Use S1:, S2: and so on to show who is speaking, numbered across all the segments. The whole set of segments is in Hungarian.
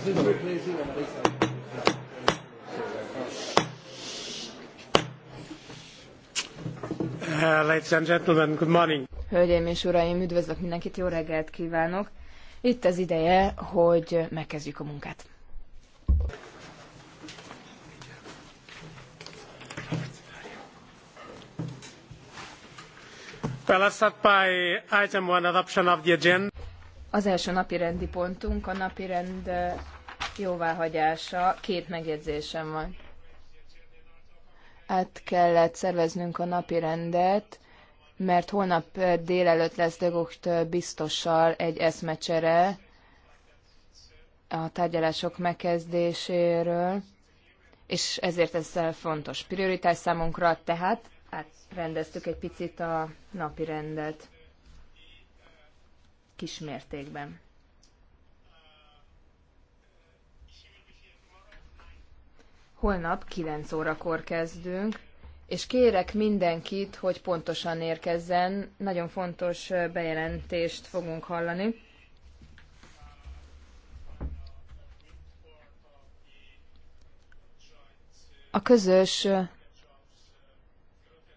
S1: Uh, ladies and gentlemen, good morning.
S2: Hölgyeim és uraim, üdvözlök mindenkit, jó reggelt kívánok. Itt az ideje, hogy megkezdjük a munkát. Az első napi rendi pontunk a napi rend jóváhagyása. Két megjegyzésem van. Át kellett szerveznünk a napi rendet, mert holnap délelőtt lesz Degokt biztossal egy eszmecsere a tárgyalások megkezdéséről, és ezért ez fontos prioritás számunkra, tehát átrendeztük egy picit a napi rendet kismértékben. Holnap 9 órakor kezdünk, és kérek mindenkit, hogy pontosan érkezzen. Nagyon fontos bejelentést fogunk hallani. A közös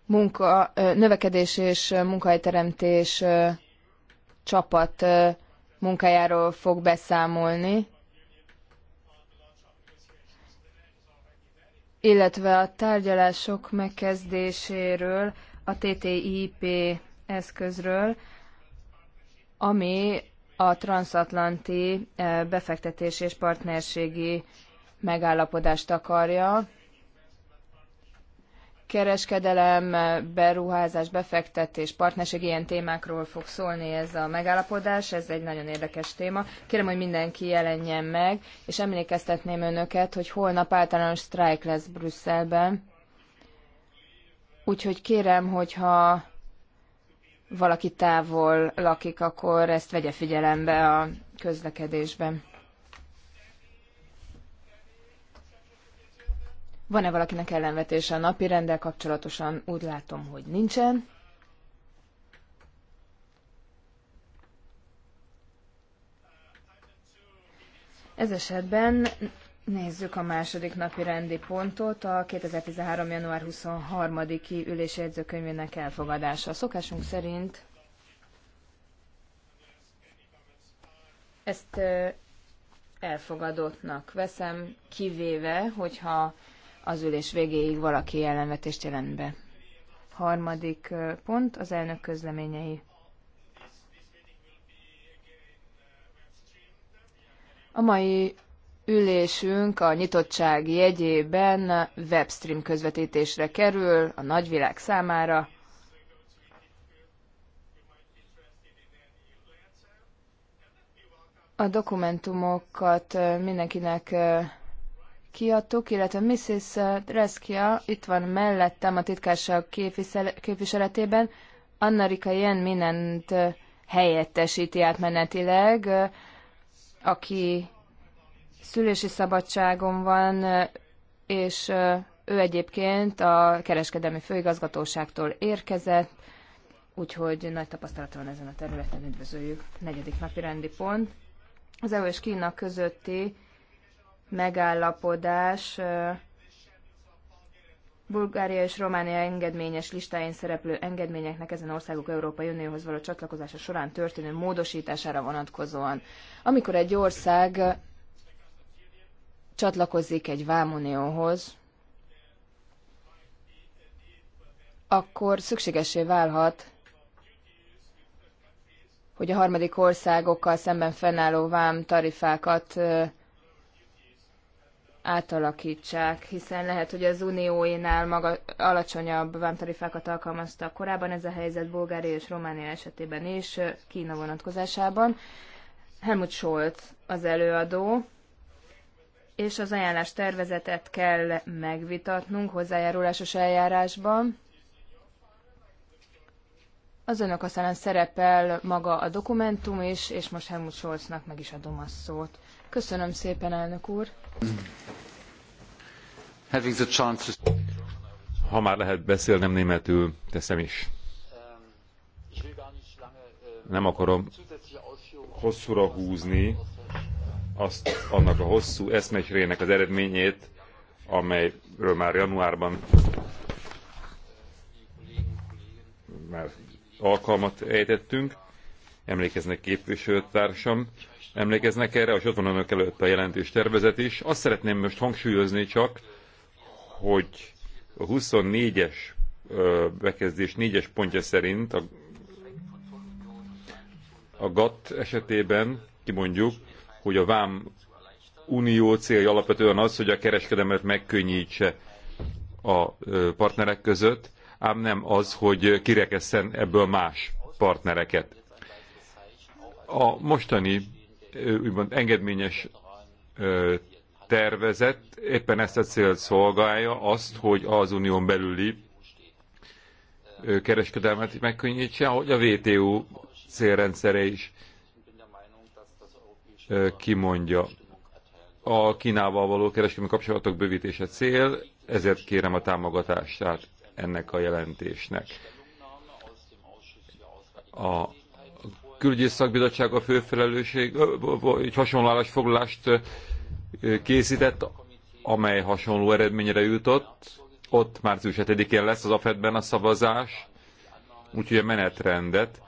S2: munka, növekedés és munkahelyteremtés csapat munkájáról fog beszámolni. illetve a tárgyalások megkezdéséről, a TTIP eszközről, ami a transatlanti eh, befektetési és partnerségi megállapodást akarja, kereskedelem, beruházás, befektetés, partnerség, ilyen témákról fog szólni ez a megállapodás, ez egy nagyon érdekes téma. Kérem, hogy mindenki jelenjen meg, és emlékeztetném önöket, hogy holnap általános sztrájk lesz Brüsszelben. Úgyhogy kérem, hogyha valaki távol lakik, akkor ezt vegye figyelembe a közlekedésben. Van-e valakinek ellenvetése a napi rendel kapcsolatosan? Úgy látom, hogy nincsen. Ez esetben nézzük a második napi rendi pontot, a 2013. január 23-i ülési jegyzőkönyvének elfogadása. A szokásunk szerint ezt elfogadottnak veszem, kivéve, hogyha az ülés végéig valaki jelenvetést jelent be. Harmadik pont az elnök közleményei. A mai ülésünk a nyitottság jegyében webstream közvetítésre kerül a nagyvilág számára. A dokumentumokat mindenkinek kiadtuk, illetve Mrs. Eh, Dreskia itt van mellettem a titkárság képviseletében. Annarika ilyen mindent eh, helyettesíti átmenetileg, eh, aki szülési szabadságon van, és ő egyébként a kereskedelmi főigazgatóságtól érkezett, úgyhogy nagy tapasztalata van ezen a területen, üdvözöljük. Negyedik napi rendi pont. Az EU és Kína közötti megállapodás Bulgária és Románia engedményes listáin szereplő engedményeknek ezen országok Európai Unióhoz való csatlakozása során történő módosítására vonatkozóan. Amikor egy ország csatlakozik egy vámunióhoz, akkor szükségesé válhat, hogy a harmadik országokkal szemben fennálló vám tarifákat átalakítsák, hiszen lehet, hogy az unióénál maga alacsonyabb vámtarifákat alkalmazta korábban ez a helyzet Bulgária és Románia esetében is, Kína vonatkozásában. Helmut Scholz az előadó, és az ajánlás tervezetet kell megvitatnunk hozzájárulásos eljárásban. Az önök aztán szerepel maga a dokumentum is, és most Helmut Scholznak meg is adom a szót. Köszönöm szépen, elnök úr.
S3: Ha már lehet beszélnem németül, teszem is. Nem akarom hosszúra húzni azt, annak a hosszú eszmecsérének az eredményét, amelyről már januárban már alkalmat ejtettünk. Emlékeznek képviselőtársam, Emlékeznek erre, és ott van önök előtt a jelentés tervezet is. Azt szeretném most hangsúlyozni csak, hogy a 24-es bekezdés 4-es pontja szerint a, a GATT esetében kimondjuk, hogy a Vám Unió célja alapvetően az, hogy a kereskedelmet megkönnyítse a partnerek között, ám nem az, hogy kirekesszen ebből más partnereket. A mostani úgymond engedményes tervezet éppen ezt a célt szolgálja, azt, hogy az unión belüli kereskedelmet megkönnyítse, ahogy a WTO célrendszere is kimondja. A Kínával való kereskedelmi kapcsolatok bővítése cél, ezért kérem a támogatását ennek a jelentésnek. A külügyi szakbizottság a főfelelőség egy hasonló állásfoglalást készített, amely hasonló eredményre jutott. Ott március 7-én lesz az AFED-ben a szavazás, úgyhogy a menetrendet,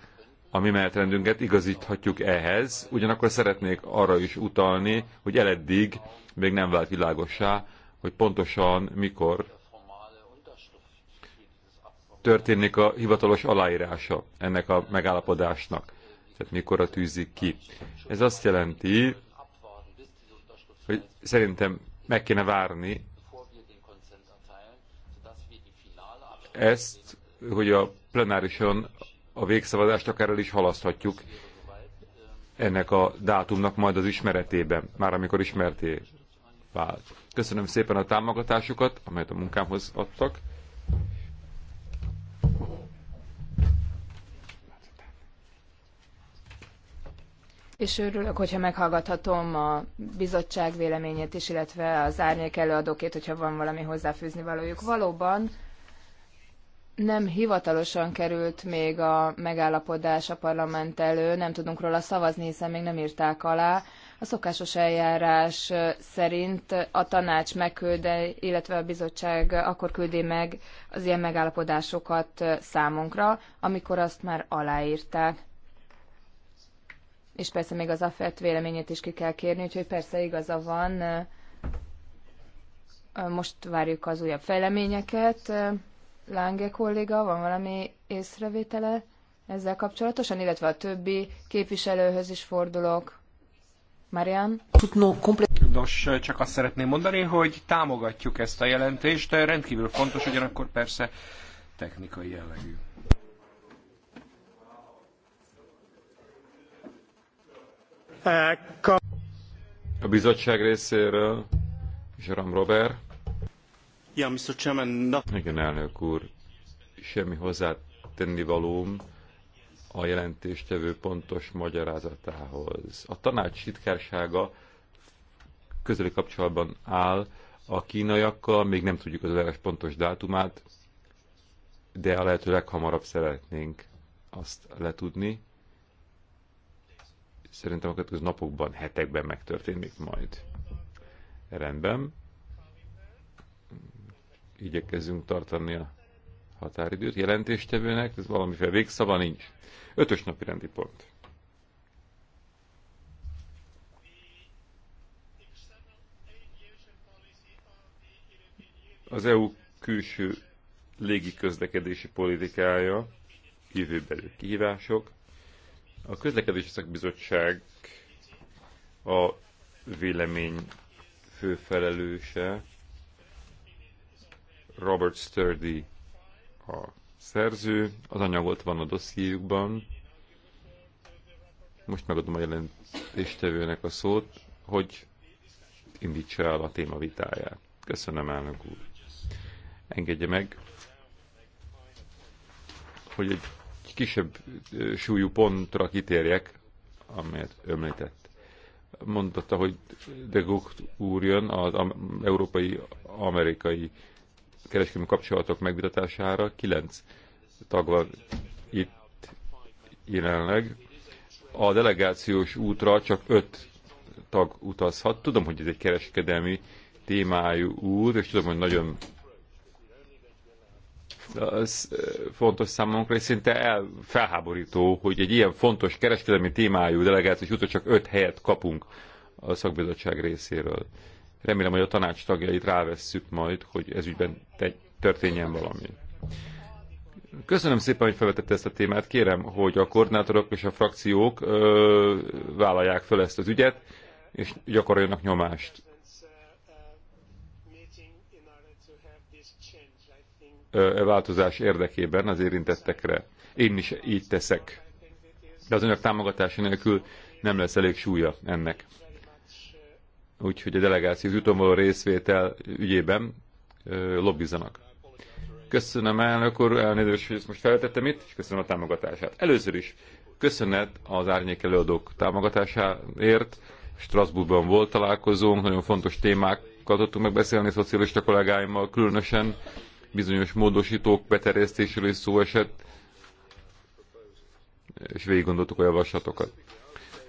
S3: a mi menetrendünket igazíthatjuk ehhez. Ugyanakkor szeretnék arra is utalni, hogy eleddig még nem vált világosá, hogy pontosan mikor történik a hivatalos aláírása ennek a megállapodásnak tehát a tűzik ki. Ez azt jelenti, hogy szerintem meg kéne várni ezt, hogy a plenárison a végszavazást akár el is halaszthatjuk ennek a dátumnak majd az ismeretében, már amikor ismerté vált. Köszönöm szépen a támogatásukat, amelyet a munkámhoz adtak,
S2: És örülök, hogyha meghallgathatom a bizottság véleményét is, illetve az árnyék előadókét, hogyha van valami hozzáfűzni valójuk. Valóban nem hivatalosan került még a megállapodás a parlament elő, nem tudunk róla szavazni, hiszen még nem írták alá. A szokásos eljárás szerint a tanács megkülde, illetve a bizottság akkor küldi meg az ilyen megállapodásokat számunkra, amikor azt már aláírták és persze még az AFET véleményét is ki kell kérni, úgyhogy persze igaza van, most várjuk az újabb fejleményeket. Lange kolléga, van valami észrevétele ezzel kapcsolatosan, illetve a többi képviselőhöz is fordulok. Marian?
S1: Nos, csak azt szeretném mondani, hogy támogatjuk ezt a jelentést, rendkívül fontos, ugyanakkor persze technikai jellegű.
S3: A bizottság részéről, Jerome Robert. Ja, Mr. Chairman, no. Igen, elnök úr, semmi hozzátennivalóm a jelentéstevő pontos magyarázatához. A tanács titkársága közeli kapcsolatban áll a kínaiakkal, még nem tudjuk az eres pontos dátumát, de a lehető leghamarabb szeretnénk azt letudni. Szerintem a következő napokban, hetekben megtörténik majd. Rendben. Igyekezzünk tartani a határidőt jelentéstevőnek, ez valamiféle végszava nincs. Ötös napi rendi pont. Az EU külső légi közlekedési politikája, jövőbeli kihívások, a közlekedési szakbizottság a vélemény főfelelőse Robert Sturdy a szerző, az anyagot van a dossziéjukban. Most megadom a jelentéstevőnek a szót, hogy indítsa el a téma vitáját. Köszönöm, elnök úr. Engedje meg, hogy egy kisebb súlyú pontra kitérjek, amelyet említett. Mondotta, hogy de Gucht úr jön az európai-amerikai kereskedelmi kapcsolatok megvitatására. Kilenc tag van itt jelenleg. A delegációs útra csak öt tag utazhat. Tudom, hogy ez egy kereskedelmi témájú út, és tudom, hogy nagyon az fontos számunkra, és szinte el, felháborító, hogy egy ilyen fontos kereskedelmi témájú delegációs úton csak öt helyet kapunk a szakbizottság részéről. Remélem, hogy a tanács tagjait rávesszük majd, hogy ez ügyben történjen valami. Köszönöm szépen, hogy felvetette ezt a témát. Kérem, hogy a koordinátorok és a frakciók ö, vállalják fel ezt az ügyet, és gyakoroljanak nyomást E változás érdekében az érintettekre. Én is így teszek. De az önök támogatása nélkül nem lesz elég súlya ennek. Úgyhogy a delegáció jutomvaló részvétel ügyében lobbizanak. Köszönöm elnök úr, elnézős, hogy ezt most feltettem itt, és köszönöm a támogatását. Először is köszönet az árnyék előadók támogatásáért. Strasbourgban volt találkozónk, nagyon fontos témákat tudtunk megbeszélni szocialista kollégáimmal, különösen bizonyos módosítók beterjesztéséről is szó esett, és végig gondoltuk a javaslatokat.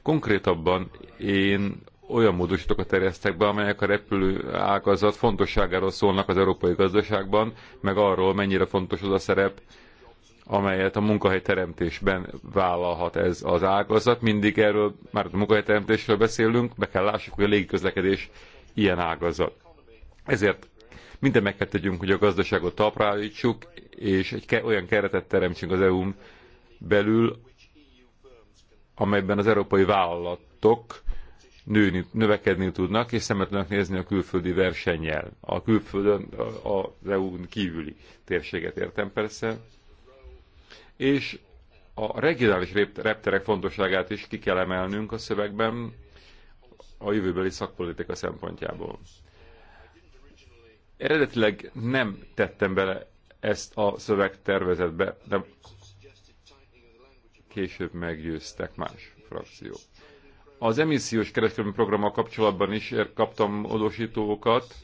S3: Konkrétabban én olyan módosítókat terjesztek be, amelyek a repülő ágazat fontosságáról szólnak az európai gazdaságban, meg arról, mennyire fontos az a szerep, amelyet a munkahelyteremtésben vállalhat ez az ágazat. Mindig erről, már a munkahelyteremtésről beszélünk, be kell lássuk, hogy a légiközlekedés ilyen ágazat. Ezért minden meg kell tegyünk, hogy a gazdaságot talpra állítsuk, és egy olyan keretet teremtsünk az EU-n belül, amelyben az európai vállalatok nőni, növekedni tudnak, és szemet tudnak nézni a külföldi versennyel. A külföldön, az EU-n kívüli térséget értem persze. És a regionális repterek fontosságát is ki kell emelnünk a szövegben a jövőbeli szakpolitika szempontjából. Eredetileg nem tettem bele ezt a szövegtervezetbe, de később meggyőztek más frakciók. Az emissziós kereskedelmi programmal kapcsolatban is kaptam módosítókat,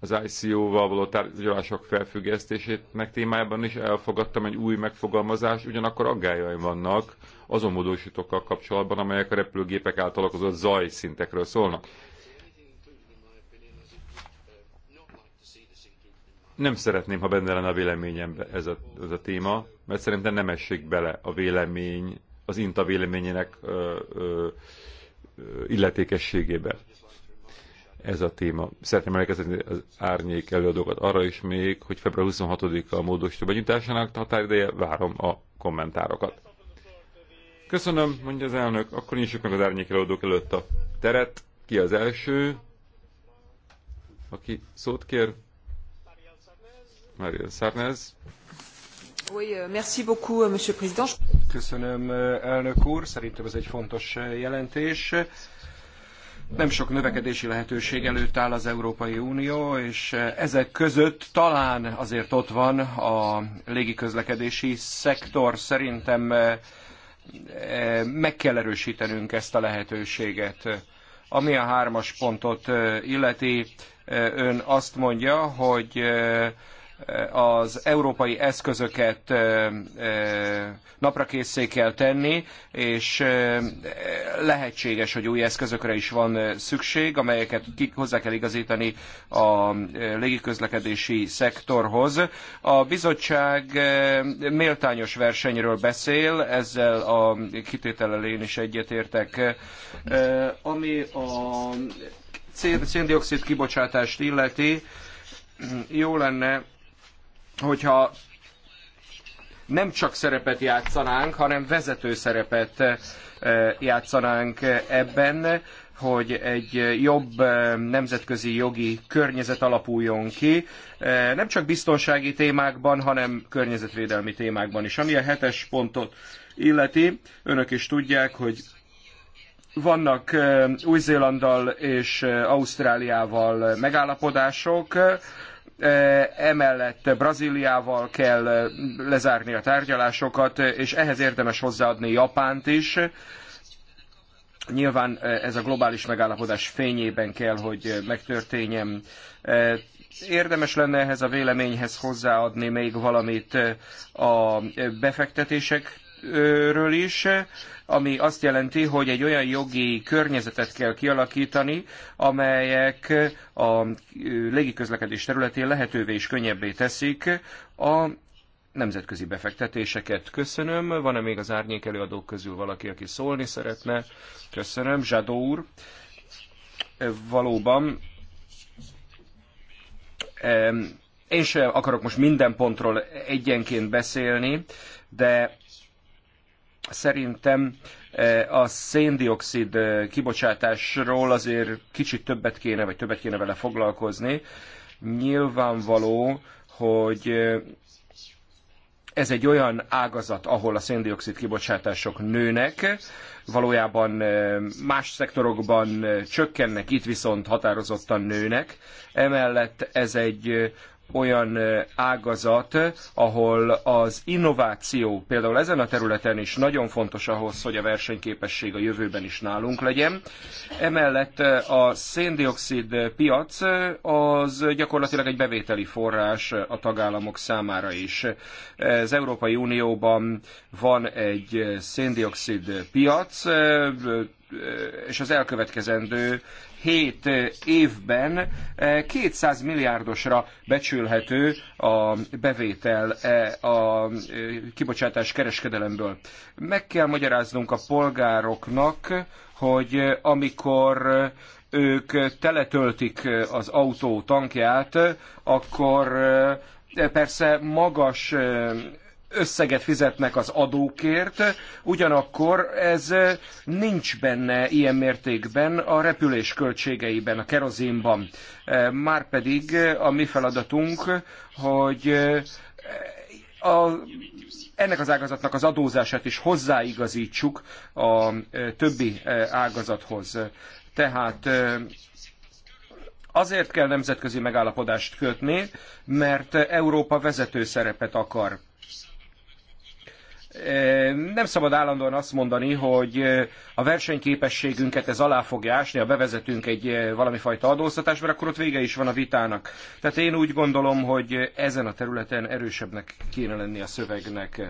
S3: az ICO-val való tárgyalások felfüggesztésének témájában is elfogadtam egy új megfogalmazást, ugyanakkor aggájaim vannak azon módosítókkal kapcsolatban, amelyek a repülőgépek által okozott zajszintekről szólnak. nem szeretném, ha benne lenne a véleményem ez a, ez a téma, mert szerintem nem esik bele a vélemény, az INTA véleményének ö, ö, illetékességébe ez a téma. Szeretném emlékezni az árnyék előadókat arra is még, hogy február 26-a a módosító benyújtásának határideje, várom a kommentárokat. Köszönöm, mondja az elnök, akkor nyissuk meg az árnyék előadók előtt a teret. Ki az első, aki szót kér? Euh,
S2: euh,
S1: Köszönöm, euh, elnök úr. Szerintem ez egy fontos jelentés. Nem sok növekedési lehetőség előtt áll az Európai Unió, és ezek között talán azért ott van a légiközlekedési szektor. Szerintem meg kell erősítenünk ezt a lehetőséget. Ami a hármas pontot illeti, ön azt mondja, hogy az európai eszközöket naprakészé kell tenni, és lehetséges, hogy új eszközökre is van szükség, amelyeket hozzá kell igazítani a légiközlekedési szektorhoz. A bizottság méltányos versenyről beszél, ezzel a kitétellel én is egyetértek. Ami a széndiokszid kibocsátást illeti, jó lenne hogyha nem csak szerepet játszanánk, hanem vezető szerepet eh, játszanánk ebben, hogy egy jobb eh, nemzetközi jogi környezet alapuljon ki, eh, nem csak biztonsági témákban, hanem környezetvédelmi témákban is. Ami a hetes pontot illeti, önök is tudják, hogy vannak Új-Zélanddal és Ausztráliával megállapodások, Eh, emellett Brazíliával kell eh, lezárni a tárgyalásokat, eh, és ehhez érdemes hozzáadni Japánt is. Nyilván ez a globális megállapodás fényében kell, hogy megtörténjen. Érdemes lenne ehhez a véleményhez hozzáadni még valamit a befektetésekről is, ami azt jelenti, hogy egy olyan jogi környezetet kell kialakítani, amelyek a légiközlekedés területén lehetővé és könnyebbé teszik a nemzetközi befektetéseket. Köszönöm. Van-e még az árnyék előadók közül valaki, aki szólni szeretne? Köszönöm. Zsadó úr. Valóban én sem akarok most minden pontról egyenként beszélni, de Szerintem e, a széndiokszid e, kibocsátásról azért kicsit többet kéne, vagy többet kéne vele foglalkozni. Nyilvánvaló, hogy e, ez egy olyan ágazat, ahol a széndiokszid kibocsátások nőnek, valójában más szektorokban csökkennek, itt viszont határozottan nőnek. Emellett ez egy olyan ágazat, ahol az innováció például ezen a területen is nagyon fontos ahhoz, hogy a versenyképesség a jövőben is nálunk legyen. Emellett a széndiokszid piac az gyakorlatilag egy bevételi forrás a tagállamok számára is. Az Európai Unióban van egy széndiokszid piac, és az elkövetkezendő 7 évben 200 milliárdosra becsülhető a bevétel a kibocsátás kereskedelemből. Meg kell magyaráznunk a polgároknak, hogy amikor ők teletöltik az autó tankját, akkor persze magas összeget fizetnek az adókért, ugyanakkor ez nincs benne ilyen mértékben a repülés költségeiben, a kerozénban. Márpedig a mi feladatunk, hogy a, ennek az ágazatnak az adózását is hozzáigazítsuk a többi ágazathoz. Tehát azért kell nemzetközi megállapodást kötni, mert Európa vezető szerepet akar nem szabad állandóan azt mondani, hogy a versenyképességünket ez alá fogja ásni, ha bevezetünk egy valami fajta adóztatás, mert akkor ott vége is van a vitának. Tehát én úgy gondolom, hogy ezen a területen erősebbnek kéne lenni a szövegnek.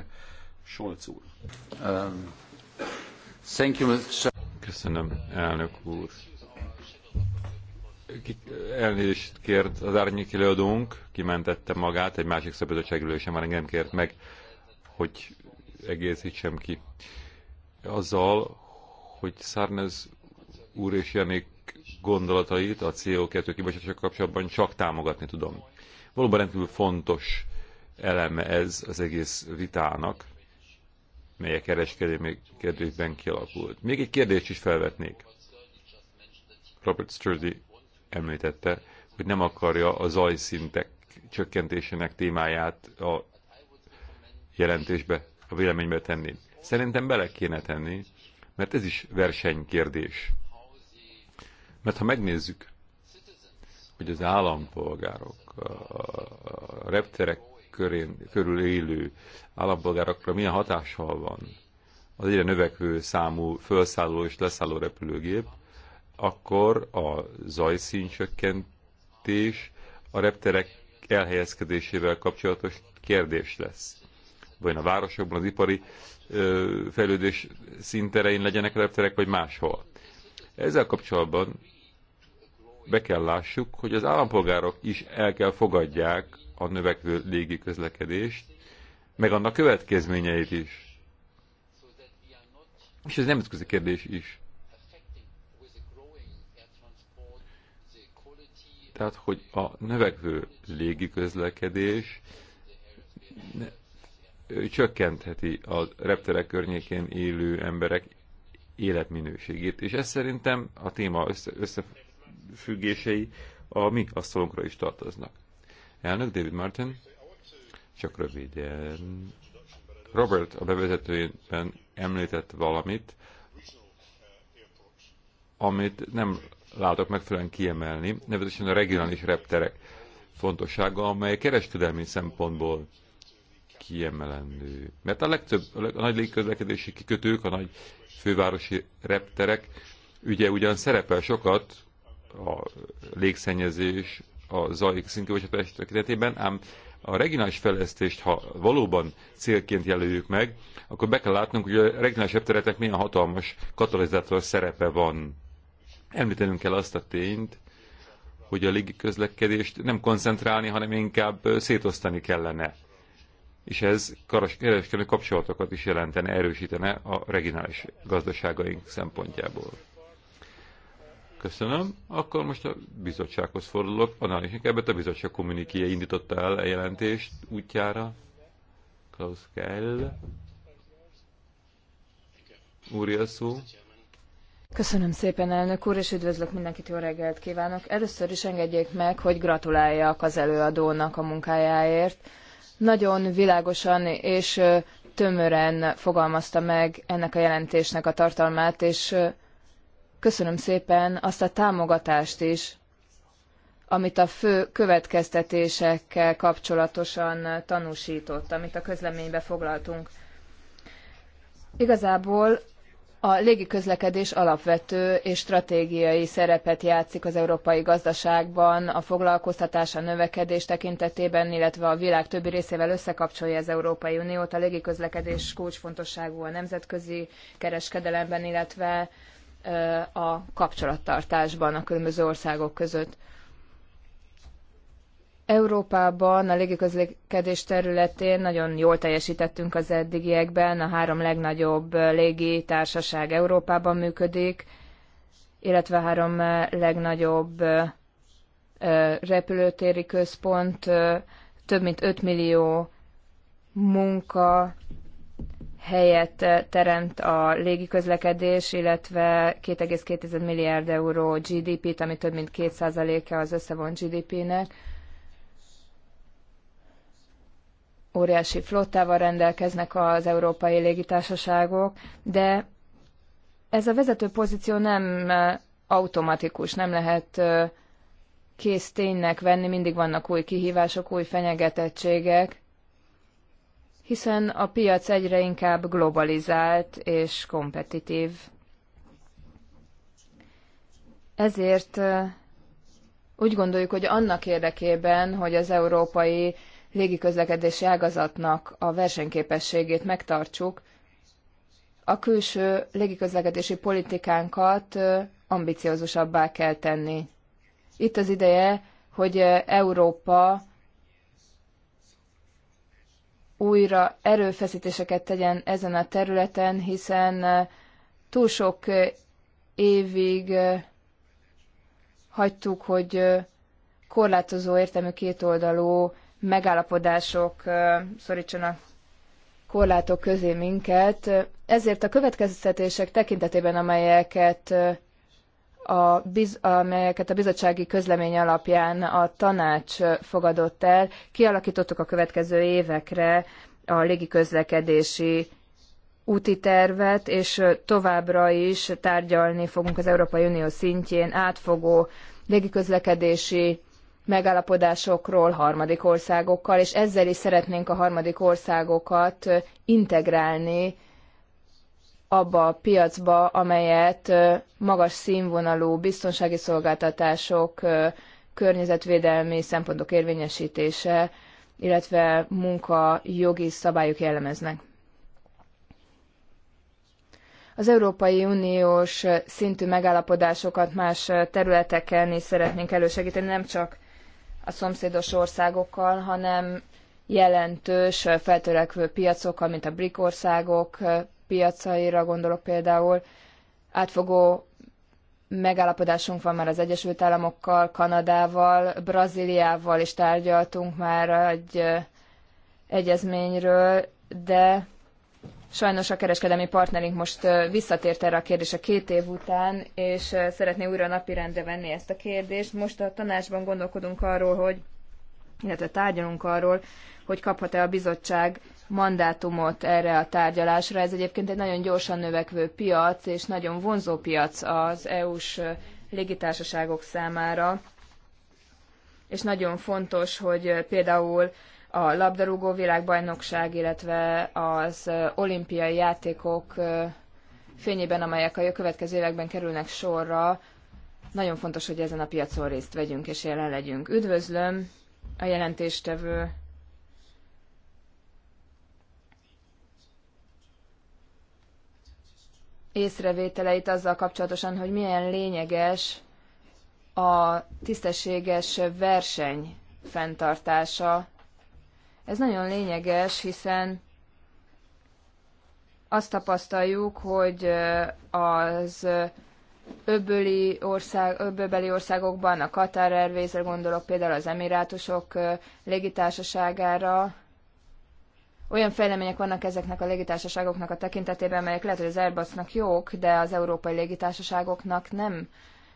S1: Solc úr.
S3: Um, thank you, Köszönöm, elnök úr. Elnézést kért az árnyék előadónk, kimentette magát, egy másik szabadságülőse már engem kért meg hogy egészítsem ki. Azzal, hogy Szárnez úr és Janik gondolatait a CO2 kibocsátással kapcsolatban csak támogatni tudom. Valóban rendkívül fontos eleme ez az egész vitának, mely a kereskedelmi kérdésben kialakult. Még egy kérdést is felvetnék. Robert Sturdy említette, hogy nem akarja a zajszintek csökkentésének témáját a jelentésbe a véleménybe tenni. Szerintem bele kéne tenni, mert ez is versenykérdés. Mert ha megnézzük, hogy az állampolgárok, a repterek körén, körül élő állampolgárokra milyen hatással van az egyre növekvő számú felszálló és leszálló repülőgép, akkor a zajszíncsökkentés a repterek elhelyezkedésével kapcsolatos kérdés lesz vagy a városokban, az ipari ö, fejlődés szinterein legyenek repterek, vagy máshol. Ezzel kapcsolatban be kell lássuk, hogy az állampolgárok is el kell fogadják a növekvő légi közlekedést, meg annak következményeit is. És ez nemzetközi kérdés is. Tehát, hogy a növekvő légi közlekedés csökkentheti a repterek környékén élő emberek életminőségét. És ez szerintem a téma össze, összefüggései a mi asztalunkra is tartoznak. Elnök David Martin, csak röviden. Robert a bevezetőjében említett valamit, amit nem látok megfelelően kiemelni, nevezetesen a regionális repterek fontossága, amely kereskedelmi szempontból kiemelendő. Mert a legtöbb, a nagy légközlekedési kikötők, a nagy fővárosi repterek ugye ugyan szerepel sokat a légszennyezés, a zaj szinkronisatás tekintetében, ám a regionális fejlesztést, ha valóban célként jelöljük meg, akkor be kell látnunk, hogy a regionális repteretek milyen hatalmas katalizátor szerepe van. Említenünk kell azt a tényt, hogy a közlekedést nem koncentrálni, hanem inkább szétosztani kellene és ez kereskedelmi kapcsolatokat is jelentene, erősítene a regionális gazdaságaink szempontjából. Köszönöm. Akkor most a bizottsághoz fordulok. Annál is inkább a bizottság kommunikéje indította el a jelentést útjára. Klaus Kell. Úri a szó.
S2: Köszönöm szépen, elnök úr, és üdvözlök mindenkit, jó reggelt kívánok. Először is engedjék meg, hogy gratuláljak az előadónak a munkájáért nagyon világosan és tömören fogalmazta meg ennek a jelentésnek a tartalmát, és köszönöm szépen azt a támogatást is, amit a fő következtetésekkel kapcsolatosan tanúsított, amit a közleménybe foglaltunk. Igazából a légiközlekedés alapvető és stratégiai szerepet játszik az európai gazdaságban, a foglalkoztatás, a növekedés tekintetében, illetve a világ többi részével összekapcsolja az Európai Uniót. A légiközlekedés kulcsfontosságú a nemzetközi kereskedelemben, illetve a kapcsolattartásban a különböző országok között. Európában a légiközlekedés területén nagyon jól teljesítettünk az eddigiekben, a három legnagyobb társaság Európában működik, illetve három legnagyobb repülőtéri központ, több mint 5 millió munka helyet teremt a légiközlekedés, illetve 2,2 milliárd euró GDP-t, ami több mint 2%-a az összevont GDP-nek óriási flottával rendelkeznek az európai légitársaságok, de ez a vezető pozíció nem automatikus, nem lehet kész ténynek venni, mindig vannak új kihívások, új fenyegetettségek, hiszen a piac egyre inkább globalizált és kompetitív. Ezért úgy gondoljuk, hogy annak érdekében, hogy az európai légiközlekedési ágazatnak a versenyképességét megtartsuk, a külső légiközlekedési politikánkat ambiciózusabbá kell tenni. Itt az ideje, hogy Európa újra erőfeszítéseket tegyen ezen a területen, hiszen túl sok évig hagytuk, hogy korlátozó értelmű kétoldalú megállapodások szorítsanak korlátok közé minket. Ezért a következtetések tekintetében, amelyeket a biz, amelyeket a bizottsági közlemény alapján a tanács fogadott el, kialakítottuk a következő évekre a légiközlekedési úti tervet, és továbbra is tárgyalni fogunk az Európai Unió szintjén átfogó légiközlekedési megállapodásokról harmadik országokkal, és ezzel is szeretnénk a harmadik országokat integrálni abba a piacba, amelyet magas színvonalú biztonsági szolgáltatások, környezetvédelmi szempontok érvényesítése, illetve munkajogi szabályok jellemeznek. Az Európai Uniós szintű megállapodásokat más területeken is szeretnénk elősegíteni, nem csak a szomszédos országokkal, hanem jelentős feltörekvő piacokkal, mint a BRIC országok piacaira gondolok például. Átfogó megállapodásunk van már az Egyesült Államokkal, Kanadával, Brazíliával is tárgyaltunk már egy egyezményről, de Sajnos a kereskedelmi partnerünk most visszatért erre a kérdésre két év után, és szeretné újra napirendre venni ezt a kérdést. Most a tanácsban gondolkodunk arról, hogy illetve tárgyalunk arról, hogy kaphat-e a bizottság mandátumot erre a tárgyalásra. Ez egyébként egy nagyon gyorsan növekvő piac, és nagyon vonzó piac az EU-s légitársaságok számára. És nagyon fontos, hogy például a labdarúgó világbajnokság, illetve az olimpiai játékok fényében, amelyek a következő években kerülnek sorra, nagyon fontos, hogy ezen a piacon részt vegyünk és jelen legyünk. Üdvözlöm a jelentéstevő észrevételeit azzal kapcsolatosan, hogy milyen lényeges a tisztességes verseny fenntartása ez nagyon lényeges, hiszen azt tapasztaljuk, hogy az öböli ország, öböbeli országokban, a Katar Airways-re gondolok, például az Emirátusok légitársaságára, olyan fejlemények vannak ezeknek a légitársaságoknak a tekintetében, melyek lehet, hogy az Airbusnak jók, de az európai légitársaságoknak nem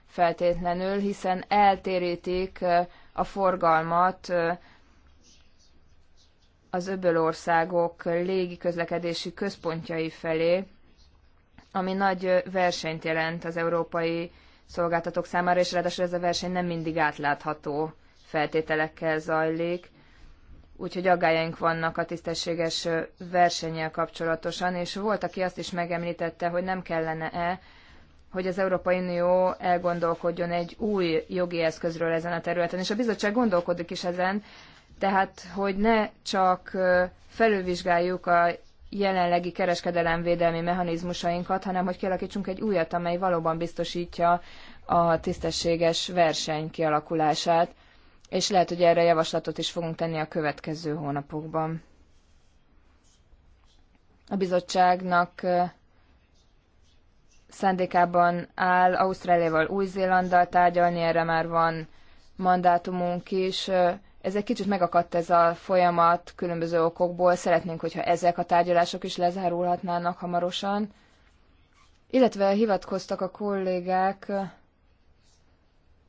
S2: feltétlenül, hiszen eltérítik a forgalmat az öbölországok közlekedési központjai felé, ami nagy versenyt jelent az európai szolgáltatók számára, és ráadásul ez a verseny nem mindig átlátható feltételekkel zajlik. Úgyhogy aggájaink vannak a tisztességes versennyel kapcsolatosan, és volt, aki azt is megemlítette, hogy nem kellene-e, hogy az Európai Unió elgondolkodjon egy új jogi eszközről ezen a területen, és a bizottság gondolkodik is ezen, tehát, hogy ne csak felülvizsgáljuk a jelenlegi kereskedelemvédelmi mechanizmusainkat, hanem hogy kialakítsunk egy újat, amely valóban biztosítja a tisztességes verseny kialakulását, és lehet, hogy erre javaslatot is fogunk tenni a következő hónapokban. A bizottságnak szándékában áll Ausztráliával, Új-Zélanddal tárgyalni, erre már van mandátumunk is. Ez egy kicsit megakadt ez a folyamat különböző okokból. Szeretnénk, hogyha ezek a tárgyalások is lezárulhatnának hamarosan. Illetve hivatkoztak a kollégák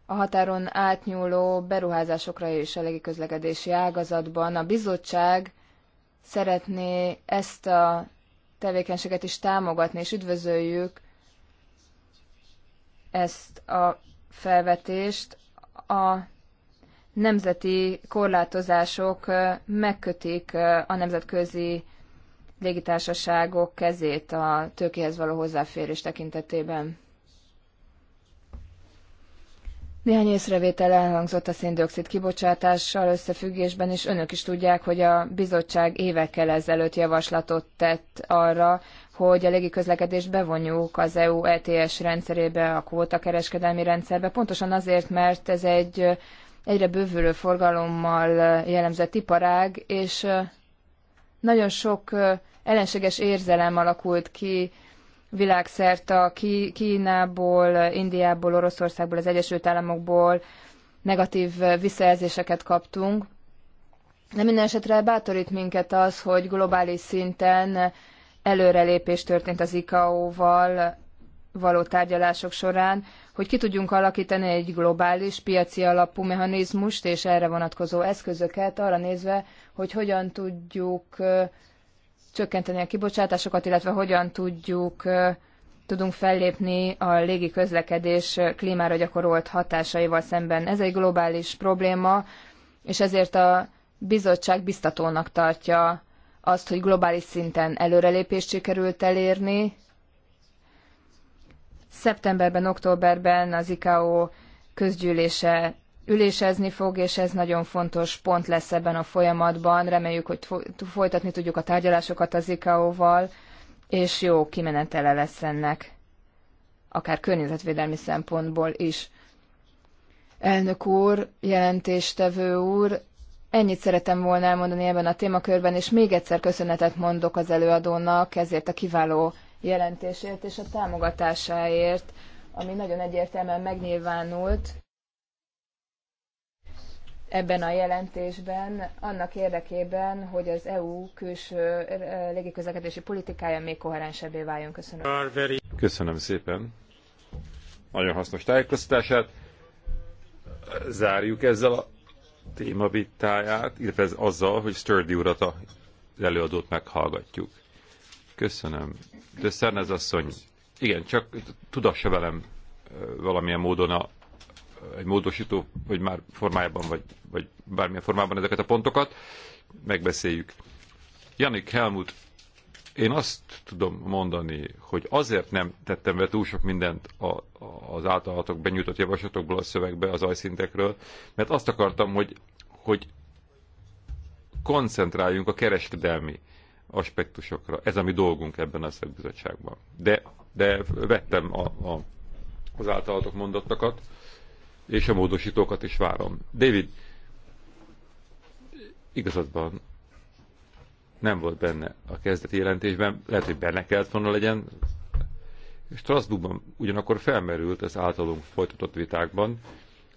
S2: a határon átnyúló beruházásokra és a légiközlekedési ágazatban. A bizottság szeretné ezt a tevékenységet is támogatni, és üdvözöljük ezt a felvetést. A nemzeti korlátozások megkötik a nemzetközi légitársaságok kezét a tőkéhez való hozzáférés tekintetében. Néhány észrevétel elhangzott a széndiokszid kibocsátással összefüggésben, és önök is tudják, hogy a bizottság évekkel ezelőtt javaslatot tett arra, hogy a légiközlekedést bevonjuk az EU ETS rendszerébe, a kvótakereskedelmi rendszerbe, pontosan azért, mert ez egy egyre bővülő forgalommal jellemzett iparág, és nagyon sok ellenséges érzelem alakult ki világszerte a Kínából, Indiából, Oroszországból, az Egyesült Államokból negatív visszajelzéseket kaptunk. De minden esetre bátorít minket az, hogy globális szinten előrelépés történt az ICAO-val való tárgyalások során, hogy ki tudjunk alakítani egy globális piaci alapú mechanizmust és erre vonatkozó eszközöket, arra nézve, hogy hogyan tudjuk csökkenteni a kibocsátásokat, illetve hogyan tudjuk tudunk fellépni a légi közlekedés klímára gyakorolt hatásaival szemben. Ez egy globális probléma, és ezért a bizottság biztatónak tartja azt, hogy globális szinten előrelépést sikerült elérni, Szeptemberben, októberben az ICAO közgyűlése ülésezni fog, és ez nagyon fontos pont lesz ebben a folyamatban. Reméljük, hogy folytatni tudjuk a tárgyalásokat az ICAO-val, és jó kimenetele lesz ennek, akár környezetvédelmi szempontból is. Elnök úr, jelentéstevő úr, ennyit szeretem volna elmondani ebben a témakörben, és még egyszer köszönetet mondok az előadónak ezért a kiváló jelentésért és a támogatásáért, ami nagyon egyértelműen megnyilvánult ebben a jelentésben, annak érdekében, hogy az EU külső eh, légiközlekedési politikája még koherensebbé váljon. Köszönöm.
S3: Köszönöm szépen. Nagyon hasznos tájékoztatását. Zárjuk ezzel a témabitáját, illetve azzal, hogy Sturdy urat a előadót meghallgatjuk. Köszönöm. De Szernez asszony, igen, csak tudassa velem valamilyen módon a, egy módosító, hogy már formájában, vagy, vagy bármilyen formában ezeket a pontokat, megbeszéljük. Janik Helmut, én azt tudom mondani, hogy azért nem tettem be túl sok mindent a, a, az általatok benyújtott javaslatokból a szövegbe az ajszintekről, mert azt akartam, hogy, hogy koncentráljunk a kereskedelmi aspektusokra. Ez a mi dolgunk ebben a szakbizottságban. De, de vettem a, a, az általatok mondottakat, és a módosítókat is várom. David, igazadban nem volt benne a kezdeti jelentésben, lehet, hogy benne kellett volna legyen. Strasbourgban ugyanakkor felmerült az általunk folytatott vitákban,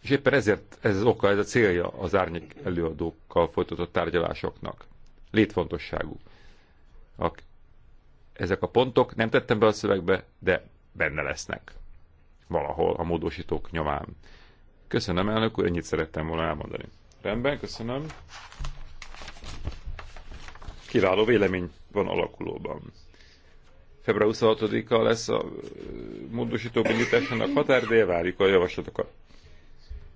S3: és éppen ezért ez az oka, ez a célja az árnyék előadókkal folytatott tárgyalásoknak. Létfontosságú. A, ezek a pontok nem tettem be a szövegbe, de benne lesznek valahol a módosítók nyomán. Köszönöm, elnök úr, ennyit szerettem volna elmondani. Rendben, köszönöm. Kiváló vélemény van alakulóban. Február 26-a lesz a módosító benyújtásának határdéje, várjuk a javaslatokat.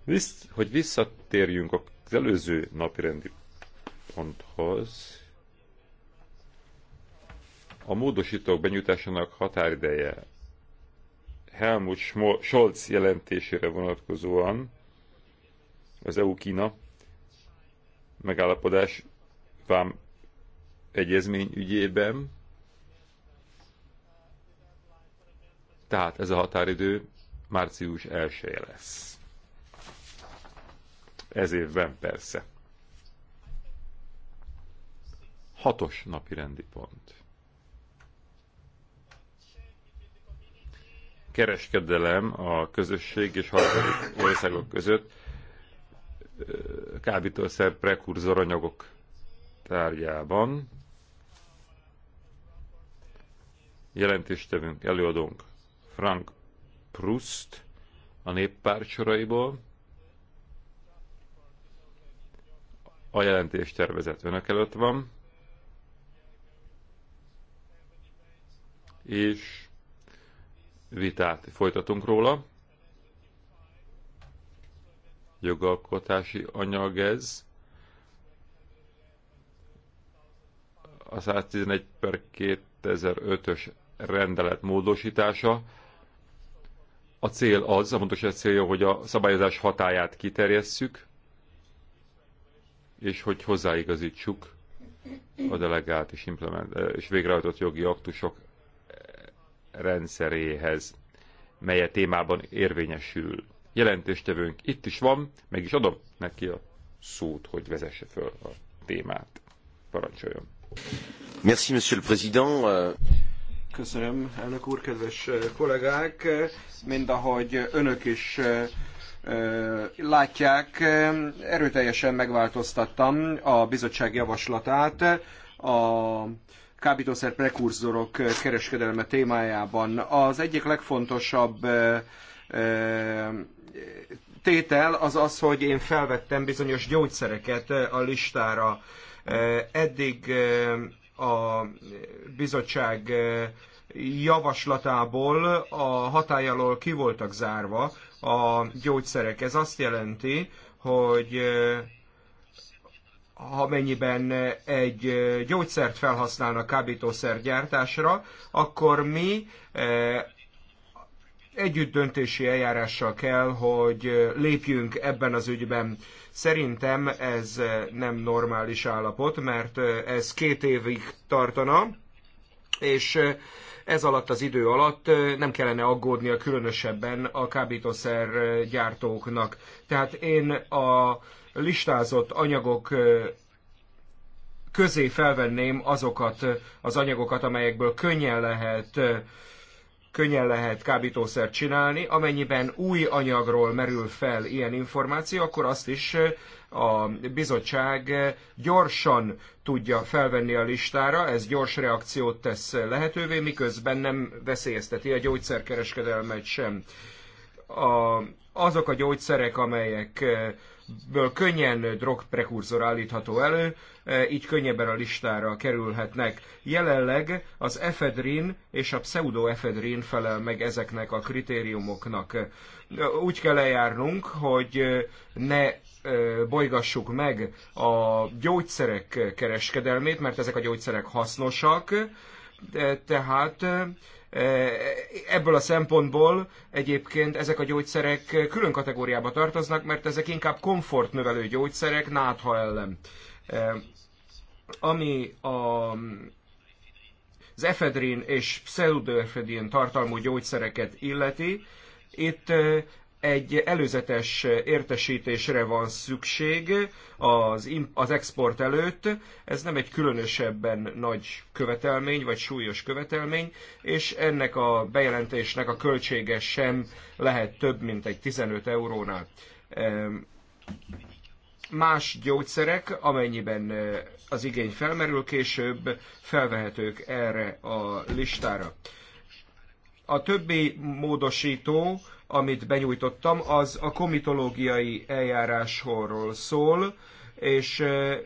S3: Visz, hogy visszatérjünk az előző rendi ponthoz, a módosítók benyújtásának határideje Helmut Scholz jelentésére vonatkozóan az EU-Kína megállapodás vám egyezmény ügyében. Tehát ez a határidő március 1 -e lesz. Ez évben persze. Hatos napi rendi pont. kereskedelem a közösség és harmadik országok között kábítószer prekurzoranyagok tárgyában. Jelentéstevünk, előadónk Frank Prust a néppárt soraiból. A tervezet önök előtt van. És vitát folytatunk róla. Jogalkotási anyag ez. A 111 per 2005-ös rendelet módosítása. A cél az, a fontos célja, hogy a szabályozás hatáját kiterjesszük, és hogy hozzáigazítsuk a delegált és, és végrehajtott jogi aktusok rendszeréhez, melye a témában érvényesül. Jelentéstevőnk itt is van, meg is adom neki a szót, hogy vezesse föl a témát. Parancsoljon. Merci, monsieur le président.
S1: Köszönöm, elnök úr, kedves eh, kollégák! Mind ahogy önök is eh, eh, látják, erőteljesen megváltoztattam a bizottság javaslatát. A kábítószer prekurzorok eh, kereskedelme témájában. Az egyik legfontosabb eh, eh, tétel az az, hogy én felvettem bizonyos gyógyszereket a listára. Eddig a bizottság javaslatából a hatály alól ki voltak zárva a gyógyszerek. Ez azt jelenti, hogy amennyiben egy gyógyszert felhasználnak kábítószer gyártásra, akkor mi együtt döntési eljárással kell, hogy lépjünk ebben az ügyben. Szerintem ez nem normális állapot, mert ez két évig tartana, és ez alatt az idő alatt nem kellene aggódnia különösebben a kábítószer gyártóknak. Tehát én a listázott anyagok közé felvenném azokat az anyagokat, amelyekből könnyen lehet könnyen lehet kábítószert csinálni. Amennyiben új anyagról merül fel ilyen információ, akkor azt is a bizottság gyorsan tudja felvenni a listára, ez gyors reakciót tesz lehetővé, miközben nem veszélyezteti a gyógyszerkereskedelmet sem. A, azok a gyógyszerek, amelyek ből könnyen drogprekurzor állítható elő, e, így könnyebben a listára kerülhetnek. Jelenleg az efedrin és a pseudoefedrin felel meg ezeknek a kritériumoknak. E, úgy kell eljárnunk, hogy e, ne bolygassuk meg a gyógyszerek kereskedelmét, mert ezek a gyógyszerek hasznosak, tehát Ebből a szempontból egyébként ezek a gyógyszerek külön kategóriába tartoznak, mert ezek inkább komfortnövelő gyógyszerek, nátha ellen. E, ami a, az efedrin és pseudoefedrin tartalmú gyógyszereket illeti, itt egy előzetes értesítésre van szükség az, az export előtt. Ez nem egy különösebben nagy követelmény, vagy súlyos követelmény, és ennek a bejelentésnek a költsége sem lehet több, mint egy 15 eurónál. Más gyógyszerek, amennyiben az igény felmerül, később felvehetők erre a listára. A többi módosító amit benyújtottam, az a komitológiai eljárásról szól, és eh,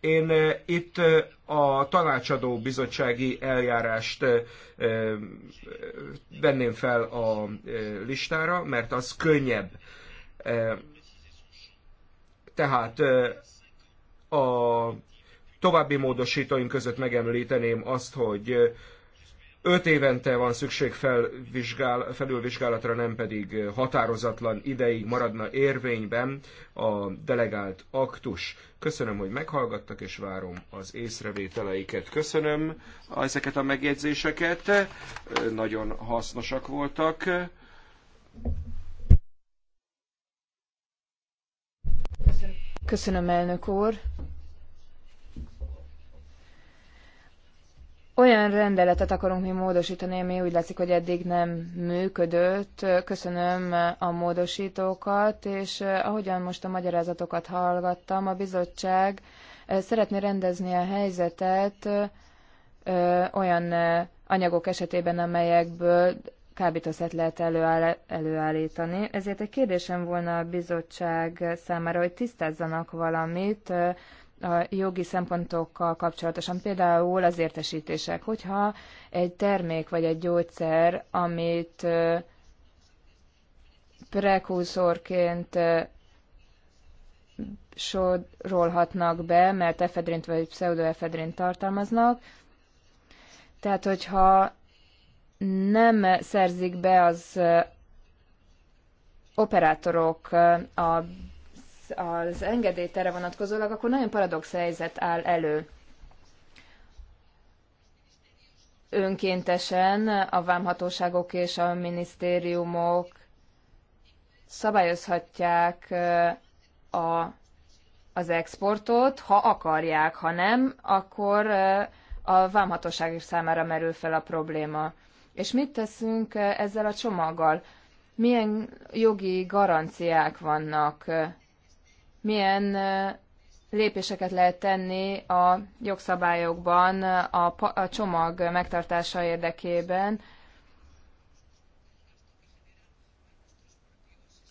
S1: én eh, itt eh, a tanácsadó bizottsági eljárást venném fel a listára, mert az könnyebb. Tehát a további módosítóink között megemlíteném azt, hogy Öt évente van szükség felvizsgál, felülvizsgálatra, nem pedig határozatlan ideig maradna érvényben a delegált aktus. Köszönöm, hogy meghallgattak, és várom az észrevételeiket. Köszönöm ezeket a megjegyzéseket, nagyon hasznosak voltak. Köszönöm,
S2: Köszönöm elnök úr. olyan rendeletet akarunk mi módosítani, ami úgy látszik, hogy eddig nem működött. Köszönöm a módosítókat, és eh, ahogyan most a magyarázatokat hallgattam, a bizottság eh, szeretné rendezni a helyzetet eh, olyan anyagok esetében, amelyekből kábítószert lehet előáll, előállítani. Ezért egy kérdésem volna a bizottság számára, hogy tisztázzanak valamit a jogi szempontokkal kapcsolatosan, például az értesítések. Hogyha egy termék vagy egy gyógyszer, amit prekuszorként sorolhatnak be, mert efedrint vagy pseudoefedrint tartalmaznak, tehát hogyha nem szerzik be az operátorok a az engedélyt erre vonatkozólag, akkor nagyon paradox helyzet áll elő. Önkéntesen a vámhatóságok és a minisztériumok szabályozhatják a, az exportot, ha akarják, ha nem, akkor a vámhatóság számára merül fel a probléma. És mit teszünk ezzel a csomaggal? Milyen jogi garanciák vannak milyen lépéseket lehet tenni a jogszabályokban a, a csomag megtartása érdekében.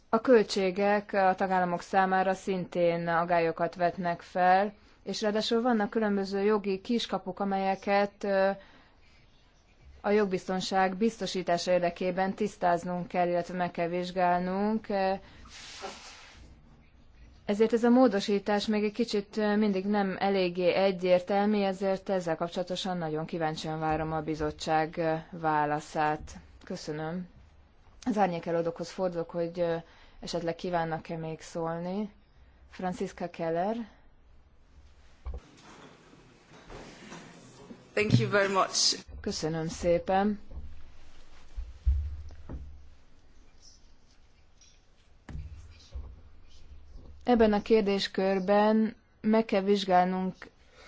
S2: A költségek a tagállamok számára szintén agályokat vetnek fel, és ráadásul vannak különböző jogi kiskapuk, amelyeket a jogbiztonság biztosítása érdekében tisztáznunk kell, illetve meg kell vizsgálnunk. Ezért ez a módosítás még egy kicsit mindig nem eléggé egyértelmű, ezért ezzel kapcsolatosan nagyon kíváncsian várom a bizottság válaszát. Köszönöm. Az árnyékelődőkhoz fordulok, hogy esetleg kívánnak-e még szólni. Franciska Keller. Thank you very much. Köszönöm szépen. Ebben a kérdéskörben meg kell vizsgálnunk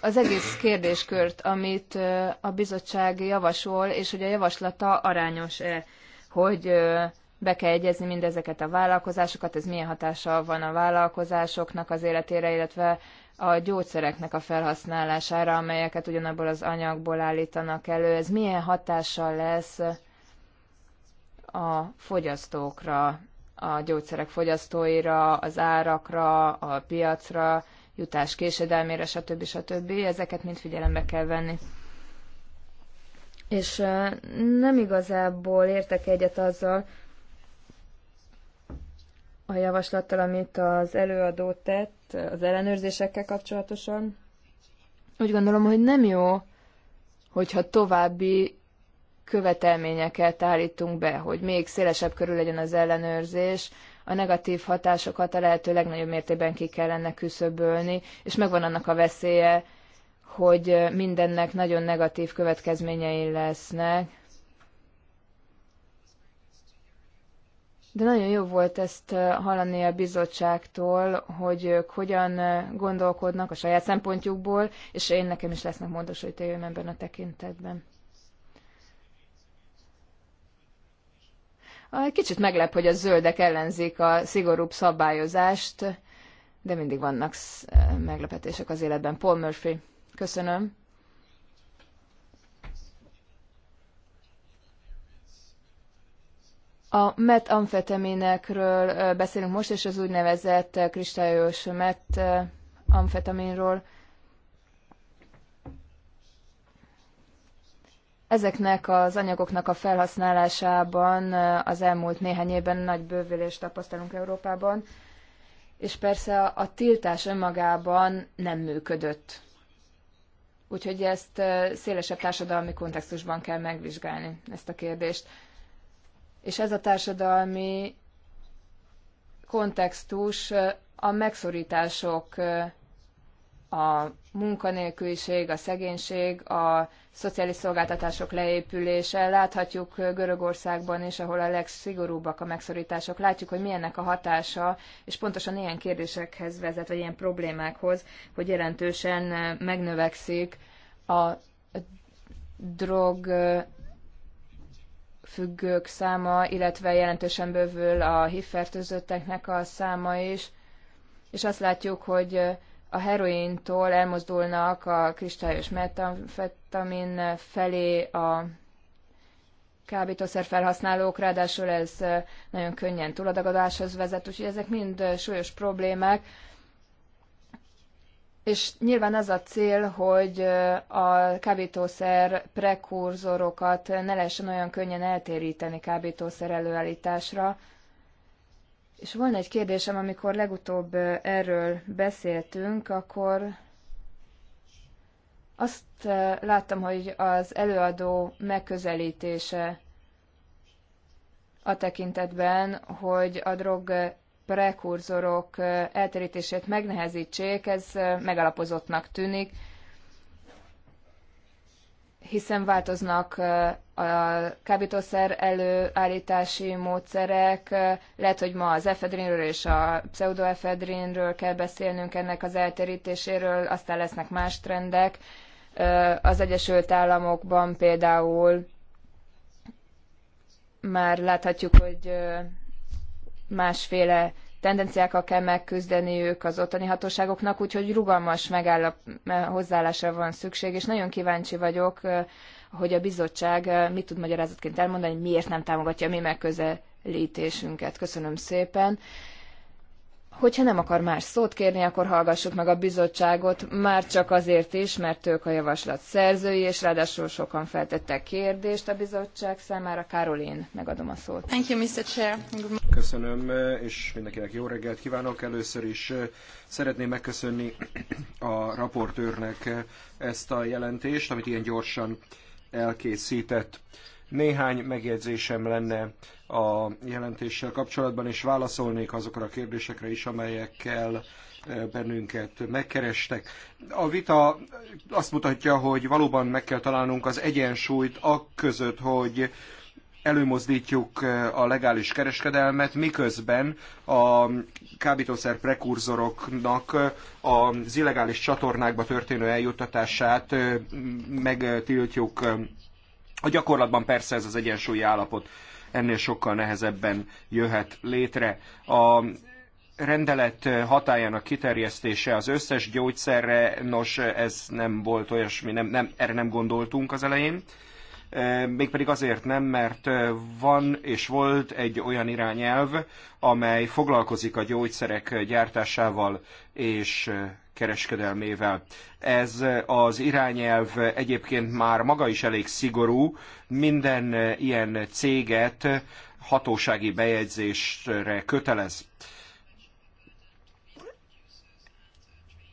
S2: az egész kérdéskört, amit a bizottság javasol, és hogy a javaslata arányos-e, hogy be kell egyezni mindezeket a vállalkozásokat, ez milyen hatással van a vállalkozásoknak az életére, illetve a gyógyszereknek a felhasználására, amelyeket ugyanabból az anyagból állítanak elő. Ez milyen hatással lesz a fogyasztókra, a gyógyszerek fogyasztóira, az árakra, a piacra, jutás késedelmére, stb. stb. Ezeket mind figyelembe kell venni. És nem igazából értek egyet azzal a javaslattal, amit az előadó tett az ellenőrzésekkel kapcsolatosan. Úgy gondolom, hogy nem jó, hogyha további követelményeket állítunk be, hogy még szélesebb körül legyen az ellenőrzés, a negatív hatásokat a lehető legnagyobb mértékben ki kellene küszöbölni, és megvan annak a veszélye, hogy mindennek nagyon negatív következményei lesznek. De nagyon jó volt ezt hallani a bizottságtól, hogy ők hogyan gondolkodnak a saját szempontjukból, és én nekem is lesznek módosítóim ebben a tekintetben. Kicsit meglep, hogy a zöldek ellenzik a szigorúbb szabályozást, de mindig vannak meglepetések az életben. Paul Murphy, köszönöm. A metamfetaminekről beszélünk most, és az úgynevezett kristályos metamfetaminról. Ezeknek az anyagoknak a felhasználásában az elmúlt néhány évben nagy bővülést tapasztalunk Európában, és persze a tiltás önmagában nem működött. Úgyhogy ezt szélesebb társadalmi kontextusban kell megvizsgálni, ezt a kérdést. És ez a társadalmi kontextus a megszorítások a munkanélküliség, a szegénység, a szociális szolgáltatások leépülése. Láthatjuk Görögországban is, ahol a legszigorúbbak a megszorítások. Látjuk, hogy milyennek a hatása, és pontosan ilyen kérdésekhez vezet, vagy ilyen problémákhoz, hogy jelentősen megnövekszik a drog függők száma, illetve jelentősen bővül a HIV fertőzötteknek a száma is, és azt látjuk, hogy a herointól elmozdulnak a kristályos metamfetamin felé a kábítószer felhasználók, ráadásul ez nagyon könnyen túladagadáshoz vezet, úgyhogy ezek mind súlyos problémák. És nyilván az a cél, hogy a kábítószer prekurzorokat ne lehessen olyan könnyen eltéríteni kábítószer előállításra, és volna egy kérdésem, amikor legutóbb erről beszéltünk, akkor azt láttam, hogy az előadó megközelítése a tekintetben, hogy a drog prekurzorok elterítését megnehezítsék, ez megalapozottnak tűnik, hiszen változnak a kábítószer előállítási módszerek. Lehet, hogy ma az efedrinről és a pseudoefedrinről kell beszélnünk ennek az elterítéséről. aztán lesznek más trendek. Az Egyesült Államokban például már láthatjuk, hogy másféle tendenciákkal kell megküzdeni ők az ottani hatóságoknak, úgyhogy rugalmas megállap, hozzáállásra van szükség, és nagyon kíváncsi vagyok, hogy a bizottság mit tud magyarázatként elmondani, miért nem támogatja a mi megközelítésünket. Köszönöm szépen. Hogyha nem akar más szót kérni, akkor hallgassuk meg a bizottságot, már csak azért is, mert ők a javaslat szerzői, és ráadásul sokan feltettek kérdést a bizottság számára. Caroline, megadom a szót. Thank you, Mr. Chair.
S1: Köszönöm, és mindenkinek jó reggelt kívánok. Először is szeretném megköszönni a raportőrnek ezt a jelentést, amit ilyen gyorsan elkészített. Néhány megjegyzésem lenne a jelentéssel kapcsolatban, és válaszolnék azokra a kérdésekre is, amelyekkel eh, bennünket megkerestek. A vita azt mutatja, hogy valóban meg kell találnunk az egyensúlyt a között, hogy előmozdítjuk eh, a legális kereskedelmet, miközben a kábítószer prekurzoroknak eh, az illegális csatornákba történő eljuttatását megtiltjuk a gyakorlatban persze ez az egyensúlyi állapot ennél sokkal nehezebben jöhet létre. A rendelet hatájának kiterjesztése az összes gyógyszerre, nos, ez nem volt olyasmi, nem, nem, erre nem gondoltunk az elején. E, mégpedig azért nem, mert van és volt egy olyan irányelv, amely foglalkozik a gyógyszerek gyártásával és kereskedelmével. Ez az irányelv egyébként már maga is elég szigorú, minden ilyen céget hatósági bejegyzésre kötelez.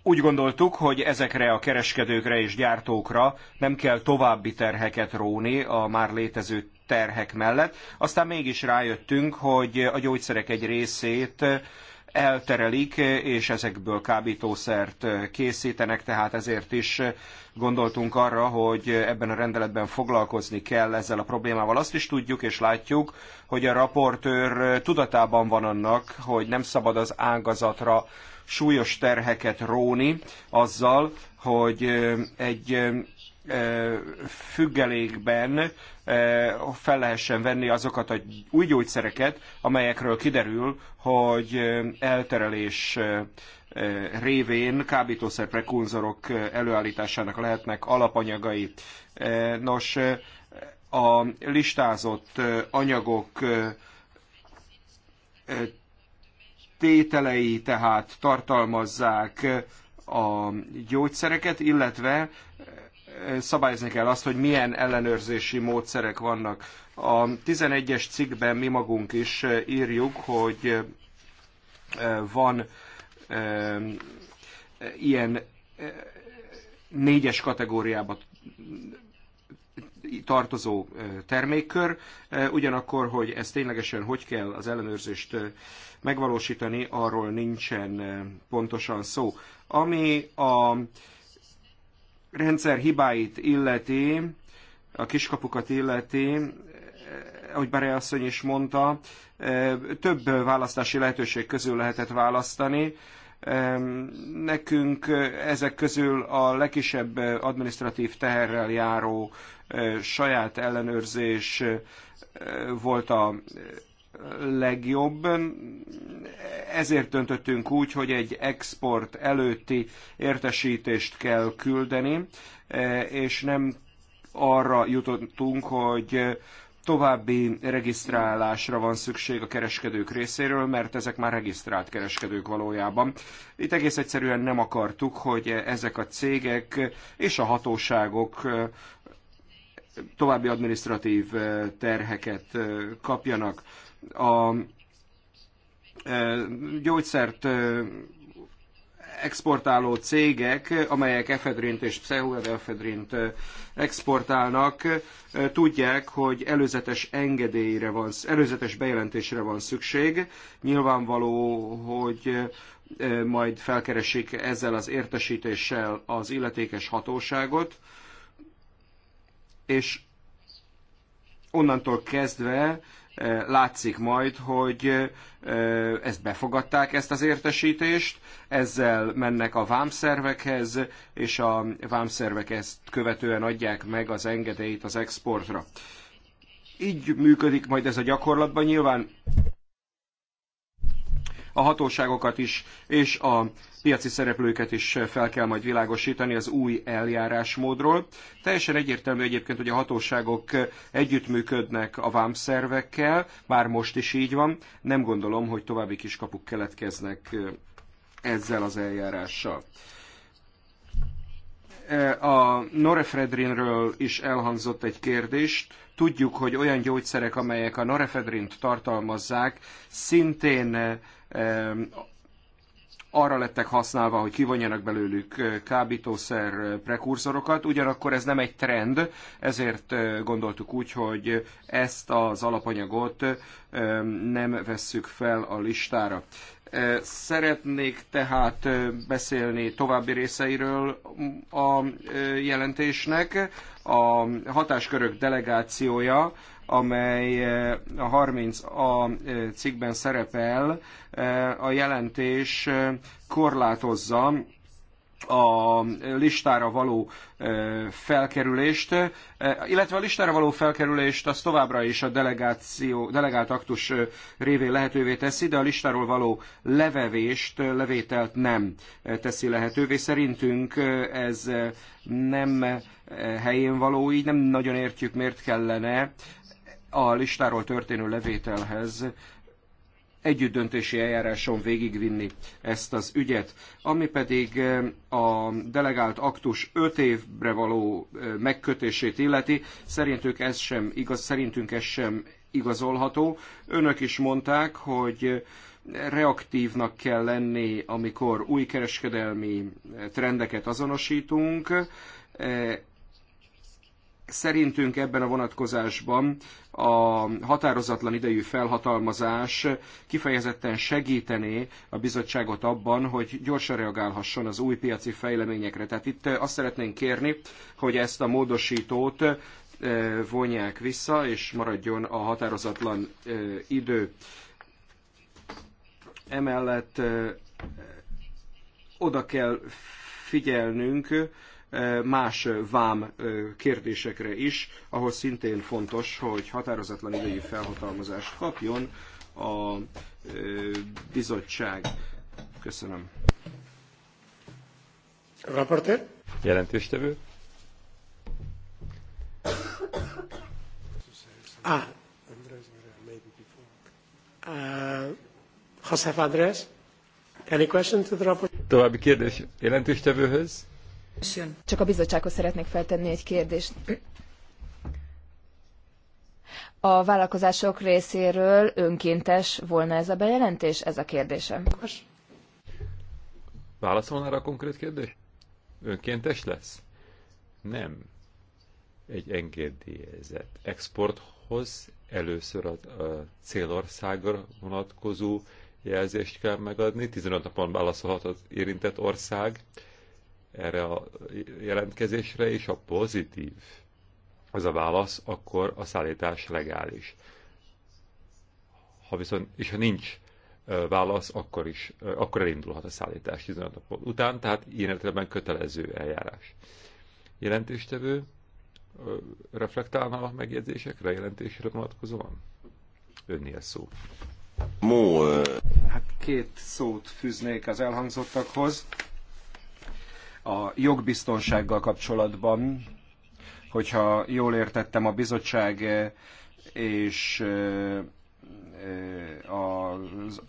S1: Úgy gondoltuk, hogy ezekre a kereskedőkre és gyártókra nem kell további terheket róni a már létező terhek mellett. Aztán mégis rájöttünk, hogy a gyógyszerek egy részét elterelik, és ezekből kábítószert készítenek, tehát ezért is gondoltunk arra, hogy ebben a rendeletben foglalkozni kell ezzel a problémával. Azt is tudjuk és látjuk, hogy a raportőr tudatában van annak, hogy nem szabad az ágazatra súlyos terheket róni azzal, hogy egy függelékben Eh, fel lehessen venni azokat a új gyógyszereket, amelyekről kiderül, hogy eh, elterelés eh, révén kábítószer prekunzorok előállításának lehetnek alapanyagai. Nos, a listázott anyagok tételei tehát tartalmazzák a gyógyszereket, illetve szabályozni kell azt, hogy milyen ellenőrzési módszerek vannak. A 11-es cikkben mi magunk is eh, írjuk, hogy eh, van eh, ilyen négyes kategóriába tartozó termékkör, ugyanakkor, hogy ezt ténylegesen hogy kell az ellenőrzést megvalósítani, arról nincsen pontosan szó. Ami a rendszer hibáit illeti, a kiskapukat illeti, ahogy Bere asszony is mondta, több választási lehetőség közül lehetett választani. Nekünk ezek közül a legkisebb administratív teherrel járó saját ellenőrzés volt a legjobb. Ezért döntöttünk úgy, hogy egy export előtti értesítést kell küldeni, e, és nem arra jutottunk, hogy további regisztrálásra van szükség a kereskedők részéről, mert ezek már regisztrált kereskedők valójában. Itt egész egyszerűen nem akartuk, hogy ezek a cégek és a hatóságok e, további administratív e, terheket kapjanak a e, gyógyszert e, exportáló cégek, amelyek efedrint és pseudoefedrint e, exportálnak, tudják, hogy előzetes engedélyre van, előzetes bejelentésre van szükség. Nyilvánvaló, hogy majd felkeresik ezzel az értesítéssel az illetékes hatóságot, és onnantól kezdve látszik majd, hogy ezt befogadták, ezt az értesítést, ezzel mennek a vámszervekhez, és a vámszervek ezt követően adják meg az engedélyt az exportra. Így működik majd ez a gyakorlatban. Nyilván a hatóságokat is és a piaci szereplőket is fel kell majd világosítani az új eljárásmódról. Teljesen egyértelmű egyébként, hogy a hatóságok együttműködnek a vámszervekkel, már most is így van. Nem gondolom, hogy további kiskapuk keletkeznek ezzel az eljárással. E, a norefedrinről is elhangzott egy kérdést. Tudjuk, hogy olyan gyógyszerek, amelyek a norefedrint tartalmazzák, szintén arra lettek használva, hogy kivonjanak belőlük kábítószer prekurzorokat, ugyanakkor ez nem egy trend, ezért gondoltuk úgy, hogy ezt az alapanyagot nem vesszük fel a listára. Szeretnék tehát beszélni további részeiről a jelentésnek. A hatáskörök delegációja amely eh, a 30A eh, cikkben szerepel, eh, a jelentés korlátozza a listára való felkerülést, illetve a listára való felkerülést az továbbra is a delegáció, delegált aktus révén lehetővé teszi, de a listáról való levevést, levételt nem teszi lehetővé. Szerintünk ez nem helyén való, így nem nagyon értjük, miért kellene a listáról történő levételhez együttdöntési eljáráson végigvinni ezt az ügyet. Ami pedig eh, a delegált aktus 5 évre való eh, megkötését illeti, szerintük ez sem igaz, szerintünk ez sem igazolható. Önök is mondták, hogy reaktívnak kell lenni, amikor új kereskedelmi eh, trendeket azonosítunk, Szerintünk ebben a vonatkozásban a határozatlan idejű felhatalmazás kifejezetten segítené a bizottságot abban, hogy gyorsan reagálhasson az új piaci fejleményekre. Tehát itt azt szeretnénk kérni, hogy ezt a módosítót vonják vissza, és maradjon a határozatlan idő. Emellett oda kell figyelnünk, más vám kérdésekre is, ahol szintén fontos, hogy határozatlan idejű felhatalmazást kapjon a bizottság. Köszönöm. Raporter?
S3: Jelentéstevő. Ah. Uh, Josef Andrés, any question to the rapport? További kérdés jelentéstevőhöz?
S2: Csak a bizottsághoz szeretnék feltenni egy kérdést. A vállalkozások részéről önkéntes volna ez a bejelentés? Ez a kérdésem.
S3: Válaszolná erre a konkrét kérdés? Önkéntes lesz? Nem. Egy engedélyezett exporthoz először a, a célországra vonatkozó jelzést kell megadni. 15 napon válaszolhat az érintett ország erre a jelentkezésre, és a pozitív az a válasz, akkor a szállítás legális. Ha viszont, és ha nincs válasz, akkor is, akkor elindulhat a szállítás 15 nap után, tehát ilyen értelemben kötelező eljárás. Jelentéstevő reflektálnál a megjegyzésekre, jelentésre vonatkozóan? Önnél szó.
S1: Mó. Hát két szót fűznék az elhangzottakhoz a jogbiztonsággal kapcsolatban, hogyha jól értettem, a bizottság eh, és eh, eh, az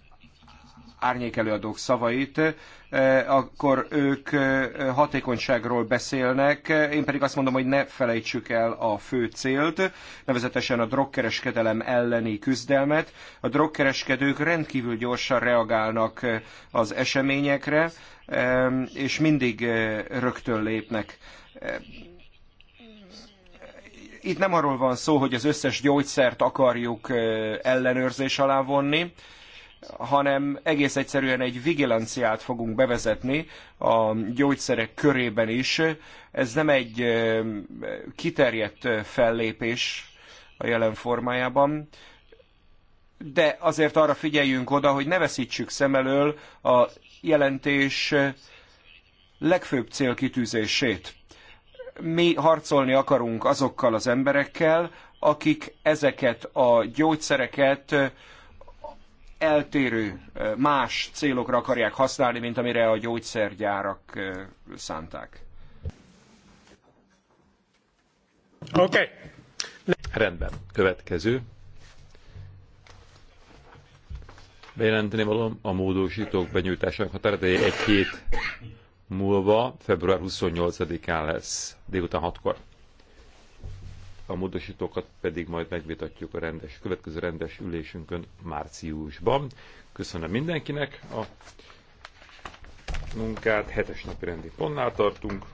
S1: árnyékelőadók szavait, eh, akkor ők eh, hatékonyságról beszélnek, én pedig azt mondom, hogy ne felejtsük el a fő célt, nevezetesen a drogkereskedelem elleni küzdelmet. A drogkereskedők rendkívül gyorsan reagálnak eh, az eseményekre, és mindig rögtön lépnek itt nem arról van szó, hogy az összes gyógyszert akarjuk ellenőrzés alá vonni, hanem egész egyszerűen egy vigilanciát fogunk bevezetni a gyógyszerek körében is. Ez nem egy kiterjedt fellépés a jelen formájában, de azért arra figyeljünk oda, hogy ne veszítsük szem elől a jelentés legfőbb célkitűzését. Mi harcolni akarunk azokkal az emberekkel, akik ezeket a gyógyszereket eltérő, más célokra akarják használni, mint amire a gyógyszergyárak szánták. Oké. Okay. Rendben.
S3: Következő. Bejelenteni valam. a módosítók benyújtásának határideje egy hét múlva, február 28-án lesz, délután 6-kor a módosítókat pedig majd megvitatjuk a rendes, következő rendes ülésünkön márciusban. Köszönöm mindenkinek a munkát, hetes napi rendi pontnál tartunk.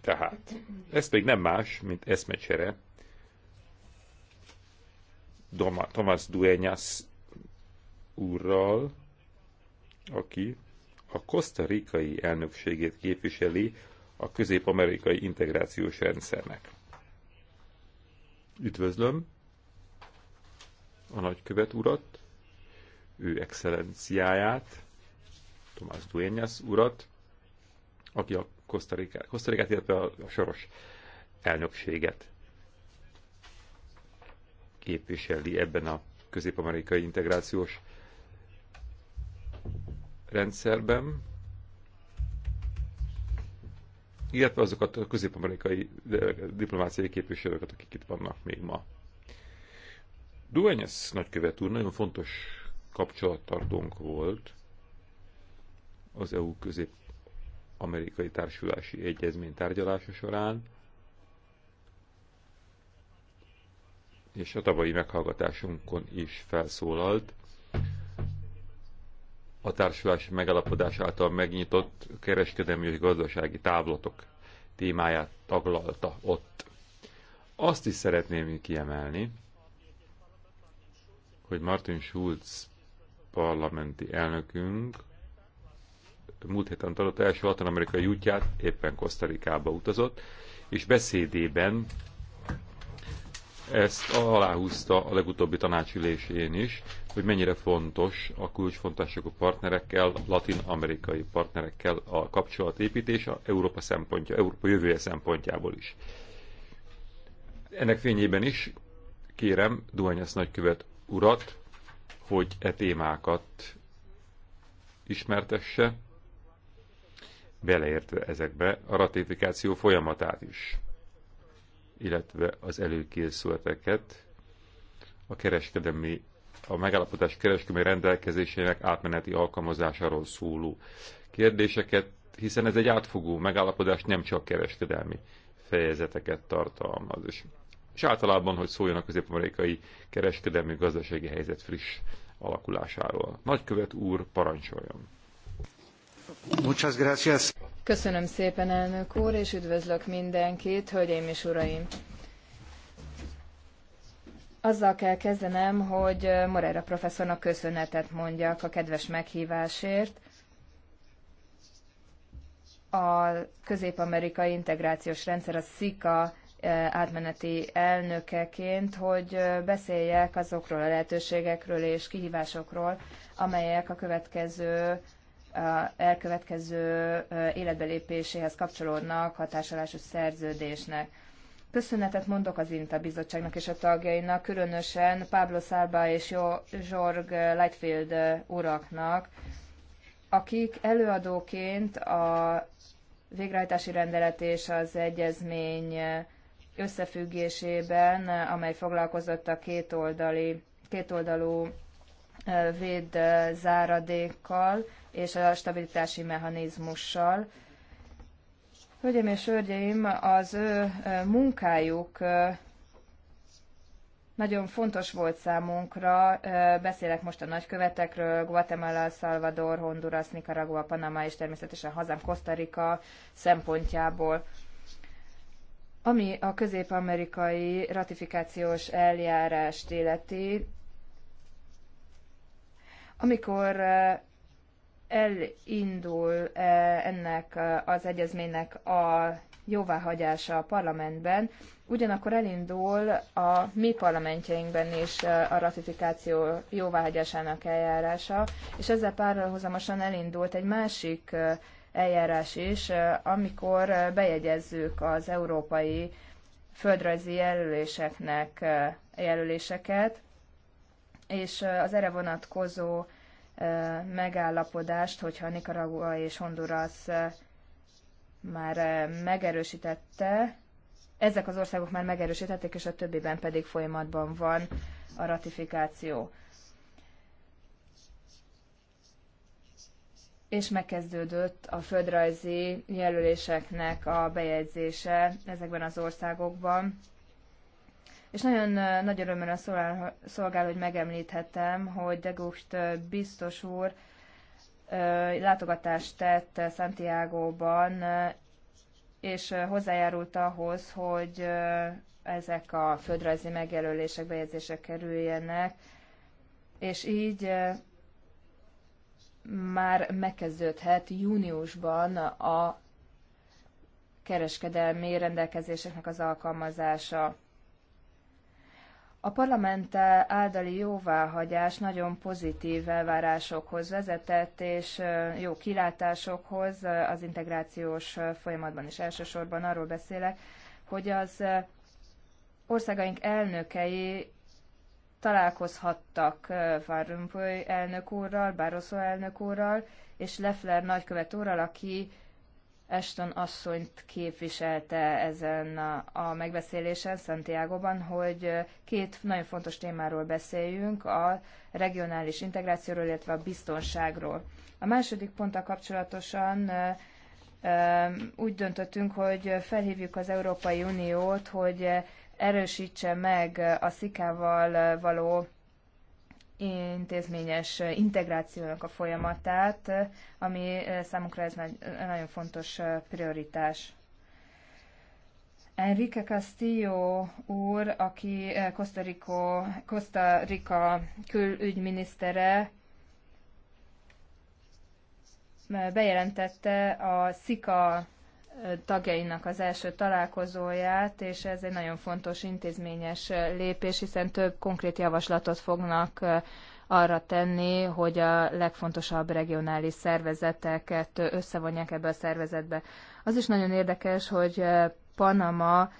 S3: Tehát, ez még nem más, mint eszmecsere. Thomas Duenyas úrral, aki a kosztarikai elnökségét képviseli a közép-amerikai integrációs rendszernek. Üdvözlöm a nagykövet urat, ő excellenciáját, Tomás Duenyas urat, aki a Kosztarikát, Kosztarikát illetve a, a soros elnökséget képviseli ebben a közép-amerikai integrációs rendszerben, illetve azokat a közép-amerikai diplomáciai képviselőket, akik itt vannak még ma. Duenyes nagykövet úr nagyon fontos kapcsolattartónk volt az EU közép-amerikai társulási egyezmény tárgyalása során, és a tavalyi meghallgatásunkon is felszólalt, a társulás megalapodás által megnyitott kereskedelmi és gazdasági távlatok témáját taglalta ott. Azt is szeretném kiemelni, hogy Martin Schulz parlamenti elnökünk múlt héten tartott első latin-amerikai útját, éppen Kosztarikába utazott, és beszédében ezt aláhúzta a legutóbbi tanácsülésén is, hogy mennyire fontos a kulcsfontosságú partnerekkel, latin-amerikai partnerekkel a kapcsolatépítés a Európa szempontja, Európa jövője szempontjából is. Ennek fényében is kérem Duhanyasz nagykövet urat, hogy e témákat ismertesse, beleértve ezekbe a ratifikáció folyamatát is illetve az előkészületeket a kereskedelmi, a megállapodás kereskedelmi rendelkezésének átmeneti alkalmazásáról szóló kérdéseket, hiszen ez egy átfogó megállapodás, nem csak kereskedelmi fejezeteket tartalmaz. És, és általában, hogy szóljon a közép-amerikai kereskedelmi gazdasági helyzet friss alakulásáról. Nagykövet úr, parancsoljon!
S2: Köszönöm szépen, elnök úr, és üdvözlök mindenkit, hölgyeim és uraim! Azzal kell kezdenem, hogy Moreira professzornak köszönetet mondjak a kedves meghívásért. A közép-amerikai integrációs rendszer, a SZIKA eh, átmeneti elnökeként, hogy eh, beszéljek azokról a lehetőségekről és kihívásokról, amelyek a következő elkövetkező életbelépéséhez kapcsolódnak hatásolásos szerződésnek. Köszönetet mondok az INTA bizottságnak és a tagjainak, különösen Pablo Szába és Jorg Lightfield uraknak, akik előadóként a végrehajtási rendelet és az egyezmény összefüggésében, amely foglalkozott a kétoldali, kétoldalú védzáradékkal, és a stabilitási mechanizmussal. Hölgyeim és hölgyeim, az ő munkájuk nagyon fontos volt számunkra, beszélek most a nagykövetekről, Guatemala, Salvador, Honduras, Nicaragua, Panama és természetesen hazám Costa Rica szempontjából. Ami a közép-amerikai ratifikációs eljárást illeti, amikor elindul eh, ennek eh, az egyezménynek a jóváhagyása a parlamentben, ugyanakkor elindul a mi parlamentjeinkben is eh, a ratifikáció jóváhagyásának eljárása, és ezzel párhuzamosan elindult egy másik eljárás is, amikor bejegyezzük az európai földrajzi jelöléseknek jelöléseket, és az erre vonatkozó megállapodást, hogyha Nicaragua és Honduras már megerősítette, ezek az országok már megerősítették, és a többiben pedig folyamatban van a ratifikáció. És megkezdődött a földrajzi jelöléseknek a bejegyzése ezekben az országokban. És nagyon nagy örömmel szolgál, szolgál, hogy megemlíthettem, hogy Degust biztos úr látogatást tett Santiago-ban, és hozzájárult ahhoz, hogy ezek a földrajzi megjelölések, bejegyzések kerüljenek, és így már megkezdődhet júniusban a kereskedelmi rendelkezéseknek az alkalmazása. A parlament áldali jóváhagyás nagyon pozitív elvárásokhoz vezetett, és jó kilátásokhoz az integrációs folyamatban is elsősorban arról beszélek, hogy az országaink elnökei találkozhattak Van Rompuy elnök úrral, Barroso elnök úrral, és Leffler nagykövet úrral, aki Ashton asszonyt képviselte ezen a, a megbeszélésen Santiagoban, hogy két nagyon fontos témáról beszéljünk, a regionális integrációról, illetve a biztonságról. A második ponttal kapcsolatosan úgy döntöttünk, hogy felhívjuk az Európai Uniót, hogy erősítse meg a szikával való intézményes integrációnak a folyamatát, ami eh, számunkra ez nagy, eh, nagyon fontos eh, prioritás. Enrique Castillo úr, aki Costa Rica, Costa Rica külügyminisztere, bejelentette a SICA tagjainak az első találkozóját, és ez egy nagyon fontos intézményes eh, lépés, hiszen több konkrét javaslatot fognak eh, arra tenni, hogy a legfontosabb regionális szervezeteket eh, összevonják ebbe a szervezetbe. Az is nagyon érdekes, hogy Panama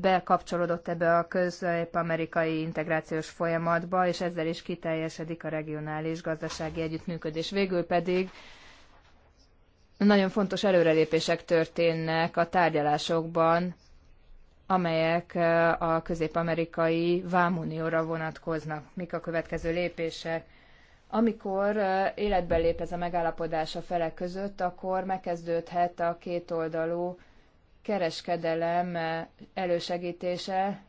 S2: bekapcsolódott ebbe a közép-amerikai integrációs folyamatba, és ezzel is kiteljesedik a regionális gazdasági együttműködés. Végül pedig nagyon fontos előrelépések történnek a tárgyalásokban, amelyek a közép-amerikai vámunióra vonatkoznak. Mik a következő lépések? Amikor életben lép ez a megállapodás a felek között, akkor megkezdődhet a kétoldalú kereskedelem elősegítése.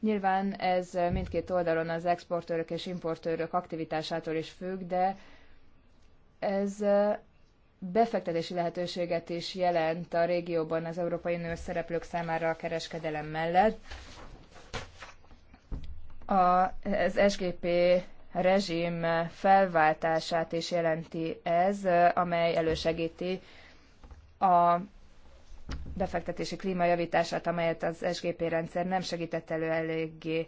S2: Nyilván ez mindkét oldalon az exportőrök és importőrök aktivitásától is függ, de ez befektetési lehetőséget is jelent a régióban az európai nő szereplők számára a kereskedelem mellett. A, az SGP rezsim felváltását is jelenti ez, amely elősegíti a befektetési klímajavítását, javítását, amelyet az SGP rendszer nem segített elő eléggé.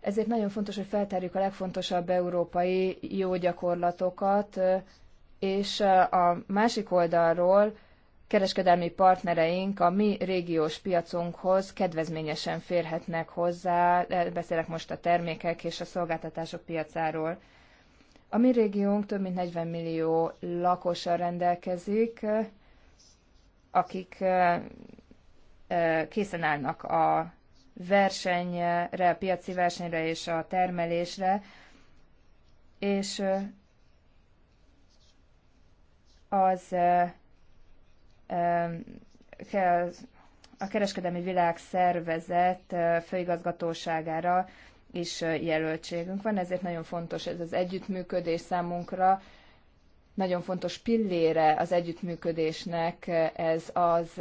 S2: Ezért nagyon fontos, hogy feltárjuk a legfontosabb európai jó gyakorlatokat, és a másik oldalról kereskedelmi partnereink a mi régiós piacunkhoz kedvezményesen férhetnek hozzá, beszélek most a termékek és a szolgáltatások piacáról. A mi régiónk több mint 40 millió lakosa rendelkezik, akik készen állnak a versenyre, a piaci versenyre és a termelésre, és az a Kereskedelmi Világszervezet főigazgatóságára is jelöltségünk van, ezért nagyon fontos ez az együttműködés számunkra, nagyon fontos pillére az együttműködésnek ez az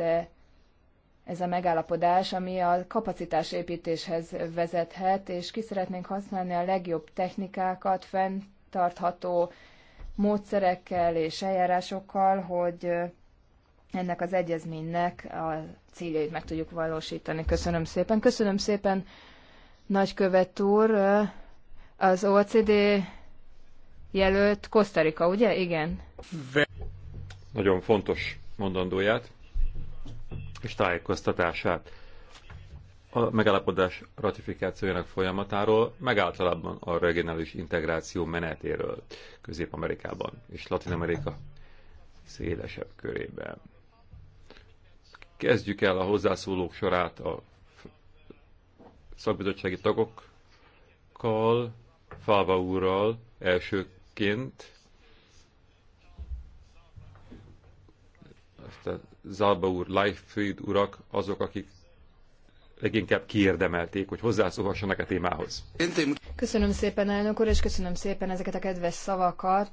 S2: ez a megállapodás, ami a kapacitásépítéshez vezethet, és ki szeretnénk használni a legjobb technikákat, fenntartható módszerekkel és eljárásokkal, hogy ennek az egyezménynek a céljait meg tudjuk valósítani. Köszönöm szépen. Köszönöm szépen, nagykövet úr. Az OCD jelölt Kosztarika, ugye? Igen.
S3: Nagyon fontos mondandóját és tájékoztatását a megállapodás ratifikációjának folyamatáról, meg általában a regionális integráció menetéről Közép-Amerikában és Latin-Amerika szélesebb körében. Kezdjük el a hozzászólók sorát a szakbizottsági tagokkal, Fáva úrral elsőként, aztán Zalba úr, Leifried urak, azok, akik leginkább kiérdemelték, hogy hozzászólhassanak a témához.
S2: Köszönöm szépen, elnök úr, és köszönöm szépen ezeket a kedves szavakat,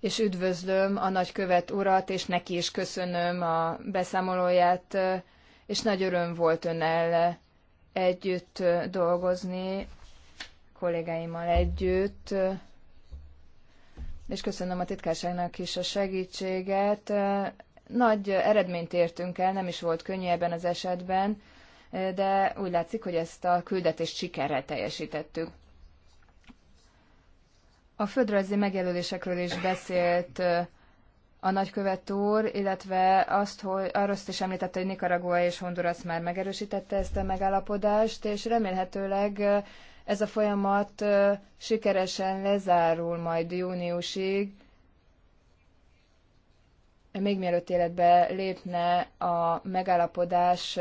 S2: és üdvözlöm a nagykövet urat, és neki is köszönöm a beszámolóját, és nagy öröm volt önnel együtt dolgozni, kollégáimmal együtt, és köszönöm a titkárságnak is a segítséget. Nagy eredményt értünk el, nem is volt könnyű ebben az esetben, de úgy látszik, hogy ezt a küldetést sikerrel teljesítettük. A földrajzi megjelölésekről is beszélt a nagykövet úr, illetve azt, hogy arról is említette, hogy Nicaragua és Honduras már megerősítette ezt a megállapodást, és remélhetőleg ez a folyamat sikeresen lezárul majd júniusig, még mielőtt életbe lépne a megállapodás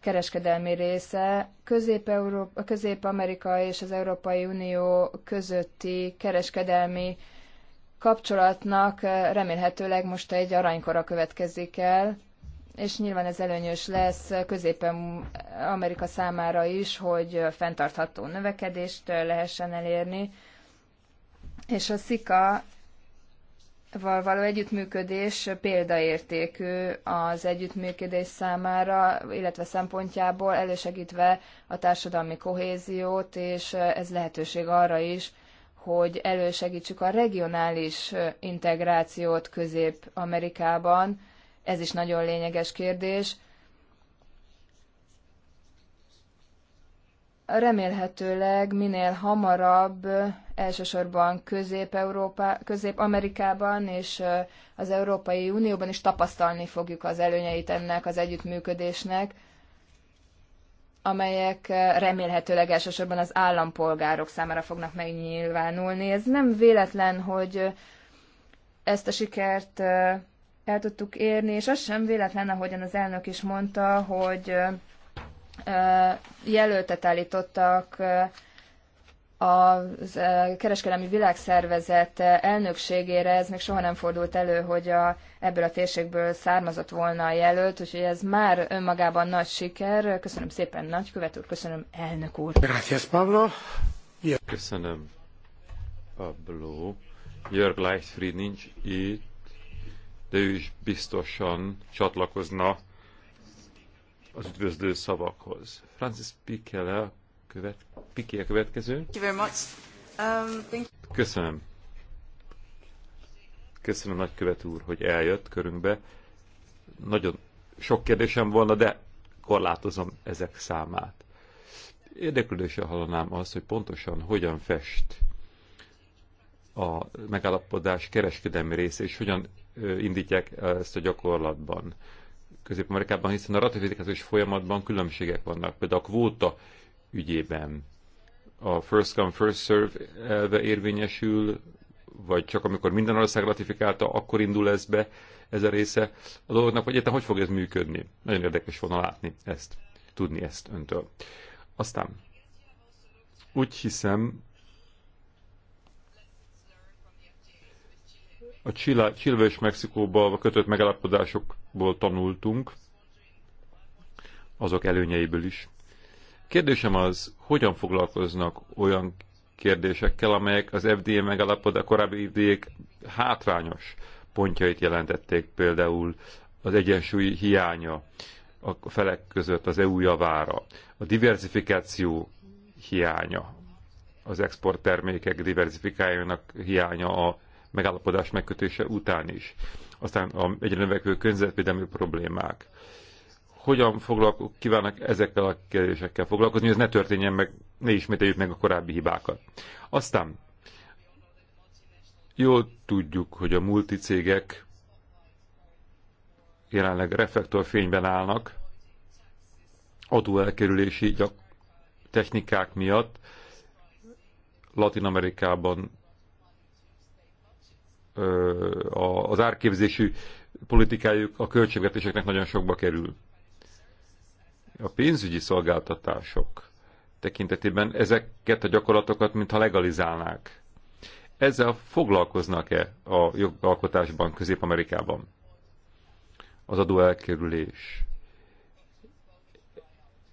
S2: kereskedelmi része. Közép-Amerika Közép és az Európai Unió közötti kereskedelmi kapcsolatnak eh, remélhetőleg most egy aranykora következik el, és nyilván ez előnyös lesz Közép-Amerika számára is, hogy fenntartható növekedést eh, lehessen elérni. És a SZIKA val való együttműködés példaértékű az együttműködés számára, illetve szempontjából elősegítve a társadalmi kohéziót, és ez lehetőség arra is, hogy elősegítsük a regionális integrációt Közép-Amerikában. Ez is nagyon lényeges kérdés. remélhetőleg minél hamarabb, elsősorban Közép-Európa, Közép-Amerikában és az Európai Unióban is tapasztalni fogjuk az előnyeit ennek az együttműködésnek, amelyek remélhetőleg elsősorban az állampolgárok számára fognak megnyilvánulni. Ez nem véletlen, hogy ezt a sikert el tudtuk érni, és az sem véletlen, ahogyan az elnök is mondta, hogy jelöltet állítottak a kereskedelmi világszervezet elnökségére, ez még soha nem fordult elő, hogy a, ebből a térségből származott volna a jelölt, úgyhogy ez már önmagában nagy siker. Köszönöm szépen, nagykövet úr, köszönöm, elnök úr.
S3: Gracias, Pablo. Köszönöm, Pablo. Jörg Leichtfried nincs itt, de ő is biztosan csatlakozna az üdvözlő szavakhoz. Francis Pikele követ, Piki a következő.
S1: Um,
S3: Köszönöm. Köszönöm nagykövet úr, hogy eljött körünkbe. Nagyon sok kérdésem volna, de korlátozom ezek számát. Érdeklődéssel hallanám azt, hogy pontosan hogyan fest a megállapodás kereskedelmi része, és hogyan indítják ezt a gyakorlatban. Közép-Amerikában, hiszen a ratifikációs folyamatban különbségek vannak, például a kvóta ügyében. A first come, first serve elve érvényesül, vagy csak amikor minden ország ratifikálta, akkor indul ez be, ez a része a dolognak, vagy egyáltalán hogy fog ez működni. Nagyon érdekes volna látni ezt, tudni ezt öntől. Aztán úgy hiszem, a Chile és a kötött megállapodások ból tanultunk, azok előnyeiből is. Kérdésem az, hogyan foglalkoznak olyan kérdésekkel, amelyek az FDA megalapod, a korábbi idék hátrányos pontjait jelentették, például az egyensúly hiánya a felek között az EU javára, a diversifikáció hiánya, az exporttermékek diversifikáljának hiánya a megállapodás megkötése után is aztán a egyre növekvő környezetvédelmi problémák. Hogyan kívánnak ezekkel a kérdésekkel foglalkozni, hogy ez ne történjen meg, ne ismételjük meg a korábbi hibákat. Aztán jól tudjuk, hogy a multicégek jelenleg reflektorfényben állnak adóelkerülési technikák miatt, Latin Amerikában az árképzésű politikájuk a költségvetéseknek nagyon sokba kerül. A pénzügyi szolgáltatások tekintetében ezeket a gyakorlatokat, mintha legalizálnák. Ezzel foglalkoznak-e a jogalkotásban Közép-Amerikában? Az adó elkerülés.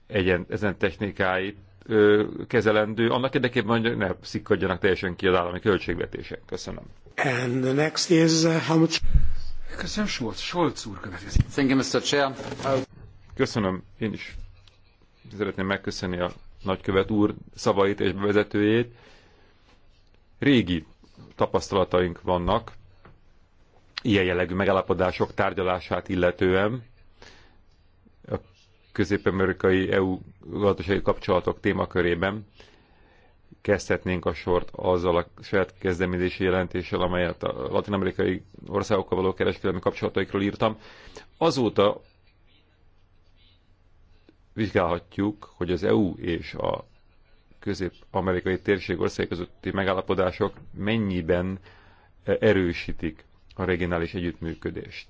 S3: Egyen, ezen technikáit ö, kezelendő, annak érdekében, hogy ne szikkadjanak teljesen ki az állami költségvetések. Köszönöm.
S2: And the
S1: next is uh, Helmut Köszönöm, Scholz. Scholz úr következik. Thank you, Mr. Chair.
S3: Köszönöm, én is szeretném megköszönni a nagykövet úr szavait és bevezetőjét. Régi tapasztalataink vannak ilyen jellegű megállapodások tárgyalását illetően. A közép-amerikai EU gazdasági kapcsolatok témakörében kezdhetnénk a sort azzal a saját kezdeményezési jelentéssel, amelyet a latin-amerikai országokkal való kereskedelmi kapcsolataikról írtam. Azóta vizsgálhatjuk, hogy az EU és a közép-amerikai térség ország közötti megállapodások mennyiben e, erősítik a regionális együttműködést.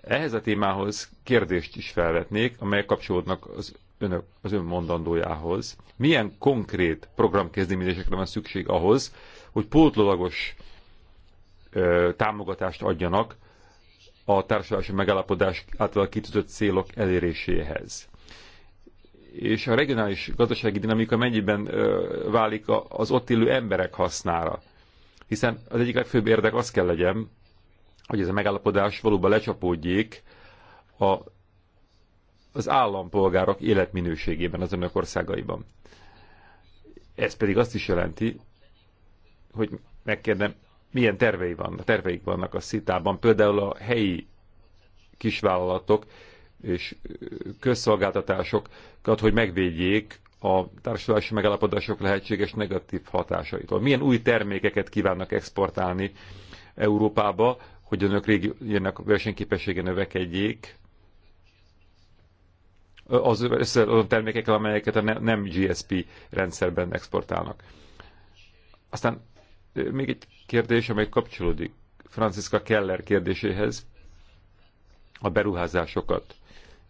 S3: Ehhez a témához kérdést is felvetnék, amelyek kapcsolódnak az önök, az ön mondandójához. Milyen konkrét programkezdeményezésekre van szükség ahhoz, hogy pótlólagos ö, támogatást adjanak a társadalmi megállapodás által kitűzött célok eléréséhez? És a regionális gazdasági dinamika mennyiben ö, válik az ott élő emberek hasznára? Hiszen az egyik legfőbb érdek az kell legyen, hogy ez a megállapodás valóban lecsapódjék a az állampolgárok életminőségében az önök országaiban. Ez pedig azt is jelenti, hogy megkérdem, milyen tervei vannak, terveik vannak a szitában, például a helyi kisvállalatok és közszolgáltatásokat, hogy megvédjék a társulási megállapodások lehetséges negatív hatásaitól. Milyen új termékeket kívánnak exportálni Európába, hogy önök régi, jönnek versenyképessége növekedjék, az összeadott termékekkel, amelyeket a nem GSP rendszerben exportálnak. Aztán még egy kérdés, amely kapcsolódik Franciska Keller kérdéséhez, a beruházásokat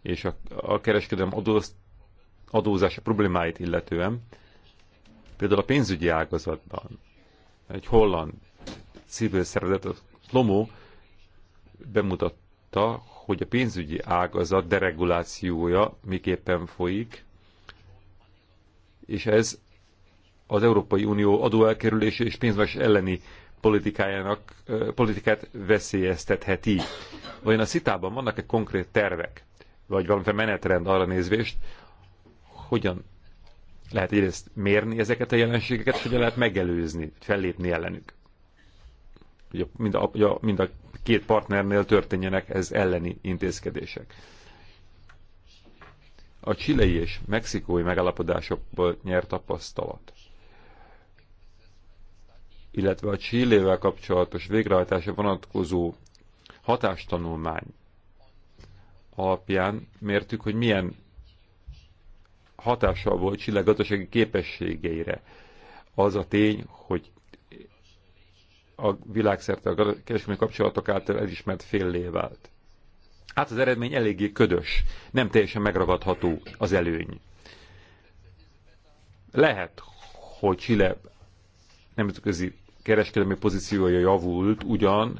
S3: és a, a kereskedelem adóz, adózása problémáit illetően. Például a pénzügyi ágazatban egy holland civil szervezet, a Lomó bemutatta, hogy a pénzügyi ágazat deregulációja miképpen folyik, és ez az Európai Unió adóelkerülési és pénzmes elleni politikájának, politikát veszélyeztetheti. Vajon a szitában vannak-e konkrét tervek, vagy valamiféle menetrend arra nézvést, hogyan lehet egyrészt mérni ezeket a jelenségeket, hogyan lehet megelőzni, fellépni ellenük? hogy a, mind, a, a, mind a két partnernél történjenek ez elleni intézkedések. A csilei és mexikói megállapodásokból nyert tapasztalat, illetve a Csillével kapcsolatos végrehajtásra vonatkozó hatástanulmány alapján mértük, hogy milyen hatással volt Csille gazdasági képességeire az a tény, hogy a világszerte a kereskedelmi kapcsolatok által elismert féllé vált. Hát az eredmény eléggé ködös, nem teljesen megragadható az előny. Lehet, hogy Chile nemzetközi kereskedelmi pozíciója javult ugyan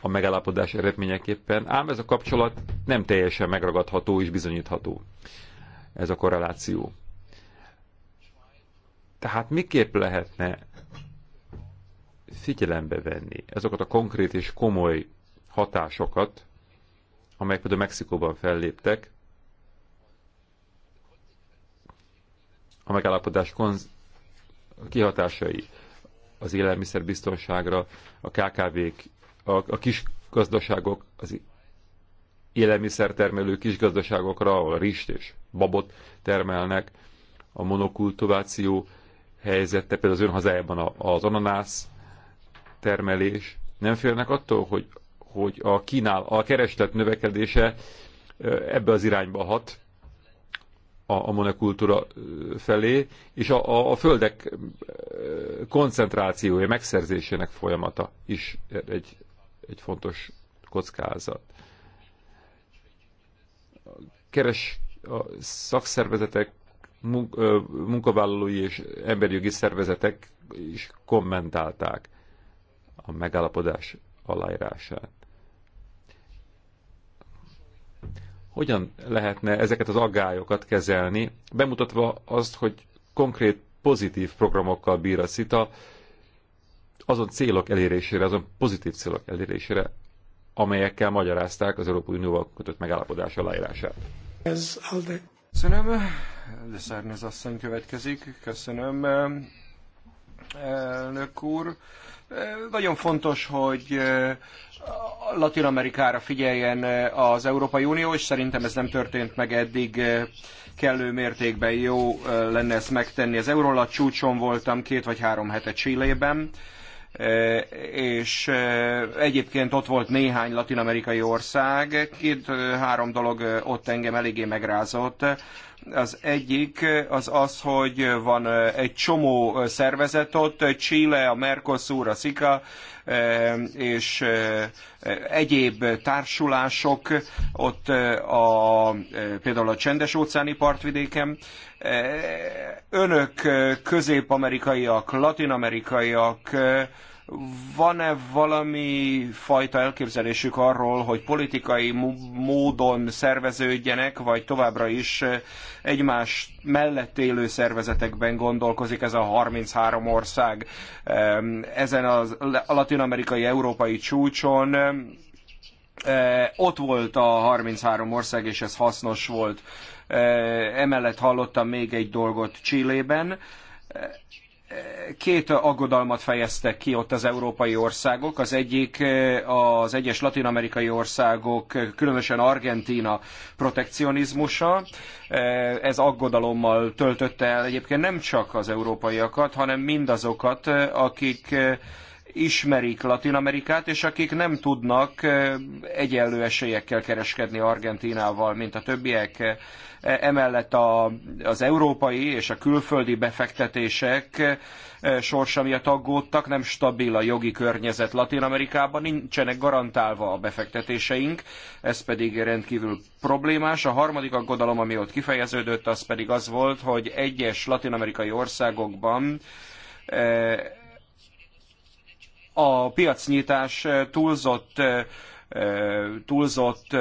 S3: a megállapodás eredményeképpen, ám ez a kapcsolat nem teljesen megragadható és bizonyítható. Ez a korreláció. Tehát miképp lehetne figyelembe venni azokat a konkrét és komoly hatásokat, amelyek például Mexikóban felléptek, a megállapodás konz- kihatásai az élelmiszerbiztonságra, a KKV-k, a, a kis gazdaságok, az élelmiszertermelő kis gazdaságokra, ahol rist és babot termelnek, a monokultováció helyzete, például az ön hazájában az ananász termelés, nem félnek attól, hogy, hogy a kínál, a kereslet növekedése ebbe az irányba hat, a, a monokultúra felé, és a, a, a földek koncentrációja, megszerzésének folyamata is egy, egy fontos kockázat. Keres a szakszervezetek, munkavállalói és emberjogi szervezetek is kommentálták a megállapodás aláírását. Hogyan lehetne ezeket az aggályokat kezelni, bemutatva azt, hogy konkrét pozitív programokkal bír a szita, azon célok elérésére, azon pozitív célok elérésére, amelyekkel magyarázták az Európai Unióval kötött megállapodás aláírását.
S1: Ez Alde. Köszönöm. De Szárnyaz asszony következik. Köszönöm. Elnök úr. Nagyon fontos, hogy Latin Amerikára figyeljen az Európai Unió, és szerintem ez nem történt meg eddig kellő mértékben jó lenne ezt megtenni. Az Eurolat csúcson voltam két vagy három hete Csillében, és egyébként ott volt néhány latin-amerikai ország, két-három dolog ott engem eléggé megrázott. Az egyik az az, hogy van egy csomó szervezet ott, Chile, a Mercosur, a SICA, és egyéb társulások ott a, például a csendes óceáni partvidéken. Önök közép-amerikaiak, latin-amerikaiak, van-e valami fajta elképzelésük arról, hogy politikai módon szerveződjenek, vagy továbbra is eh, egymás mellett élő szervezetekben gondolkozik ez a 33 ország ezen a latin-amerikai európai csúcson? Eh, ott volt a 33 ország, és ez hasznos volt. Eh, emellett hallottam még egy dolgot Csillében két aggodalmat fejeztek ki ott az európai országok. Az egyik eh, az egyes latin-amerikai országok, eh, különösen Argentína protekcionizmusa. Eh, ez aggodalommal töltötte el egyébként nem csak az európaiakat, hanem mindazokat, akik ismerik Latin Amerikát, és akik nem tudnak egyenlő esélyekkel kereskedni Argentinával, mint a többiek. E, emellett a, az európai és a külföldi befektetések sorsa miatt aggódtak, nem stabil a jogi környezet Latin Amerikában, nincsenek garantálva a befektetéseink, ez pedig rendkívül problémás. A harmadik aggodalom, ami ott kifejeződött, az pedig az volt, hogy egyes latin-amerikai országokban a piacnyitás túlzott túlzott,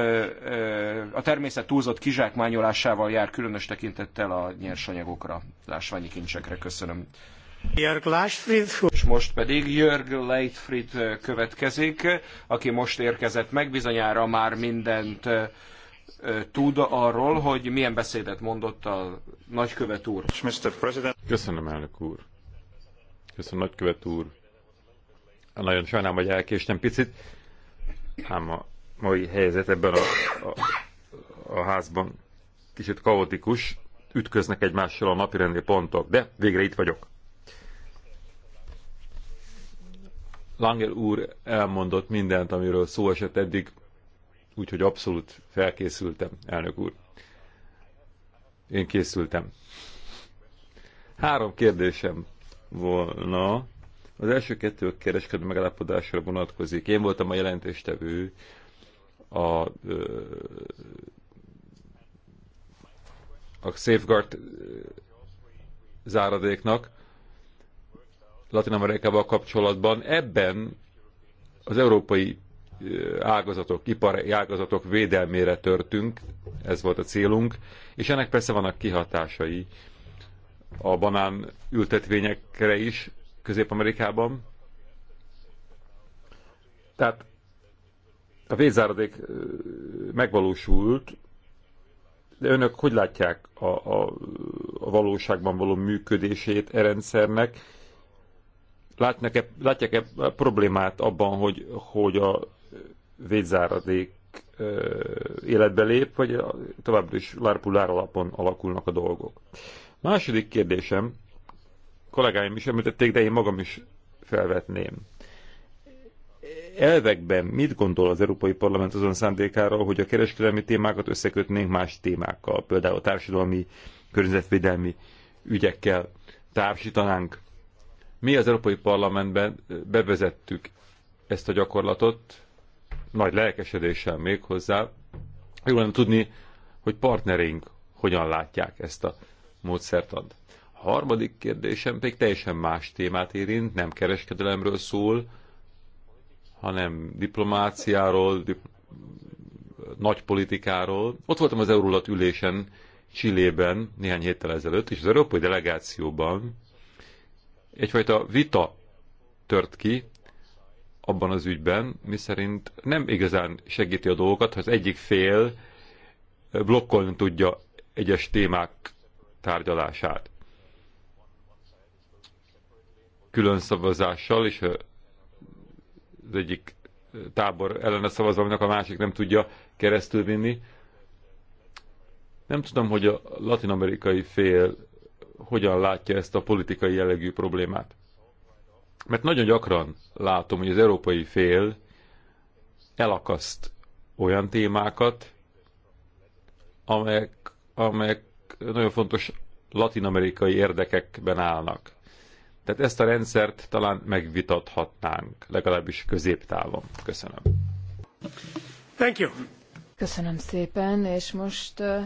S1: a természet túlzott kizsákmányolásával jár, különös tekintettel a nyersanyagokra, lásványi kincsekre. Köszönöm. Jörg Leitfried. És most pedig Jörg Leitfried következik, aki most érkezett meg, bizonyára már mindent tud arról, hogy milyen beszédet mondott a nagykövet úr.
S3: Köszönöm, elnök úr. Köszönöm, nagykövet úr nagyon sajnálom, hogy elkéstem picit, ám a mai helyzet ebben a, a, a házban kicsit kaotikus, ütköznek egymással a napirendi pontok, de végre itt vagyok. Langel úr elmondott mindent, amiről szó esett eddig, úgyhogy abszolút felkészültem, elnök úr. Én készültem. Három kérdésem volna az első kettő kereskedő megállapodásra vonatkozik. Én voltam a jelentéstevő a, a Safeguard záradéknak Latin Amerikával kapcsolatban. Ebben az európai ágazatok, ipari ágazatok védelmére törtünk, ez volt a célunk, és ennek persze vannak kihatásai a banán ültetvényekre is, Közép-Amerikában. Tehát a vészáradék megvalósult, de önök hogy látják a, a, a valóságban való működését e rendszernek? Látnak-e, látják-e problémát abban, hogy, hogy a vészáradék életbe lép, vagy továbbra is lárpullár alapon alakulnak a dolgok? Második kérdésem kollégáim is említették, de én magam is felvetném. Elvekben mit gondol az Európai Parlament azon szándékáról, hogy a kereskedelmi témákat összekötnénk más témákkal, például a társadalmi, környezetvédelmi ügyekkel társítanánk? Mi az Európai Parlamentben bevezettük ezt a gyakorlatot, nagy lelkesedéssel még hozzá. Jó lenne tudni, hogy partnereink hogyan látják ezt a módszertant harmadik kérdésem pedig teljesen más témát érint, nem kereskedelemről szól, hanem diplomáciáról, dip nagy politikáról. Ott voltam az Eurólat ülésen Csillében néhány héttel ezelőtt, és az európai delegációban egyfajta vita tört ki abban az ügyben, miszerint nem igazán segíti a dolgokat, ha az egyik fél blokkolni tudja egyes témák tárgyalását külön szavazással, és az egyik tábor ellene szavaz, aminek a másik nem tudja keresztül vinni. Nem tudom, hogy a latinamerikai fél hogyan látja ezt a politikai jellegű problémát. Mert nagyon gyakran látom, hogy az európai fél elakaszt olyan témákat, amelyek, amelyek nagyon fontos latinamerikai érdekekben állnak. Tehát ezt a rendszert talán megvitathatnánk, legalábbis középtávon. Köszönöm.
S2: Thank you. Köszönöm szépen, és most uh,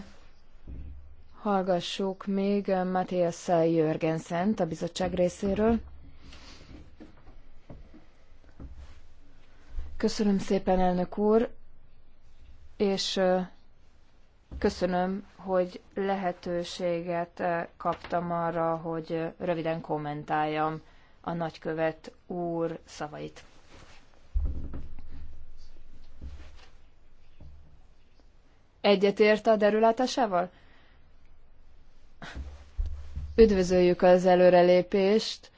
S2: hallgassuk még Matthias Jörgensent a bizottság részéről. Köszönöm szépen, elnök úr, és uh, Köszönöm, hogy lehetőséget eh, kaptam arra, hogy eh, röviden kommentáljam a nagykövet úr szavait. Egyetért a derülátásával? Üdvözöljük az előrelépést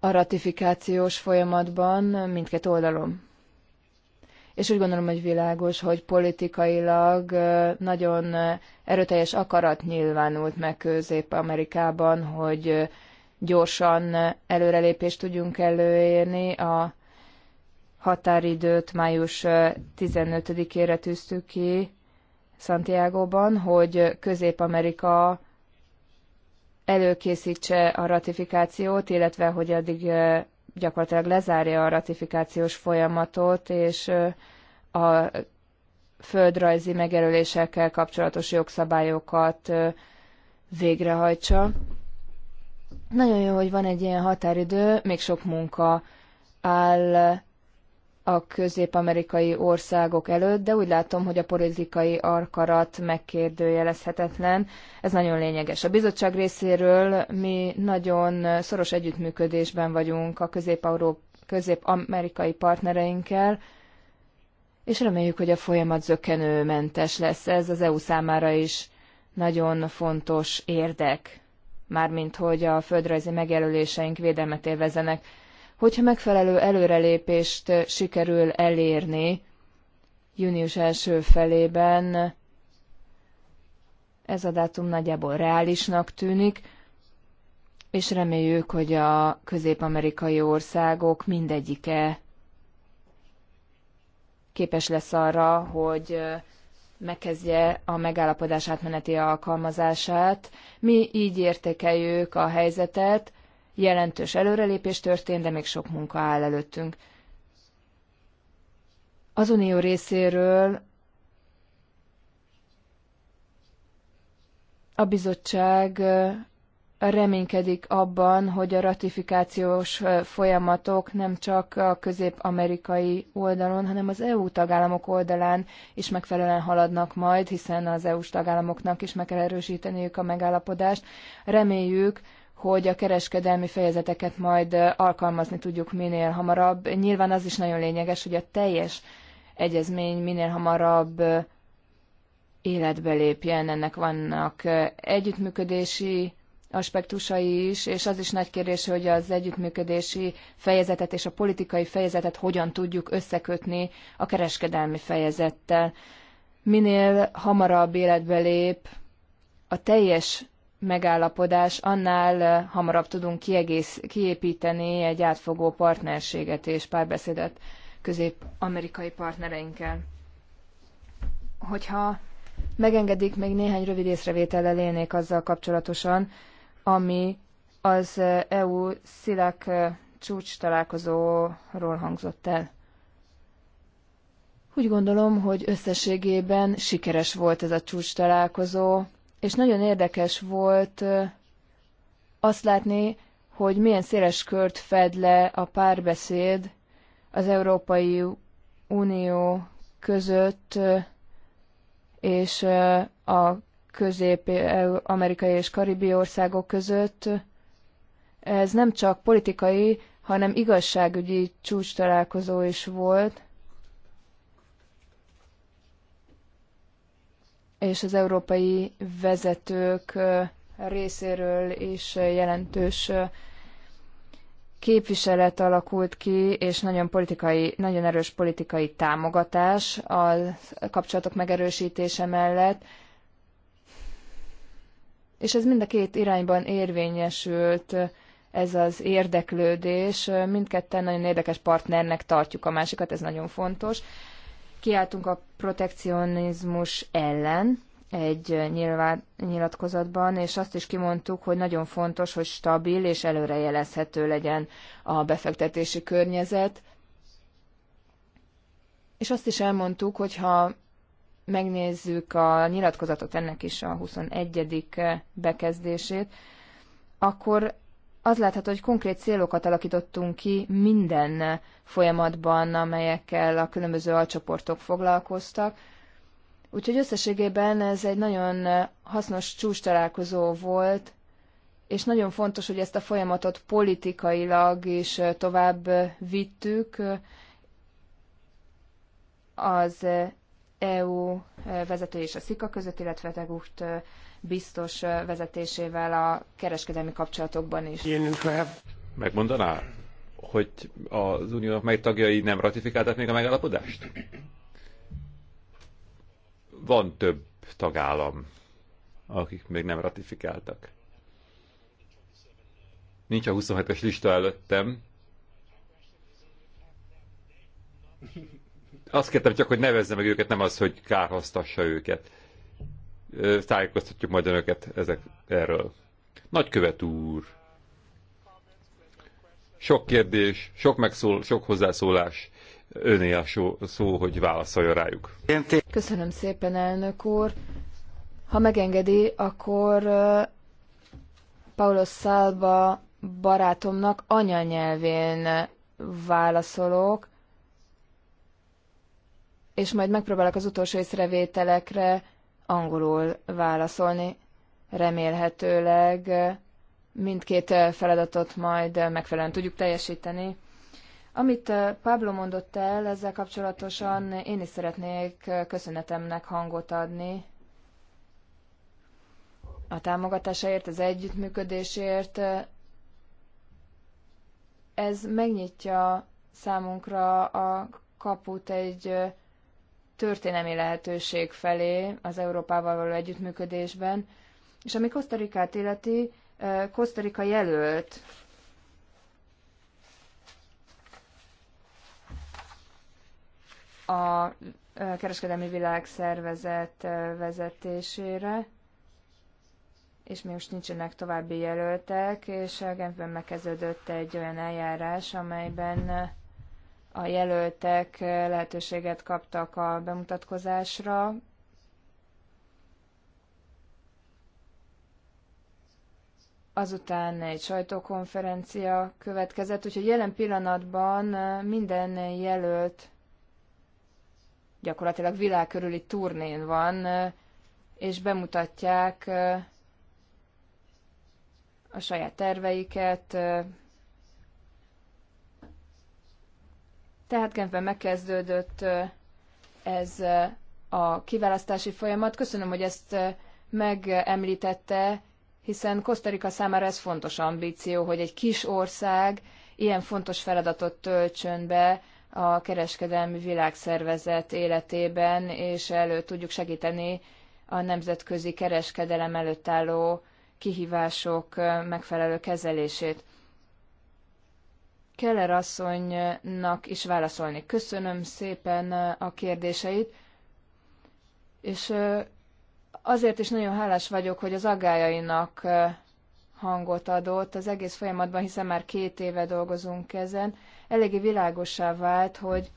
S2: a ratifikációs folyamatban mindkét oldalon és úgy gondolom, hogy világos, hogy politikailag nagyon erőteljes akarat nyilvánult meg Közép-Amerikában, hogy gyorsan előrelépést tudjunk előérni. A határidőt május 15-ére tűztük ki Santiago-ban, hogy Közép-Amerika előkészítse a ratifikációt, illetve hogy addig gyakorlatilag lezárja a ratifikációs folyamatot, és a földrajzi megerőlésekkel kapcsolatos jogszabályokat végrehajtsa. Nagyon jó, hogy van egy ilyen határidő, még sok munka áll a közép-amerikai országok előtt, de úgy látom, hogy a politikai arkarat megkérdőjelezhetetlen. Ez nagyon lényeges. A bizottság részéről mi nagyon szoros együttműködésben vagyunk a közép-amerikai közép partnereinkkel, és reméljük, hogy a folyamat zökkenőmentes lesz. Ez az EU számára is nagyon fontos érdek, mármint hogy a földrajzi megjelöléseink védelmet élvezenek. Hogyha megfelelő előrelépést eh, sikerül elérni június első felében, ez a dátum nagyjából reálisnak tűnik, és reméljük, hogy a közép-amerikai országok mindegyike képes lesz arra, hogy eh, megkezdje a megállapodás átmeneti alkalmazását. Mi így értékeljük a helyzetet, Jelentős előrelépés történt, de még sok munka áll előttünk. Az Unió részéről a bizottság reménykedik abban, hogy a ratifikációs folyamatok nem csak a közép-amerikai oldalon, hanem az EU tagállamok oldalán is megfelelően haladnak majd, hiszen az EU-s tagállamoknak is meg kell erősíteniük a megállapodást. Reméljük, hogy a kereskedelmi fejezeteket majd alkalmazni tudjuk minél hamarabb. Nyilván az is nagyon lényeges, hogy a teljes egyezmény minél hamarabb életbe lépjen. Ennek vannak együttműködési aspektusai is, és az is nagy kérdés, hogy az együttműködési fejezetet és a politikai fejezetet hogyan tudjuk összekötni a kereskedelmi fejezettel. Minél hamarabb életbe lép a teljes megállapodás, annál hamarabb tudunk kiegész, kiépíteni egy átfogó partnerséget és párbeszédet közép-amerikai partnereinkkel. Hogyha megengedik, még néhány rövid észrevétellel élnék azzal kapcsolatosan, ami az EU szilák csúcs találkozóról hangzott el. Úgy gondolom, hogy összességében sikeres volt ez a csúcs találkozó, és nagyon érdekes volt azt látni, hogy milyen széles kört fed le a párbeszéd az Európai Unió között és a közép-amerikai e, és karibi országok között. Ez nem csak politikai, hanem igazságügyi csúcs találkozó is volt, és az európai vezetők részéről is jelentős képviselet alakult ki, és nagyon, politikai, nagyon erős politikai támogatás a kapcsolatok megerősítése mellett. És ez mind a két irányban érvényesült ez az érdeklődés. Mindketten nagyon érdekes partnernek tartjuk a másikat, ez nagyon fontos. Kiálltunk a protekcionizmus ellen egy nyilván, nyilatkozatban, és azt is kimondtuk, hogy nagyon fontos, hogy stabil és előrejelezhető legyen a befektetési környezet. És azt is elmondtuk, hogy ha megnézzük a nyilatkozatot ennek is a 21. bekezdését, akkor az látható, hogy konkrét célokat alakítottunk ki minden folyamatban, amelyekkel a különböző alcsoportok foglalkoztak. Úgyhogy összességében ez egy nagyon hasznos csúcs találkozó volt, és nagyon fontos, hogy ezt a folyamatot politikailag is tovább vittük az EU vezető és a SZIKA között, illetve Tegucht biztos vezetésével a kereskedelmi kapcsolatokban is.
S3: Megmondaná, hogy az uniónak mely tagjai nem ratifikálták még a megállapodást? Van több tagállam, akik még nem ratifikáltak. Nincs a 27-es lista előttem. Azt kértem csak, hogy nevezze meg őket, nem az, hogy kárhoztassa őket tájékoztatjuk majd önöket ezek erről. Nagykövet úr! Sok kérdés, sok megszól, sok hozzászólás. Öné a szó, szó, hogy válaszolja rájuk.
S2: Köszönöm szépen, elnök úr. Ha megengedi, akkor Paulos Szálba barátomnak anyanyelvén válaszolok, és majd megpróbálok az utolsó észrevételekre angolul válaszolni. Remélhetőleg mindkét feladatot majd megfelelően tudjuk teljesíteni. Amit Pablo mondott el ezzel kapcsolatosan, én is szeretnék köszönetemnek hangot adni a támogatásáért, az együttműködésért. Ez megnyitja számunkra a kaput egy történelmi lehetőség felé az Európával való együttműködésben, és ami Kosztarikát illeti, Kosztarika jelölt a kereskedelmi világszervezet vezetésére, és még most nincsenek további jelöltek, és Genfben megkezdődött egy olyan eljárás, amelyben a jelöltek eh, lehetőséget kaptak a bemutatkozásra. Azután egy sajtókonferencia következett, úgyhogy jelen pillanatban eh, minden jelölt gyakorlatilag világkörüli turnén van, eh, és bemutatják a saját terveiket, Tehát Genfben megkezdődött ez a kiválasztási folyamat. Köszönöm, hogy ezt megemlítette, hiszen Kosztarika számára ez fontos ambíció, hogy egy kis ország ilyen fontos feladatot töltsön be a kereskedelmi világszervezet életében, és elő tudjuk segíteni a nemzetközi kereskedelem előtt álló kihívások megfelelő kezelését. Keller asszonynak is válaszolni. Köszönöm szépen uh, a kérdéseit, és uh, azért is nagyon hálás vagyok, hogy az aggájainak uh, hangot adott az egész folyamatban, hiszen már két éve dolgozunk ezen. Eléggé világosá vált, hogy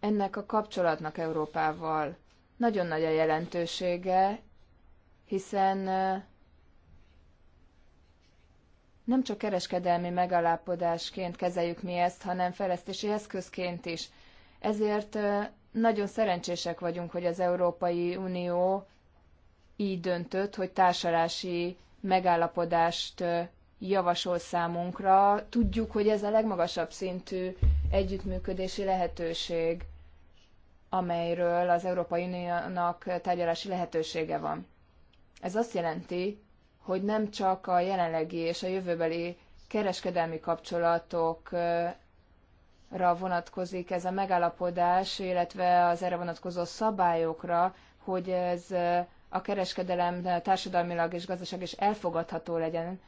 S2: ennek a kapcsolatnak Európával nagyon nagy a jelentősége, hiszen nem csak kereskedelmi megalapodásként kezeljük mi ezt, hanem fejlesztési eszközként is. Ezért nagyon szerencsések vagyunk, hogy az Európai Unió így döntött, hogy társalási megállapodást javasol számunkra. Tudjuk, hogy ez a legmagasabb szintű együttműködési lehetőség, amelyről az Európai Uniónak tárgyalási lehetősége van. Ez azt jelenti, hogy nem csak a jelenlegi és a jövőbeli kereskedelmi kapcsolatokra vonatkozik ez a megállapodás, illetve az erre vonatkozó szabályokra, hogy ez a kereskedelem társadalmilag és gazdaság is elfogadható legyen,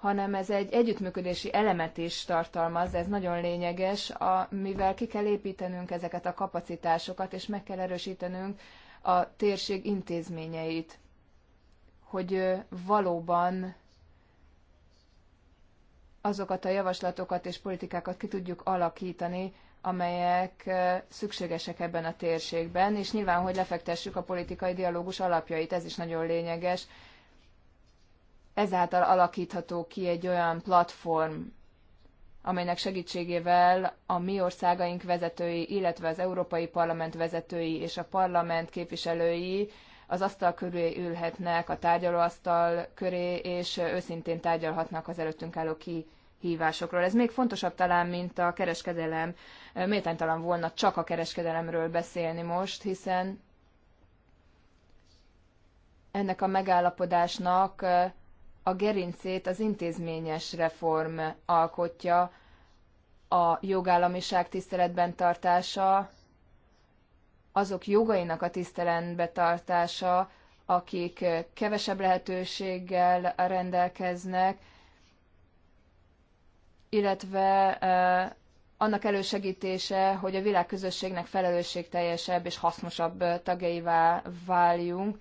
S2: hanem ez egy együttműködési elemet is tartalmaz, ez nagyon lényeges, a, mivel ki kell építenünk ezeket a kapacitásokat, és meg kell erősítenünk a térség intézményeit hogy valóban azokat a javaslatokat és politikákat ki tudjuk alakítani, amelyek szükségesek ebben a térségben, és nyilván, hogy lefektessük a politikai dialógus alapjait, ez is nagyon lényeges. Ezáltal alakítható ki egy olyan platform, amelynek segítségével a mi országaink vezetői, illetve az Európai Parlament vezetői és a parlament képviselői az asztal köré ülhetnek, a tárgyalóasztal köré, és őszintén tárgyalhatnak az előttünk álló hívásokról. Ez még fontosabb talán, mint a kereskedelem. Méltánytalan volna csak a kereskedelemről beszélni most, hiszen ennek a megállapodásnak a gerincét az intézményes reform alkotja, a jogállamiság tiszteletben tartása, azok jogainak a tiszteletbe tartása, akik kevesebb lehetőséggel rendelkeznek, illetve annak elősegítése, hogy a világközösségnek felelősségteljesebb és hasznosabb tagjaivá váljunk.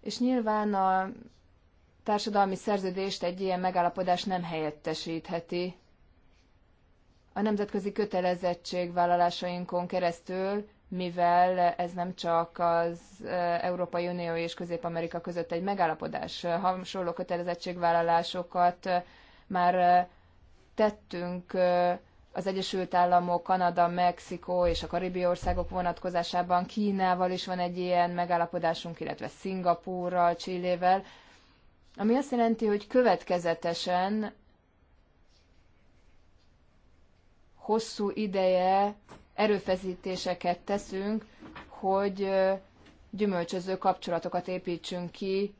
S2: És nyilván a társadalmi szerződést egy ilyen megállapodás nem helyettesítheti a nemzetközi kötelezettségvállalásainkon keresztül, mivel ez nem csak az Európai Unió és Közép-Amerika között egy megállapodás, hasonló kötelezettségvállalásokat már tettünk az Egyesült Államok, Kanada, Mexikó és a Karibi országok vonatkozásában Kínával is van egy ilyen megállapodásunk, illetve Szingapúrral, Csillével, ami azt jelenti, hogy következetesen hosszú ideje erőfeszítéseket teszünk, hogy gyümölcsöző kapcsolatokat építsünk ki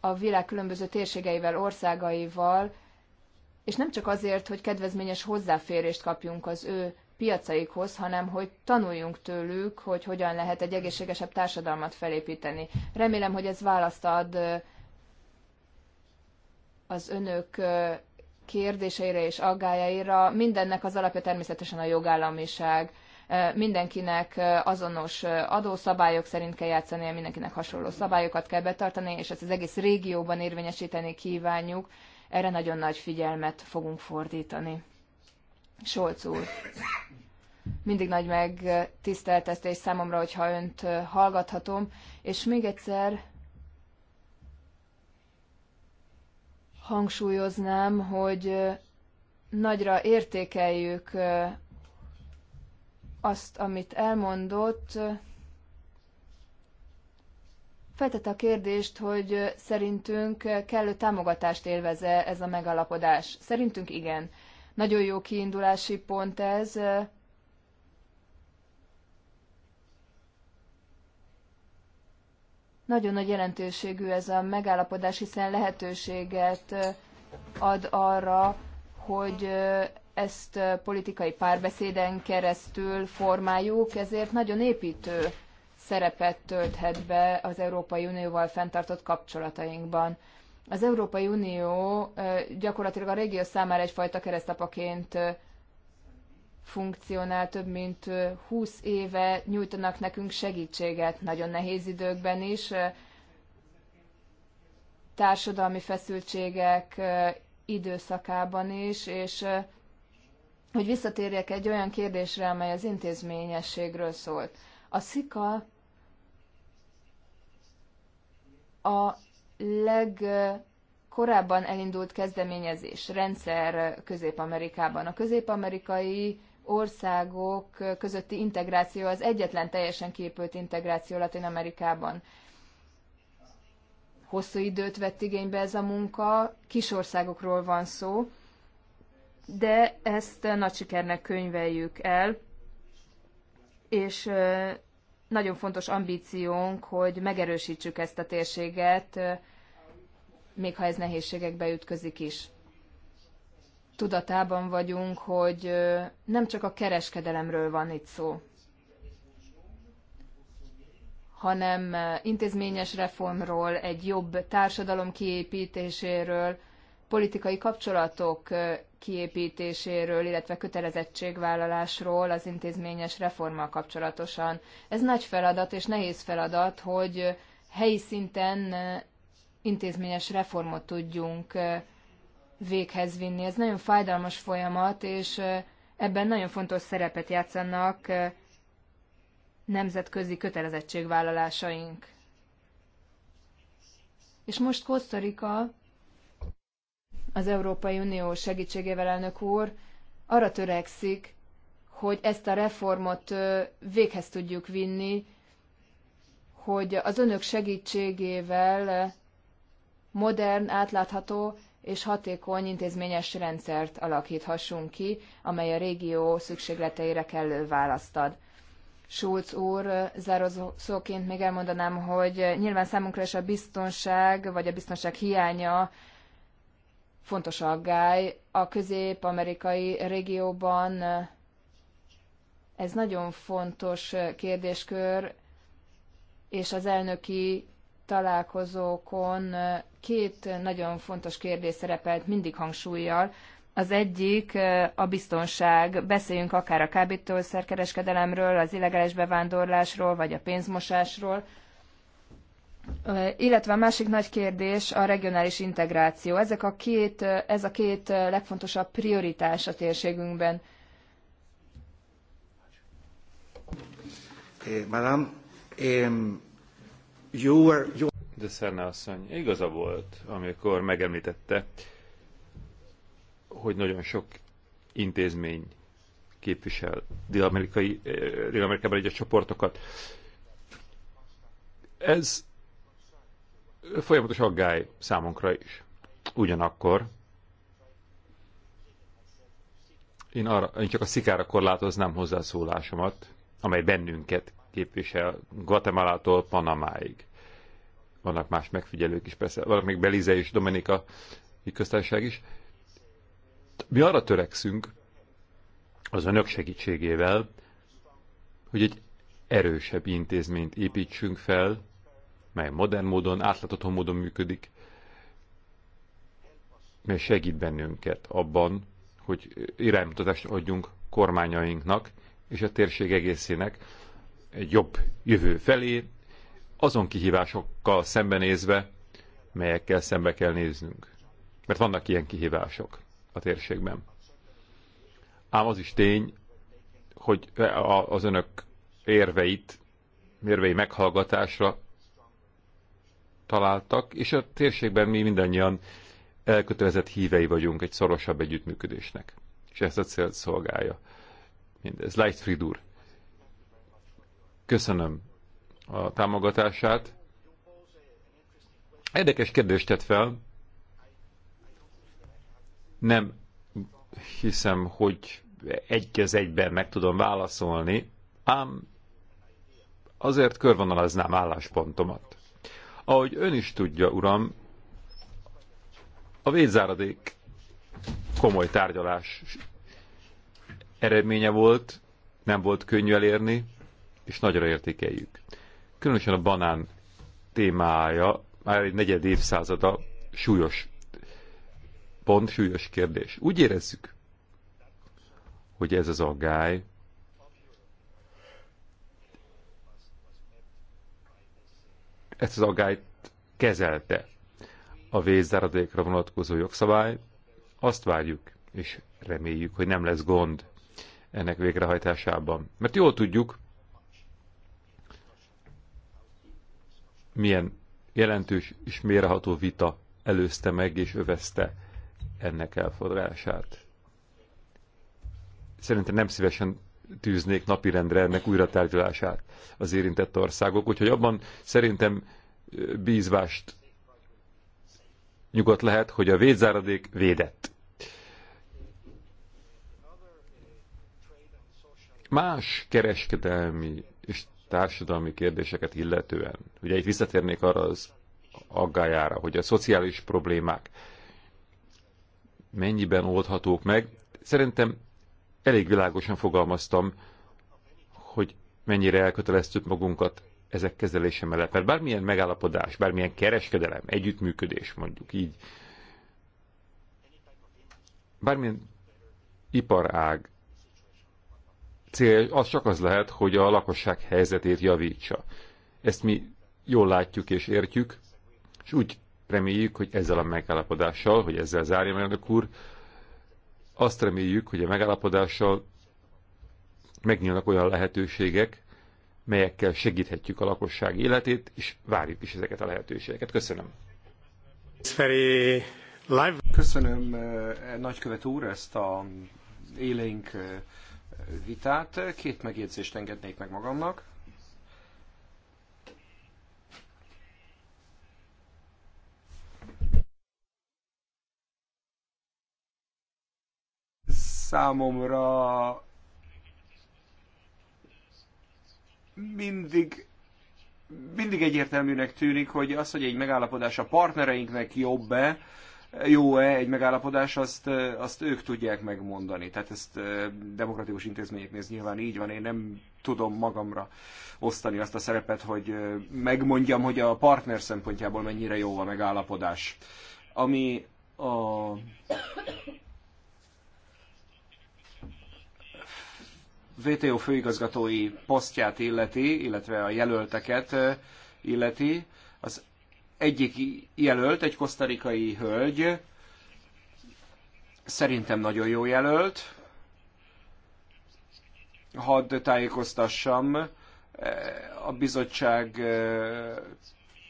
S2: a világ különböző térségeivel, országaival, és nem csak azért, hogy kedvezményes hozzáférést kapjunk az ő piacaikhoz, hanem hogy tanuljunk tőlük, hogy hogyan lehet egy egészségesebb társadalmat felépíteni. Remélem, hogy ez választ ad az önök kérdéseire és aggájaira. Mindennek az alapja természetesen a jogállamiság. Mindenkinek azonos adószabályok szerint kell játszania, mindenkinek hasonló szabályokat kell betartani, és ezt az egész régióban érvényesíteni kívánjuk. Erre nagyon nagy figyelmet fogunk fordítani. Solc úr mindig nagy megtiszteltetés számomra, hogyha önt hallgathatom. És még egyszer hangsúlyoznám, hogy nagyra értékeljük azt, amit elmondott. Feltette a kérdést, hogy szerintünk kellő támogatást élveze ez a megalapodás. Szerintünk igen. Nagyon jó kiindulási pont ez, Nagyon nagy jelentőségű ez a megállapodás, hiszen lehetőséget ad arra, hogy ezt politikai párbeszéden keresztül formáljuk, ezért nagyon építő szerepet tölthet be az Európai Unióval fenntartott kapcsolatainkban. Az Európai Unió gyakorlatilag a régió számára egyfajta keresztapaként funkcionál, több mint 20 éve nyújtanak nekünk segítséget nagyon nehéz időkben is. Társadalmi feszültségek időszakában is, és hogy visszatérjek egy olyan kérdésre, amely az intézményességről szólt. A szika a legkorábban elindult kezdeményezés rendszer Közép-Amerikában. A közép-amerikai országok közötti integráció az egyetlen teljesen kiépült integráció Latin Amerikában. Hosszú időt vett igénybe ez a munka, kis országokról van szó, de ezt nagy sikernek könyveljük el, és nagyon fontos ambíciónk, hogy megerősítsük ezt a térséget, még ha ez nehézségekbe ütközik is tudatában vagyunk, hogy nem csak a kereskedelemről van itt szó, hanem intézményes reformról, egy jobb társadalom kiépítéséről, politikai kapcsolatok kiépítéséről, illetve kötelezettségvállalásról az intézményes reformmal kapcsolatosan. Ez nagy feladat és nehéz feladat, hogy helyi szinten intézményes reformot tudjunk véghez vinni. Ez nagyon fájdalmas folyamat, és ebben nagyon fontos szerepet játszanak nemzetközi kötelezettségvállalásaink. És most Kosztorika az Európai Unió segítségével elnök úr arra törekszik, hogy ezt a reformot véghez tudjuk vinni, hogy az önök segítségével modern, átlátható és hatékony intézményes rendszert alakíthassunk ki, amely a régió szükségleteire kellő választ ad. Schulz úr, zárószóként még elmondanám, hogy nyilván számunkra is a biztonság, vagy a biztonság hiánya fontos aggály. A közép-amerikai régióban ez nagyon fontos kérdéskör, és az elnöki találkozókon két nagyon fontos kérdés szerepelt mindig hangsúlyjal. Az egyik a biztonság. Beszéljünk akár a kábítószerkereskedelemről, az illegális bevándorlásról, vagy a pénzmosásról. Illetve a másik nagy kérdés a regionális integráció. Ezek a két, ez a két legfontosabb prioritás a térségünkben.
S3: Eh, madame, eh, you were, you de Szerne asszony igaza volt, amikor megemlítette, hogy nagyon sok intézmény képvisel dél-amerikai, eh, amerikában egyes csoportokat. Ez folyamatos aggály számunkra is. Ugyanakkor én, arra, én csak a szikára korlátoznám hozzászólásomat, amely bennünket képvisel Guatemala-tól Panamáig vannak más megfigyelők is, persze, vannak még Belize és Dominika köztársaság is. Mi arra törekszünk az önök segítségével, hogy egy erősebb intézményt építsünk fel, mely modern módon, átlátható módon működik, mely segít bennünket abban, hogy iránymutatást adjunk kormányainknak és a térség egészének egy jobb jövő felé, azon kihívásokkal szembenézve, melyekkel szembe kell néznünk. Mert vannak ilyen kihívások a térségben. Ám az is tény, hogy az önök érveit, érvei meghallgatásra találtak, és a térségben mi mindannyian elkötelezett hívei vagyunk egy szorosabb együttműködésnek. És ezt a célt szolgálja. Mindez. Leichtfried úr, köszönöm a támogatását. Érdekes kérdést tett fel. Nem hiszem, hogy egy kez egyben meg tudom válaszolni, ám azért körvonalaznám álláspontomat. Ahogy ön is tudja, uram, a védzáradék komoly tárgyalás eredménye volt, nem volt könnyű elérni, és nagyra értékeljük. Különösen a banán témája már egy negyed évszázada súlyos pont, súlyos kérdés. Úgy érezzük, hogy ez az aggály ezt az aggályt kezelte a vészzáradékra vonatkozó jogszabály. Azt várjuk, és reméljük, hogy nem lesz gond ennek végrehajtásában. Mert jól tudjuk, milyen jelentős és mérható vita előzte meg és övezte ennek elfordulását. Szerintem nem szívesen tűznék napirendre ennek újratárgyalását az érintett országok, úgyhogy abban szerintem bízvást nyugodt lehet, hogy a védzáradék védett. Más kereskedelmi és társadalmi kérdéseket illetően. Ugye itt visszatérnék arra az aggájára, hogy a szociális problémák mennyiben oldhatók meg. Szerintem elég világosan fogalmaztam, hogy mennyire elköteleztük magunkat ezek kezelése mellett. Mert bármilyen megállapodás, bármilyen kereskedelem, együttműködés mondjuk így, bármilyen iparág cél az csak az lehet, hogy a lakosság helyzetét javítsa. Ezt mi jól látjuk és értjük, és úgy reméljük, hogy ezzel a megállapodással, hogy ezzel meg a úr, azt reméljük, hogy a megállapodással megnyílnak olyan lehetőségek, melyekkel segíthetjük a lakosság életét, és várjuk is ezeket a lehetőségeket. Köszönöm.
S1: Köszönöm, eh, nagykövet úr, ezt a élénk eh, vitát. Két megjegyzést engednék meg magamnak. Számomra mindig mindig egyértelműnek tűnik, hogy az, hogy egy megállapodás a partnereinknek jobb-e, jó-e egy megállapodás, azt, azt ők tudják megmondani. Tehát ezt demokratikus intézményeknél nyilván így van, én nem tudom magamra osztani azt a szerepet, hogy megmondjam, hogy a partner szempontjából mennyire jó a megállapodás. Ami a VTO főigazgatói posztját illeti, illetve a jelölteket illeti, az egyik jelölt, egy kosztarikai hölgy, szerintem nagyon jó jelölt. Hadd tájékoztassam eh, a bizottság eh,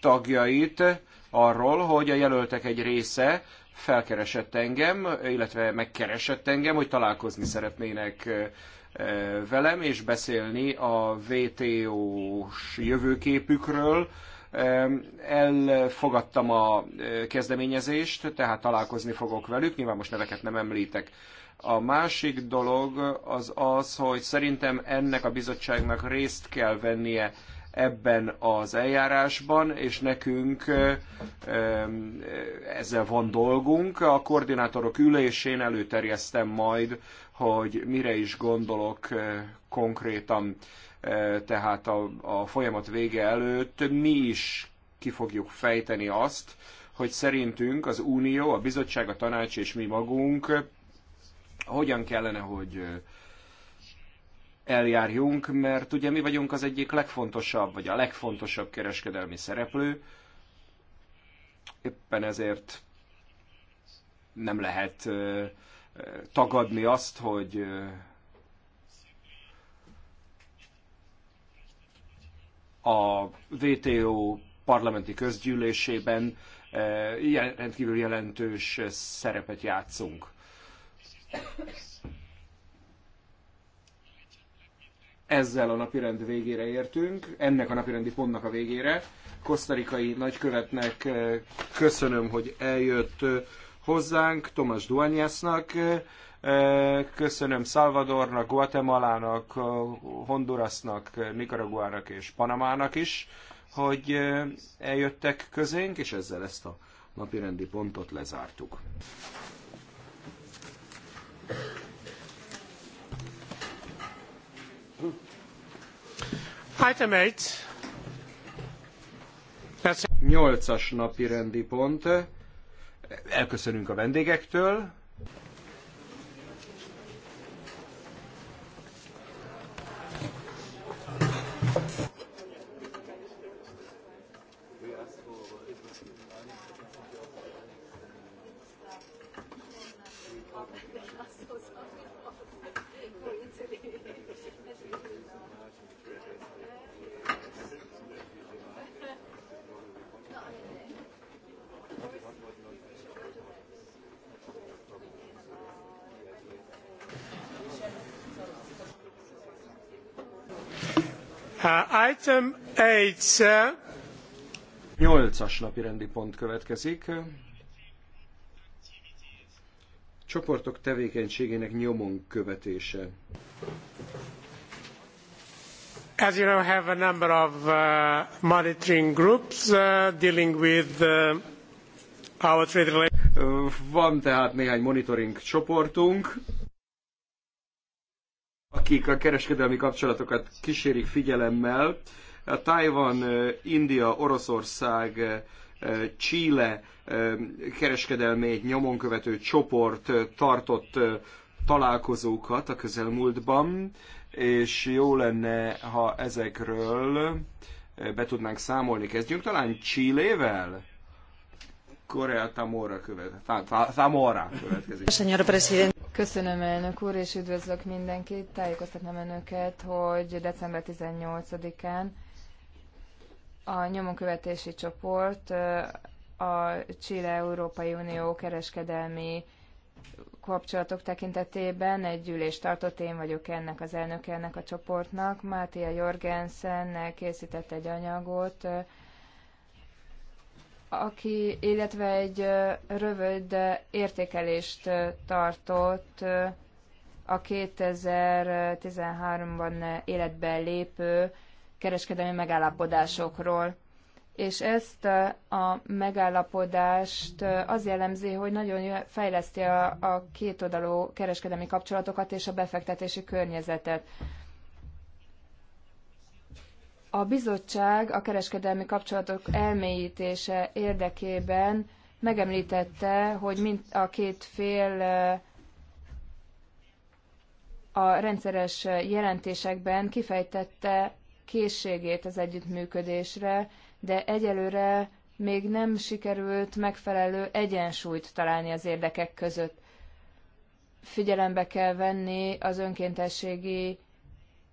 S1: tagjait arról, hogy a jelöltek egy része felkeresett engem, illetve megkeresett engem, hogy találkozni szeretnének eh, velem, és beszélni a VTO-s jövőképükről, Elfogadtam a e, kezdeményezést, tehát találkozni fogok velük, nyilván most neveket nem említek. A másik dolog az az, hogy szerintem ennek a bizottságnak részt kell vennie ebben az eljárásban, és nekünk e, ezzel van dolgunk. A koordinátorok ülésén előterjesztem majd, hogy mire is gondolok e, konkrétan tehát a, a folyamat vége előtt mi is ki fogjuk fejteni azt, hogy szerintünk az Unió, a bizottság, a tanács és mi magunk hogyan kellene, hogy eljárjunk, mert ugye mi vagyunk az egyik legfontosabb, vagy a legfontosabb kereskedelmi szereplő. Éppen ezért nem lehet tagadni azt, hogy a WTO parlamenti közgyűlésében eh, rendkívül jelentős szerepet játszunk. Ezzel a napirend végére értünk, ennek a napirendi pontnak a végére. Kosztarikai nagykövetnek eh, köszönöm, hogy eljött eh, hozzánk, Tomás Duanyásznak. Köszönöm Salvadornak, Guatemalának, Hondurasnak, Nicaraguának és Panamának is, hogy eljöttek közénk, és ezzel ezt a napirendi pontot lezártuk. Item 8. Nyolcas napi rendi pont. Elköszönünk a vendégektől. Item 8, sir. Nyolcas napi rendi pont következik. Csoportok tevékenységének nyomon követése. As you know, we have a number of uh, monitoring groups uh, dealing with uh, our trade relations. Van tehát néhány monitoring csoportunk akik a kereskedelmi kapcsolatokat kísérik figyelemmel. A Tajvan, India, Oroszország, Chile kereskedelmét nyomon követő csoport tartott találkozókat a közelmúltban, és jó lenne, ha ezekről be tudnánk számolni. Kezdjünk talán Chilével? Korea Tamora követ. Tamora következik.
S2: Köszönöm, elnök úr, és üdvözlök mindenkit. Tájékoztatnám önöket, hogy december 18-án a nyomonkövetési csoport a Chile-Európai Unió kereskedelmi kapcsolatok tekintetében egy ülést tartott, én vagyok ennek az elnöke ennek a csoportnak. Mátia Jorgensen készített egy anyagot, aki, illetve egy rövid értékelést tartott a 2013-ban életbe lépő kereskedelmi megállapodásokról. És ezt a megállapodást az jellemzi, hogy nagyon fejleszti a, a kétoldalú kereskedelmi kapcsolatokat és a befektetési környezetet. A bizottság a kereskedelmi kapcsolatok elmélyítése érdekében megemlítette, hogy mind a két fél a rendszeres jelentésekben kifejtette készségét az együttműködésre, de egyelőre még nem sikerült megfelelő egyensúlyt találni az érdekek között. Figyelembe kell venni az önkéntességi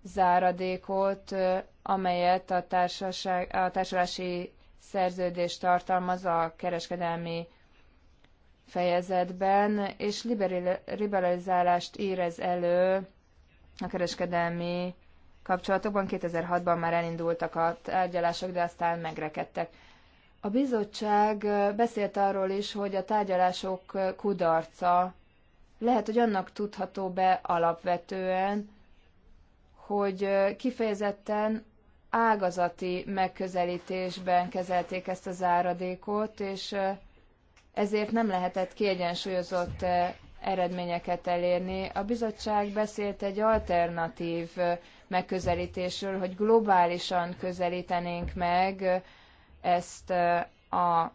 S2: záradékot, amelyet a, társaság, a társulási szerződés tartalmaz a kereskedelmi fejezetben, és liberalizálást ír ez elő a kereskedelmi kapcsolatokban. 2006-ban már elindultak a tárgyalások, de aztán megrekedtek. A bizottság beszélt arról is, hogy a tárgyalások kudarca lehet, hogy annak tudható be alapvetően, hogy kifejezetten ágazati megközelítésben kezelték ezt az áradékot, és ezért nem lehetett kiegyensúlyozott eredményeket elérni. A bizottság beszélt egy alternatív megközelítésről, hogy globálisan közelítenénk meg ezt a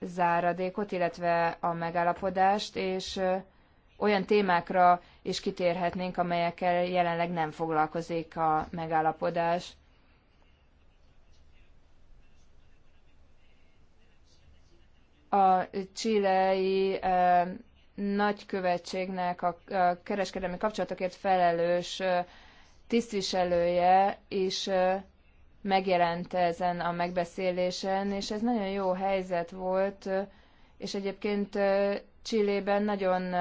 S2: záradékot, illetve a megállapodást, és olyan témákra is kitérhetnénk, amelyekkel jelenleg nem foglalkozik a megállapodás. a csilei nagykövetségnek a kereskedelmi kapcsolatokért felelős tisztviselője is megjelent ezen a megbeszélésen, és ez nagyon jó helyzet volt, és egyébként Csillében nagyon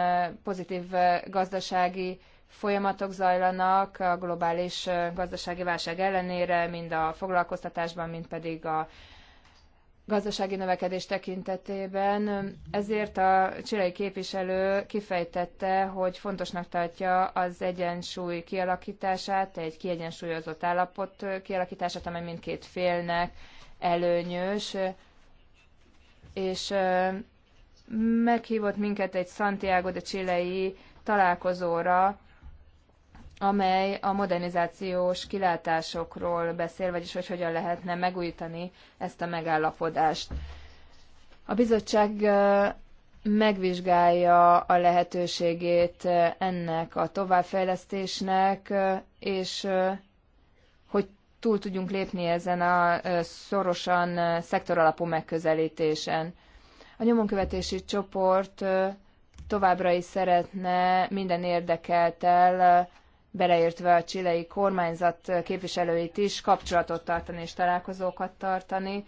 S2: pozitív gazdasági folyamatok zajlanak a globális gazdasági válság ellenére, mind a foglalkoztatásban, mind pedig a gazdasági növekedés tekintetében. Ezért a csilei képviselő kifejtette, hogy fontosnak tartja az egyensúly kialakítását, egy kiegyensúlyozott állapot kialakítását, amely mindkét félnek előnyös, és meghívott minket egy Santiago de Chilei találkozóra, amely a modernizációs kilátásokról beszél, vagyis hogy hogyan lehetne megújítani ezt a megállapodást. A bizottság megvizsgálja a lehetőségét ennek a továbbfejlesztésnek, és hogy túl tudjunk lépni ezen a szorosan szektoralapú megközelítésen. A nyomonkövetési csoport továbbra is szeretne minden érdekeltel, beleértve a csilei kormányzat képviselőit is, kapcsolatot tartani és találkozókat tartani,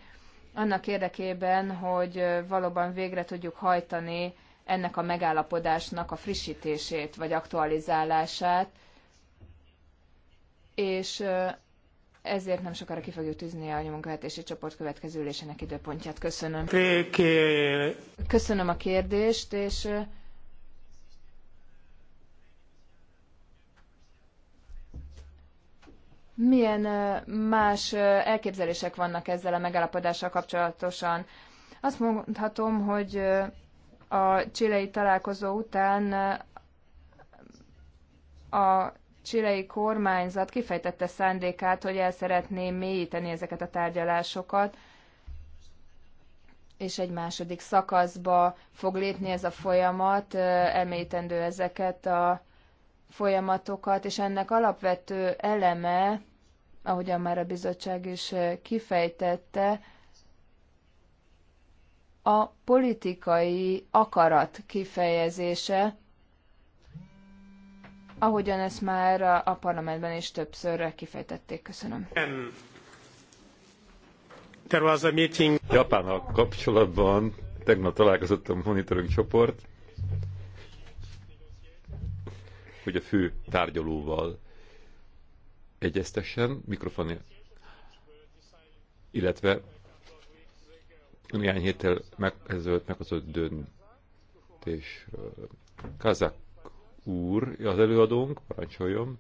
S2: annak érdekében, hogy valóban végre tudjuk hajtani ennek a megállapodásnak a frissítését vagy aktualizálását, és ezért nem sokára ki fogjuk tűzni a nyomonkövetési csoport következő ülésének időpontját. Köszönöm. Köszönöm a kérdést, és milyen más elképzelések vannak ezzel a megállapodással kapcsolatosan? Azt mondhatom, hogy a csilei találkozó után a csilei kormányzat kifejtette szándékát, hogy el szeretné mélyíteni ezeket a tárgyalásokat, és egy második szakaszba fog lépni ez a folyamat, elmélyítendő ezeket a folyamatokat, és ennek alapvető eleme, ahogyan már a bizottság is kifejtette, a politikai akarat kifejezése, ahogyan ezt már a parlamentben is többször kifejtették. Köszönöm.
S3: There was a meeting. Japánnal kapcsolatban tegnap találkozott a monitoring csoport, hogy a fő tárgyalóval egyeztessen, mikrofon, illetve néhány héttel meg, ezelőtt meghozott döntés Kazak úr, az előadónk, parancsoljon.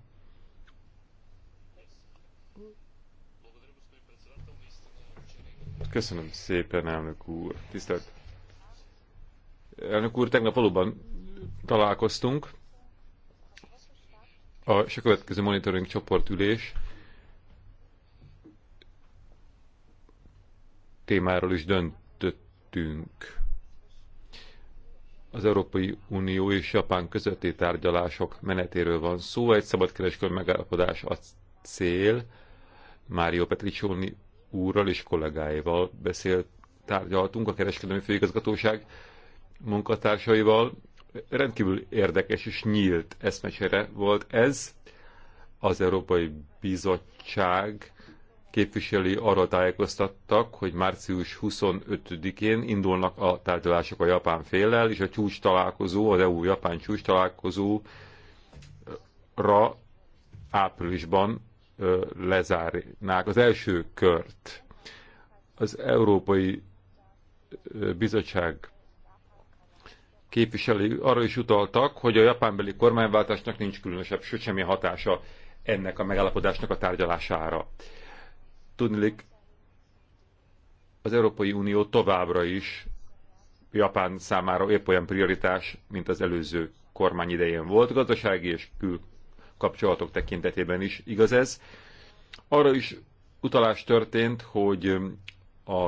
S3: Köszönöm szépen, elnök úr. Tisztelt elnök úr, tegnap valóban találkoztunk, a, és a következő monitoring csoportülés témáról is döntöttünk az Európai Unió és Japán közötti tárgyalások menetéről van szó. Egy szabadkereskedelmi megállapodás a cél. Mário Petriccioni úrral és kollégáival beszélt, tárgyaltunk a kereskedelmi főigazgatóság munkatársaival. Rendkívül érdekes és nyílt eszmecsere volt ez. Az Európai Bizottság képviselői arra tájékoztattak, hogy március 25-én indulnak a tárgyalások a japán féllel, és a csúcs találkozó, az EU-japán csúcs találkozóra áprilisban lezárnák az első kört. Az Európai Bizottság képviselői arra is utaltak, hogy a japánbeli kormányváltásnak nincs különösebb, sőt semmi hatása ennek a megállapodásnak a tárgyalására. Tudnilik, az Európai Unió továbbra is Japán számára épp olyan prioritás, mint az előző kormány idején volt, gazdasági és kapcsolatok tekintetében is igaz ez. Arra is utalás történt, hogy a